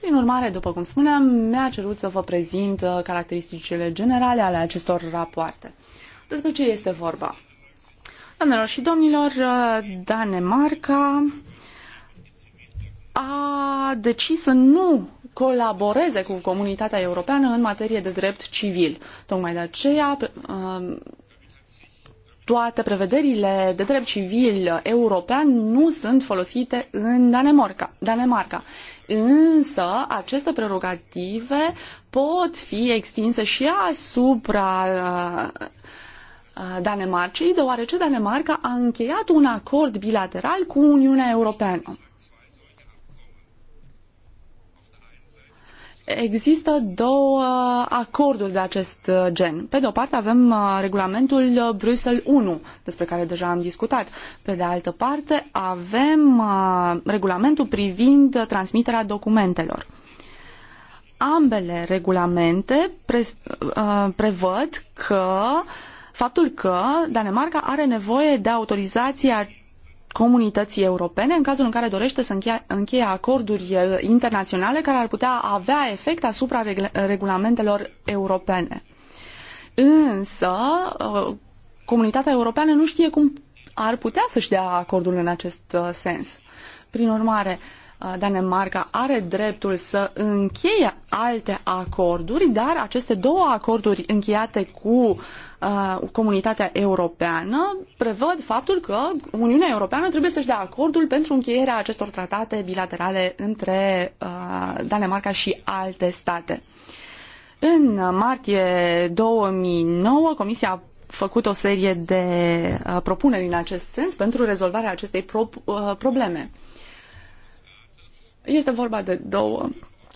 Prin urmare, după cum spuneam, mi-a cerut să vă prezint uh, caracteristicile generale ale acestor rapoarte. Despre ce este vorba? Doamnelor și domnilor, uh, Danemarca a decis să nu colaboreze cu comunitatea europeană în materie de drept civil. Tocmai de aceea, um, toate prevederile de drept civil european nu sunt folosite în Danemarca. Danemarca. Însă, aceste prerogative pot fi extinse și asupra uh, Danemarcei, deoarece Danemarca a încheiat un acord bilateral cu Uniunea Europeană. există două acorduri de acest uh, gen. Pe de o parte avem uh, regulamentul uh, Bruxelles 1, despre care deja am discutat. Pe de altă parte avem regulamentul privind transmiterea documentelor. Ambele regulamente pre, prevăd că faptul că Danemarca are nevoie de autorizația comunității europene în cazul în care dorește să încheie, încheie acorduri eh, internaționale care ar putea avea efect asupra regulamentelor europene. Însă, eh, comunitatea europeană nu știe cum ar putea să-și dea acordul în acest eh, sens. Prin urmare, Uh, Danemarca are dreptul să încheie alte acorduri, dar aceste două acorduri încheiate uh, cu comunitatea europeană prevăd faptul că Uniunea Europeană trebuie să-și dea acordul pentru încheierea acestor tratate bilaterale între uh, Danemarca și alte state. În martie 2009, Comisia a făcut o serie de propuneri în acest sens pentru rezolvarea acestei pro probleme. Este vorba de două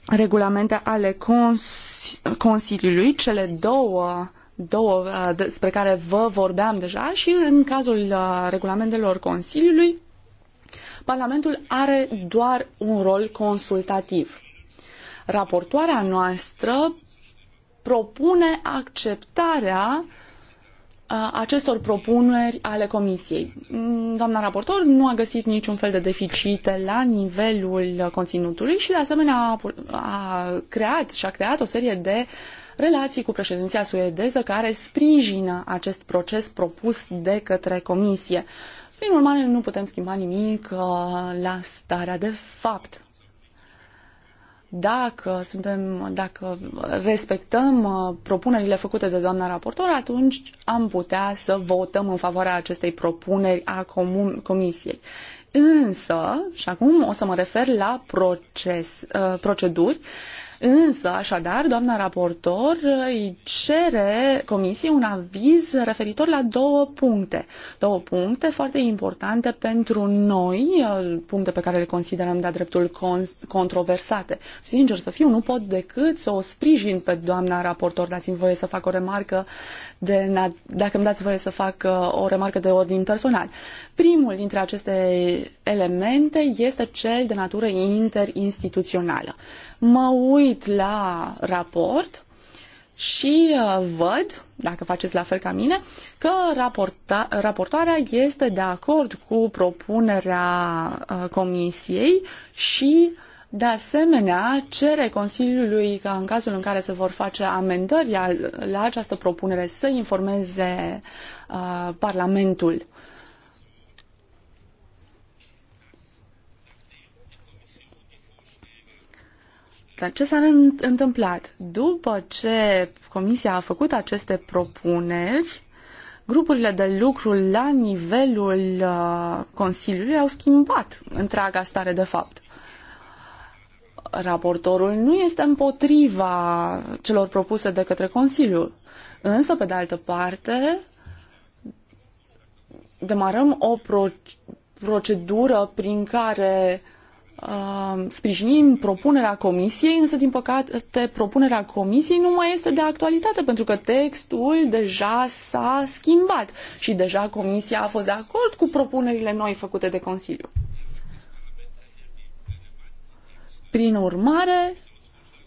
regulamente ale cons Consiliului, cele două două uh, despre care vă vorbeam deja și în cazul uh, regulamentelor Consiliului, Parlamentul are doar un rol consultativ. Raportoarea noastră propune acceptarea uh, acestor propuneri ale Comisiei. Mm, doamna raportor nu a găsit niciun fel de deficite la nivelul conținutului și, de asemenea, a creat și a creat o serie de relații cu președinția suedeză care sprijină acest proces propus de către Comisie. Prin urmare, nu putem schimba nimic la starea de fapt. Dacă suntem, dacă respectăm uh, propunerile făcute de doamna raportor, atunci am putea să votăm în favoarea acestei propuneri a Comisiei. Însă, și acum o să mă refer la proces, uh, proceduri, Însă, așadar, doamna raportor uh, îi cere comisiei un aviz referitor la două puncte. Două puncte foarte importante pentru noi, uh, puncte pe care le considerăm de-a dreptul controversate. Sincer să fiu, nu pot decât să o sprijin pe doamna raportor. Dați-mi voie să fac o remarcă de, dacă îmi dați voie să fac uh, o remarcă de ordin personal. Primul dintre aceste elemente este cel de natură interinstituțională. Mă uit la raport și uh, văd, dacă faceți la fel ca mine, că raporta, raportoarea este de acord cu propunerea uh, comisiei și de asemenea, cere Consiliului ca în cazul în care se vor face amendări la această propunere să informeze uh, Parlamentul. Dar ce s-a întâmplat? După ce Comisia a făcut aceste propuneri, grupurile de lucru la nivelul uh, Consiliului au schimbat întreaga stare de fapt raportorul nu este împotriva celor propuse de către Consiliu. Însă, pe de altă parte, demarăm o pro procedură prin care uh, sprijinim propunerea Comisiei, însă, din păcate, propunerea Comisiei nu mai este de actualitate, pentru că textul deja s-a schimbat și deja Comisia a fost de acord cu propunerile noi făcute de Consiliu. Prin urmare,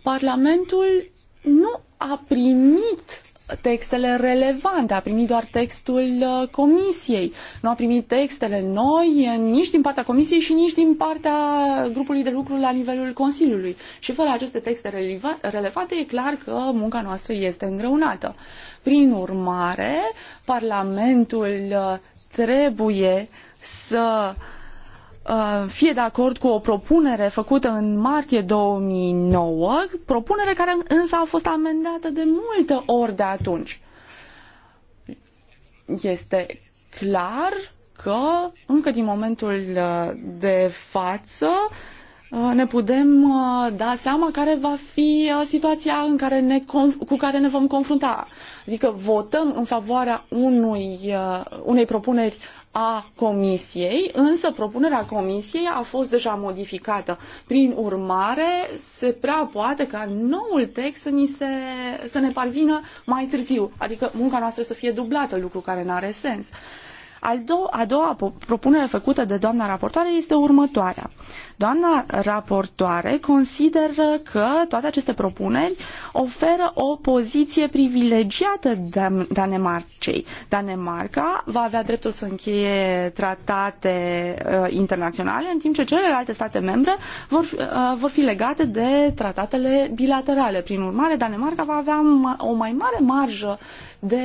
Parlamentul nu a primit textele relevante, a primit doar textul uh, comisiei. Nu a primit textele noi nici din partea comisiei și nici din partea grupului de lucru la nivelul Consiliului. Și fără aceste texte relevante e clar că munca noastră este îngreunată. Prin urmare, Parlamentul uh, trebuie să uh, Uh, fie de acord cu o propunere făcută în martie 2009, propunere care însă a fost amendată de multe ori de atunci. Este clar că încă din momentul uh, de față uh, ne putem da seama care va fi situația în care ne cu care ne vom confrunta. Adică votăm în favoarea unui, unei propuneri a Comisiei, însă propunerea Comisiei a fost deja modificată. Prin urmare, se prea poate ca noul text să, ni se, să ne parvină mai târziu, adică munca noastră să fie dublată, lucru care nu are sens. Uh, al a doua propunere făcută de doamna raportoare este următoarea. Doamna raportoare consideră că toate aceste propuneri oferă o poziție privilegiată Danemarcei. Danemarca va avea dreptul să încheie tratate uh, internaționale, în timp ce celelalte state membre vor, uh, vor fi legate de tratatele bilaterale. Prin urmare, Danemarca va avea o mai mare marjă de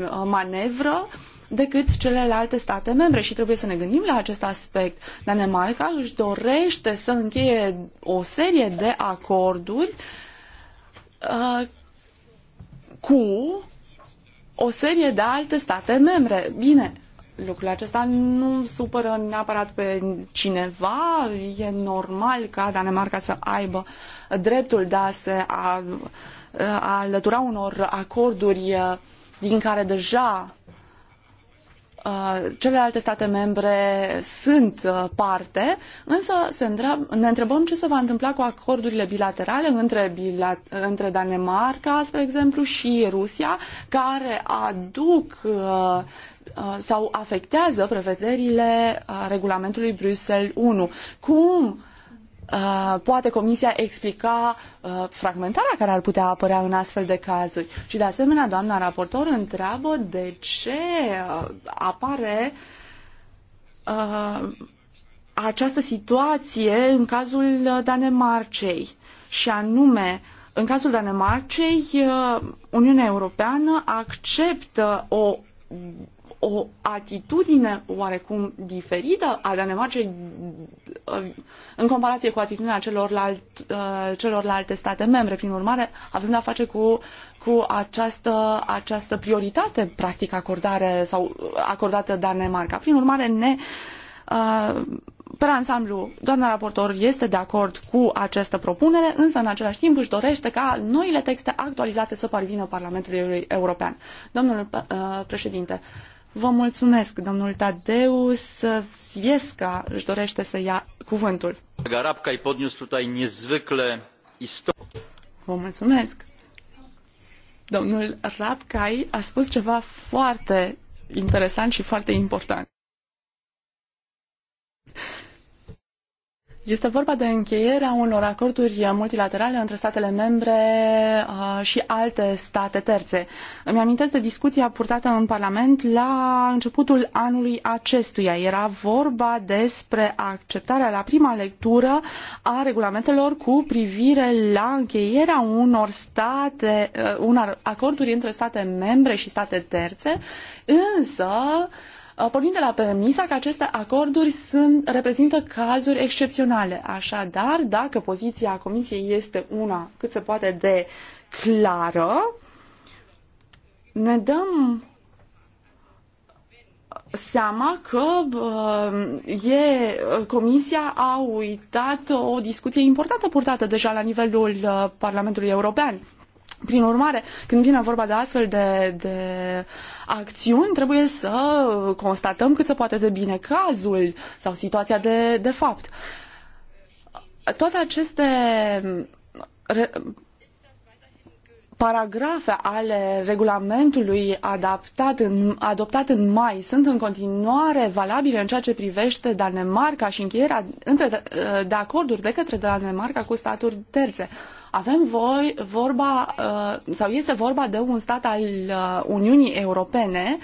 uh, manevră uh, decât celelalte state membre și trebuie să ne gândim la acest aspect. Danemarca își dorește să încheie o serie de acorduri uh, cu o serie de alte state membre. Bine, lucrul acesta nu supără neapărat pe cineva, e normal ca Danemarca să aibă dreptul de a se a, a alătura unor acorduri uh, din care deja Uh, celelalte state membre sunt uh, parte, însă ne întrebăm ce se va întâmpla cu acordurile bilaterale între, bilat- între Danemarca, spre exemplu, și Rusia, care aduc uh, sau afectează prevederile regulamentului Bruxelles 1. Cum Uh, poate Comisia explica uh, fragmentarea care ar putea apărea în astfel de cazuri? Și de asemenea, doamna raportor întreabă de ce uh, apare această situație în cazul Danemarcei și anume în cazul Danemarcei, Uniunea Europeană acceptă o o atitudine oarecum diferită a Danemarcei uh, în comparație cu atitudinea celorlalt, uh, celorlalte state membre. Prin urmare, avem de-a face cu, cu această, această prioritate, practic, acordare sau uh, acordată Danemarca. Prin urmare, ne pe ansamblu, doamna raportor este de acord cu această propunere, însă în același timp își dorește ca noile texte actualizate să parvină Parlamentului European. Domnule președinte, Vă mulțumesc, domnul să Zwiesca își dorește să ia cuvântul. Garabca i podnios tutaj niezwykle istotne. Vă mulțumesc. Domnul Rapcai a spus ceva foarte interesant și foarte important. Este vorba de încheierea unor acorduri multilaterale între statele membre și alte state terțe. Îmi amintesc de discuția purtată în Parlament la începutul anului acestuia. Era vorba despre acceptarea la prima lectură a regulamentelor cu privire la încheierea unor state, unor acorduri între state membre și state terțe, însă uh, Uh, pornind de la premisa că aceste acorduri sunt, reprezintă cazuri excepționale. Așadar, dacă poziția Comisiei este una cât se poate de clară, ne dăm seama că uh, e, Comisia a uitat o discuție importantă purtată deja la nivelul uh, Parlamentului European. Prin urmare, când vine vorba de astfel de, de acțiuni, trebuie să constatăm cât se poate de bine cazul sau situația de, de fapt. Toate aceste re, paragrafe ale regulamentului adaptat în, adoptat în mai sunt în continuare valabile în ceea ce privește Danemarca și încheierea între, de acorduri de către Danemarca cu statele terțe avem voi, vorba, uh, sau este vorba de un stat al uh, Uniunii Europene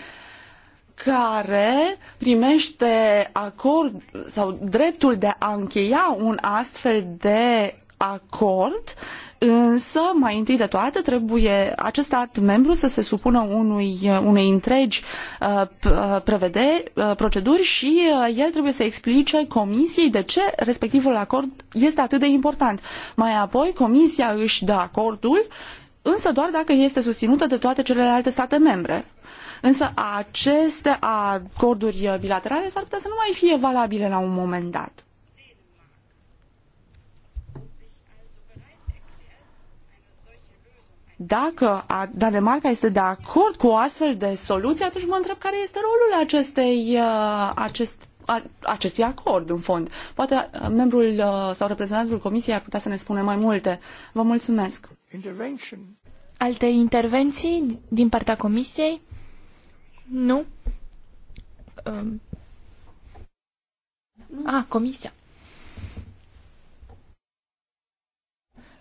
care primește acord sau dreptul de a încheia un astfel de acord uh, Însă, mai întâi de toate, trebuie acest stat membru să se supună unui, unei întregi uh, uh, prevede, uh, proceduri și el trebuie să explice comisiei de ce respectivul acord este atât de important. Mai apoi, comisia își dă acordul, însă doar dacă este susținută de toate celelalte state membre. Însă aceste acorduri bilaterale s-ar putea să nu mai fie valabile la un moment dat. Dacă Danemarca este de acord cu o astfel de soluție, atunci mă întreb care este rolul acestei, uh, acest, acestui acord, în fond. Poate uh, membrul uh, sau reprezentantul Comisiei ar putea să ne spună mai multe. Vă mulțumesc. Alte intervenții din partea Comisiei? Nu? Um. A, Comisia.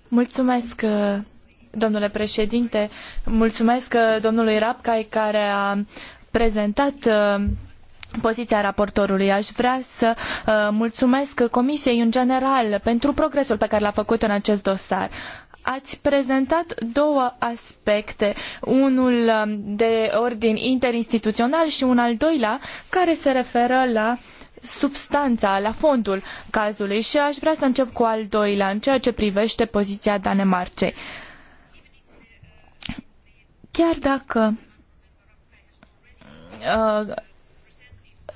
Mulțumesc, Domnule președinte, mulțumesc uh, domnului Rapcai care a prezentat uh, poziția raportorului. Aș vrea să uh, mulțumesc Comisiei în general pentru progresul pe care l-a făcut în acest dosar ați prezentat două aspecte, unul um, de ordin interinstituțional și un al doilea care se referă la substanța, la fondul cazului și aș vrea să încep cu al doilea în ceea ce privește poziția Danemarcei. Chiar dacă uh,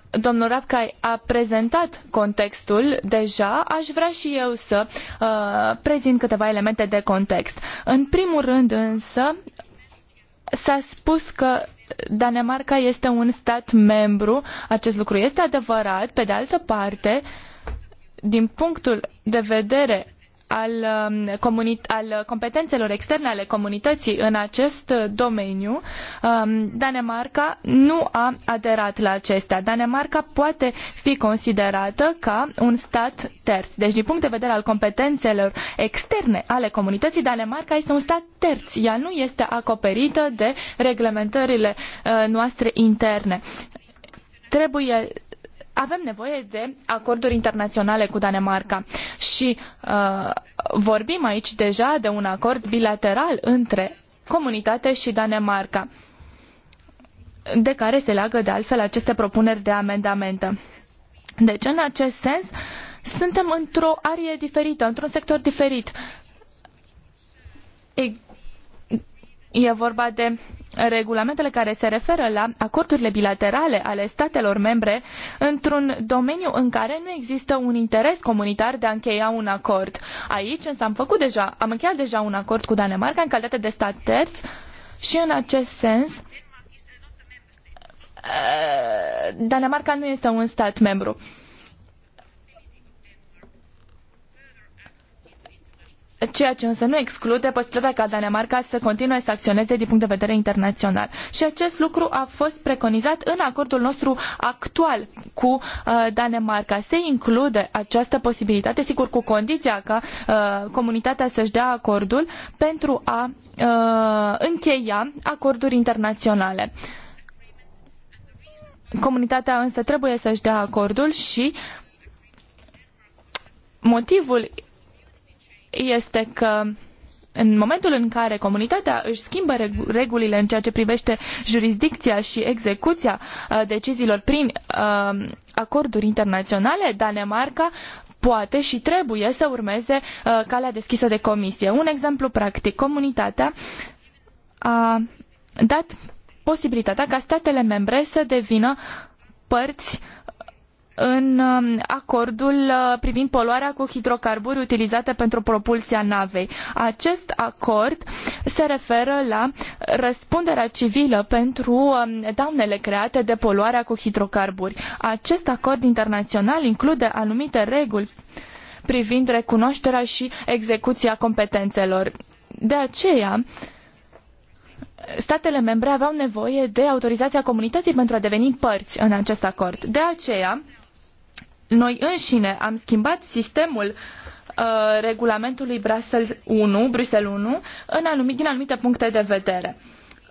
domnul Rapcai a prezentat contextul deja, aș vrea și eu să uh, prezint câteva elemente de context. În primul rând însă, s-a spus că Danemarca este un stat membru, acest lucru este adevărat, pe de altă parte, din punctul de vedere al, um, al competențelor externe ale comunității în acest uh, domeniu, um, Danemarca nu a aderat la acestea. Danemarca poate fi considerată ca un stat terț. Deci, din punct de vedere al competențelor externe ale comunității, Danemarca este un stat terț. Ea nu este acoperită de reglementările uh, noastre interne. Trebuie avem nevoie de acorduri internaționale cu Danemarca și uh, vorbim aici deja de un acord bilateral între comunitate și Danemarca, de care se leagă de altfel aceste propuneri de amendamente. Deci, în acest sens, suntem într-o arie diferită, într-un sector diferit. E, e vorba de regulamentele care se referă la acordurile bilaterale ale statelor membre într-un domeniu în care nu există un interes comunitar de a încheia un acord. Aici însă am făcut deja, am încheiat deja un acord cu Danemarca în calitate de stat terț și în acest sens uh, Danemarca nu este un stat membru. ceea ce însă nu exclude posibilitatea ca Danemarca să continue să acționeze din punct de vedere internațional. Și acest lucru a fost preconizat în acordul nostru actual cu uh, Danemarca. Se include această posibilitate, sigur cu condiția ca uh, comunitatea să-și dea acordul pentru a uh, încheia acorduri internaționale. Comunitatea însă trebuie să-și dea acordul și motivul este că în momentul în care comunitatea își schimbă regulile în ceea ce privește jurisdicția și execuția uh, deciziilor prin uh, acorduri internaționale, Danemarca poate și trebuie să urmeze uh, calea deschisă de comisie. Un exemplu practic, comunitatea a dat posibilitatea ca statele membre să devină părți uh, în um, acordul uh, privind poluarea cu hidrocarburi utilizate pentru propulsia navei. Acest acord se referă la răspunderea civilă pentru um, daunele create de poluarea cu hidrocarburi. Acest acord internațional include anumite reguli privind recunoașterea și execuția competențelor. De aceea, statele membre aveau nevoie de autorizația comunității pentru a deveni părți în acest acord. De aceea, noi înșine am schimbat sistemul uh, regulamentului Bruxelles 1, Bruxelles 1 în din anumite puncte de vedere.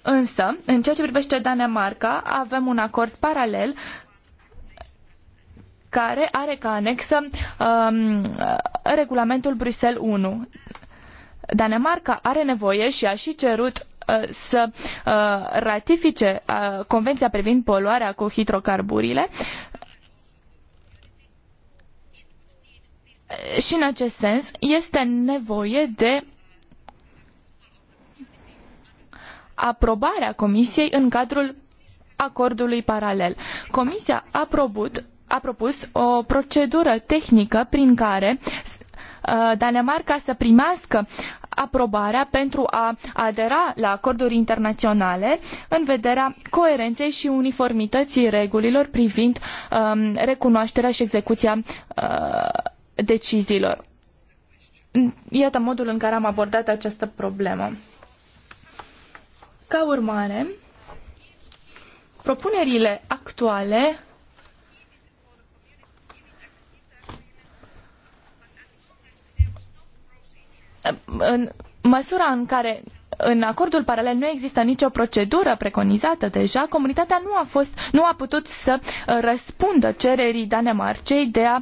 Însă, în ceea ce privește Danemarca, avem un acord paralel care are ca anexă um, regulamentul Bruxelles 1. Danemarca are nevoie și a și cerut uh, să uh, ratifice uh, Convenția privind poluarea cu hidrocarburile și în acest sens este nevoie de aprobarea Comisiei în cadrul acordului paralel. Comisia a, probut, a propus o procedură tehnică prin care uh, Danemarca să primească aprobarea pentru a adera la acorduri internaționale în vederea coerenței și uniformității regulilor privind um, recunoașterea și execuția uh, deciziilor. Iată modul în care am abordat această problemă. Ca urmare, propunerile actuale în măsura în care în acordul paralel nu există nicio procedură preconizată deja, comunitatea nu a, fost, nu a putut să uh, răspundă cererii Danemarcei de a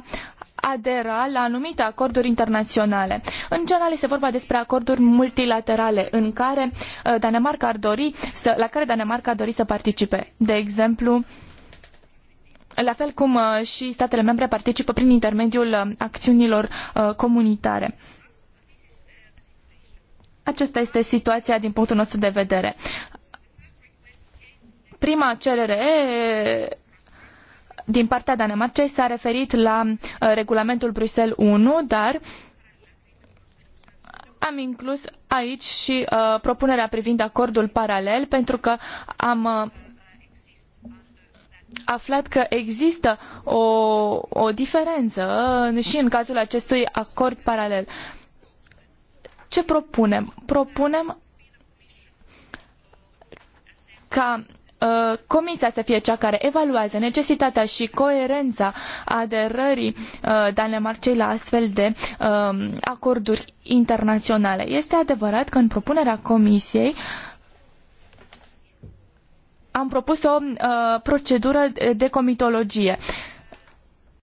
adera la anumite acorduri internaționale. În general este vorba despre acorduri multilaterale în care uh, Danemarca ar dori să, la care Danemarca ar dori să participe. De exemplu, la fel cum uh, și statele membre participă prin intermediul uh, acțiunilor comunitare. Aceasta este situația din punctul nostru de vedere. Prima cerere din partea Danemarcei s-a referit la uh, regulamentul Bruxelles 1, dar am inclus aici și uh, propunerea privind acordul paralel pentru că am uh, aflat că există o, o diferență uh, și în cazul acestui acord paralel. Ce propunem? Propunem ca Uh, comisia să fie cea care evaluează necesitatea și coerența aderării uh, Danemarcei la astfel de um, acorduri internaționale. Este adevărat că în propunerea Comisiei am propus o uh, procedură de comitologie.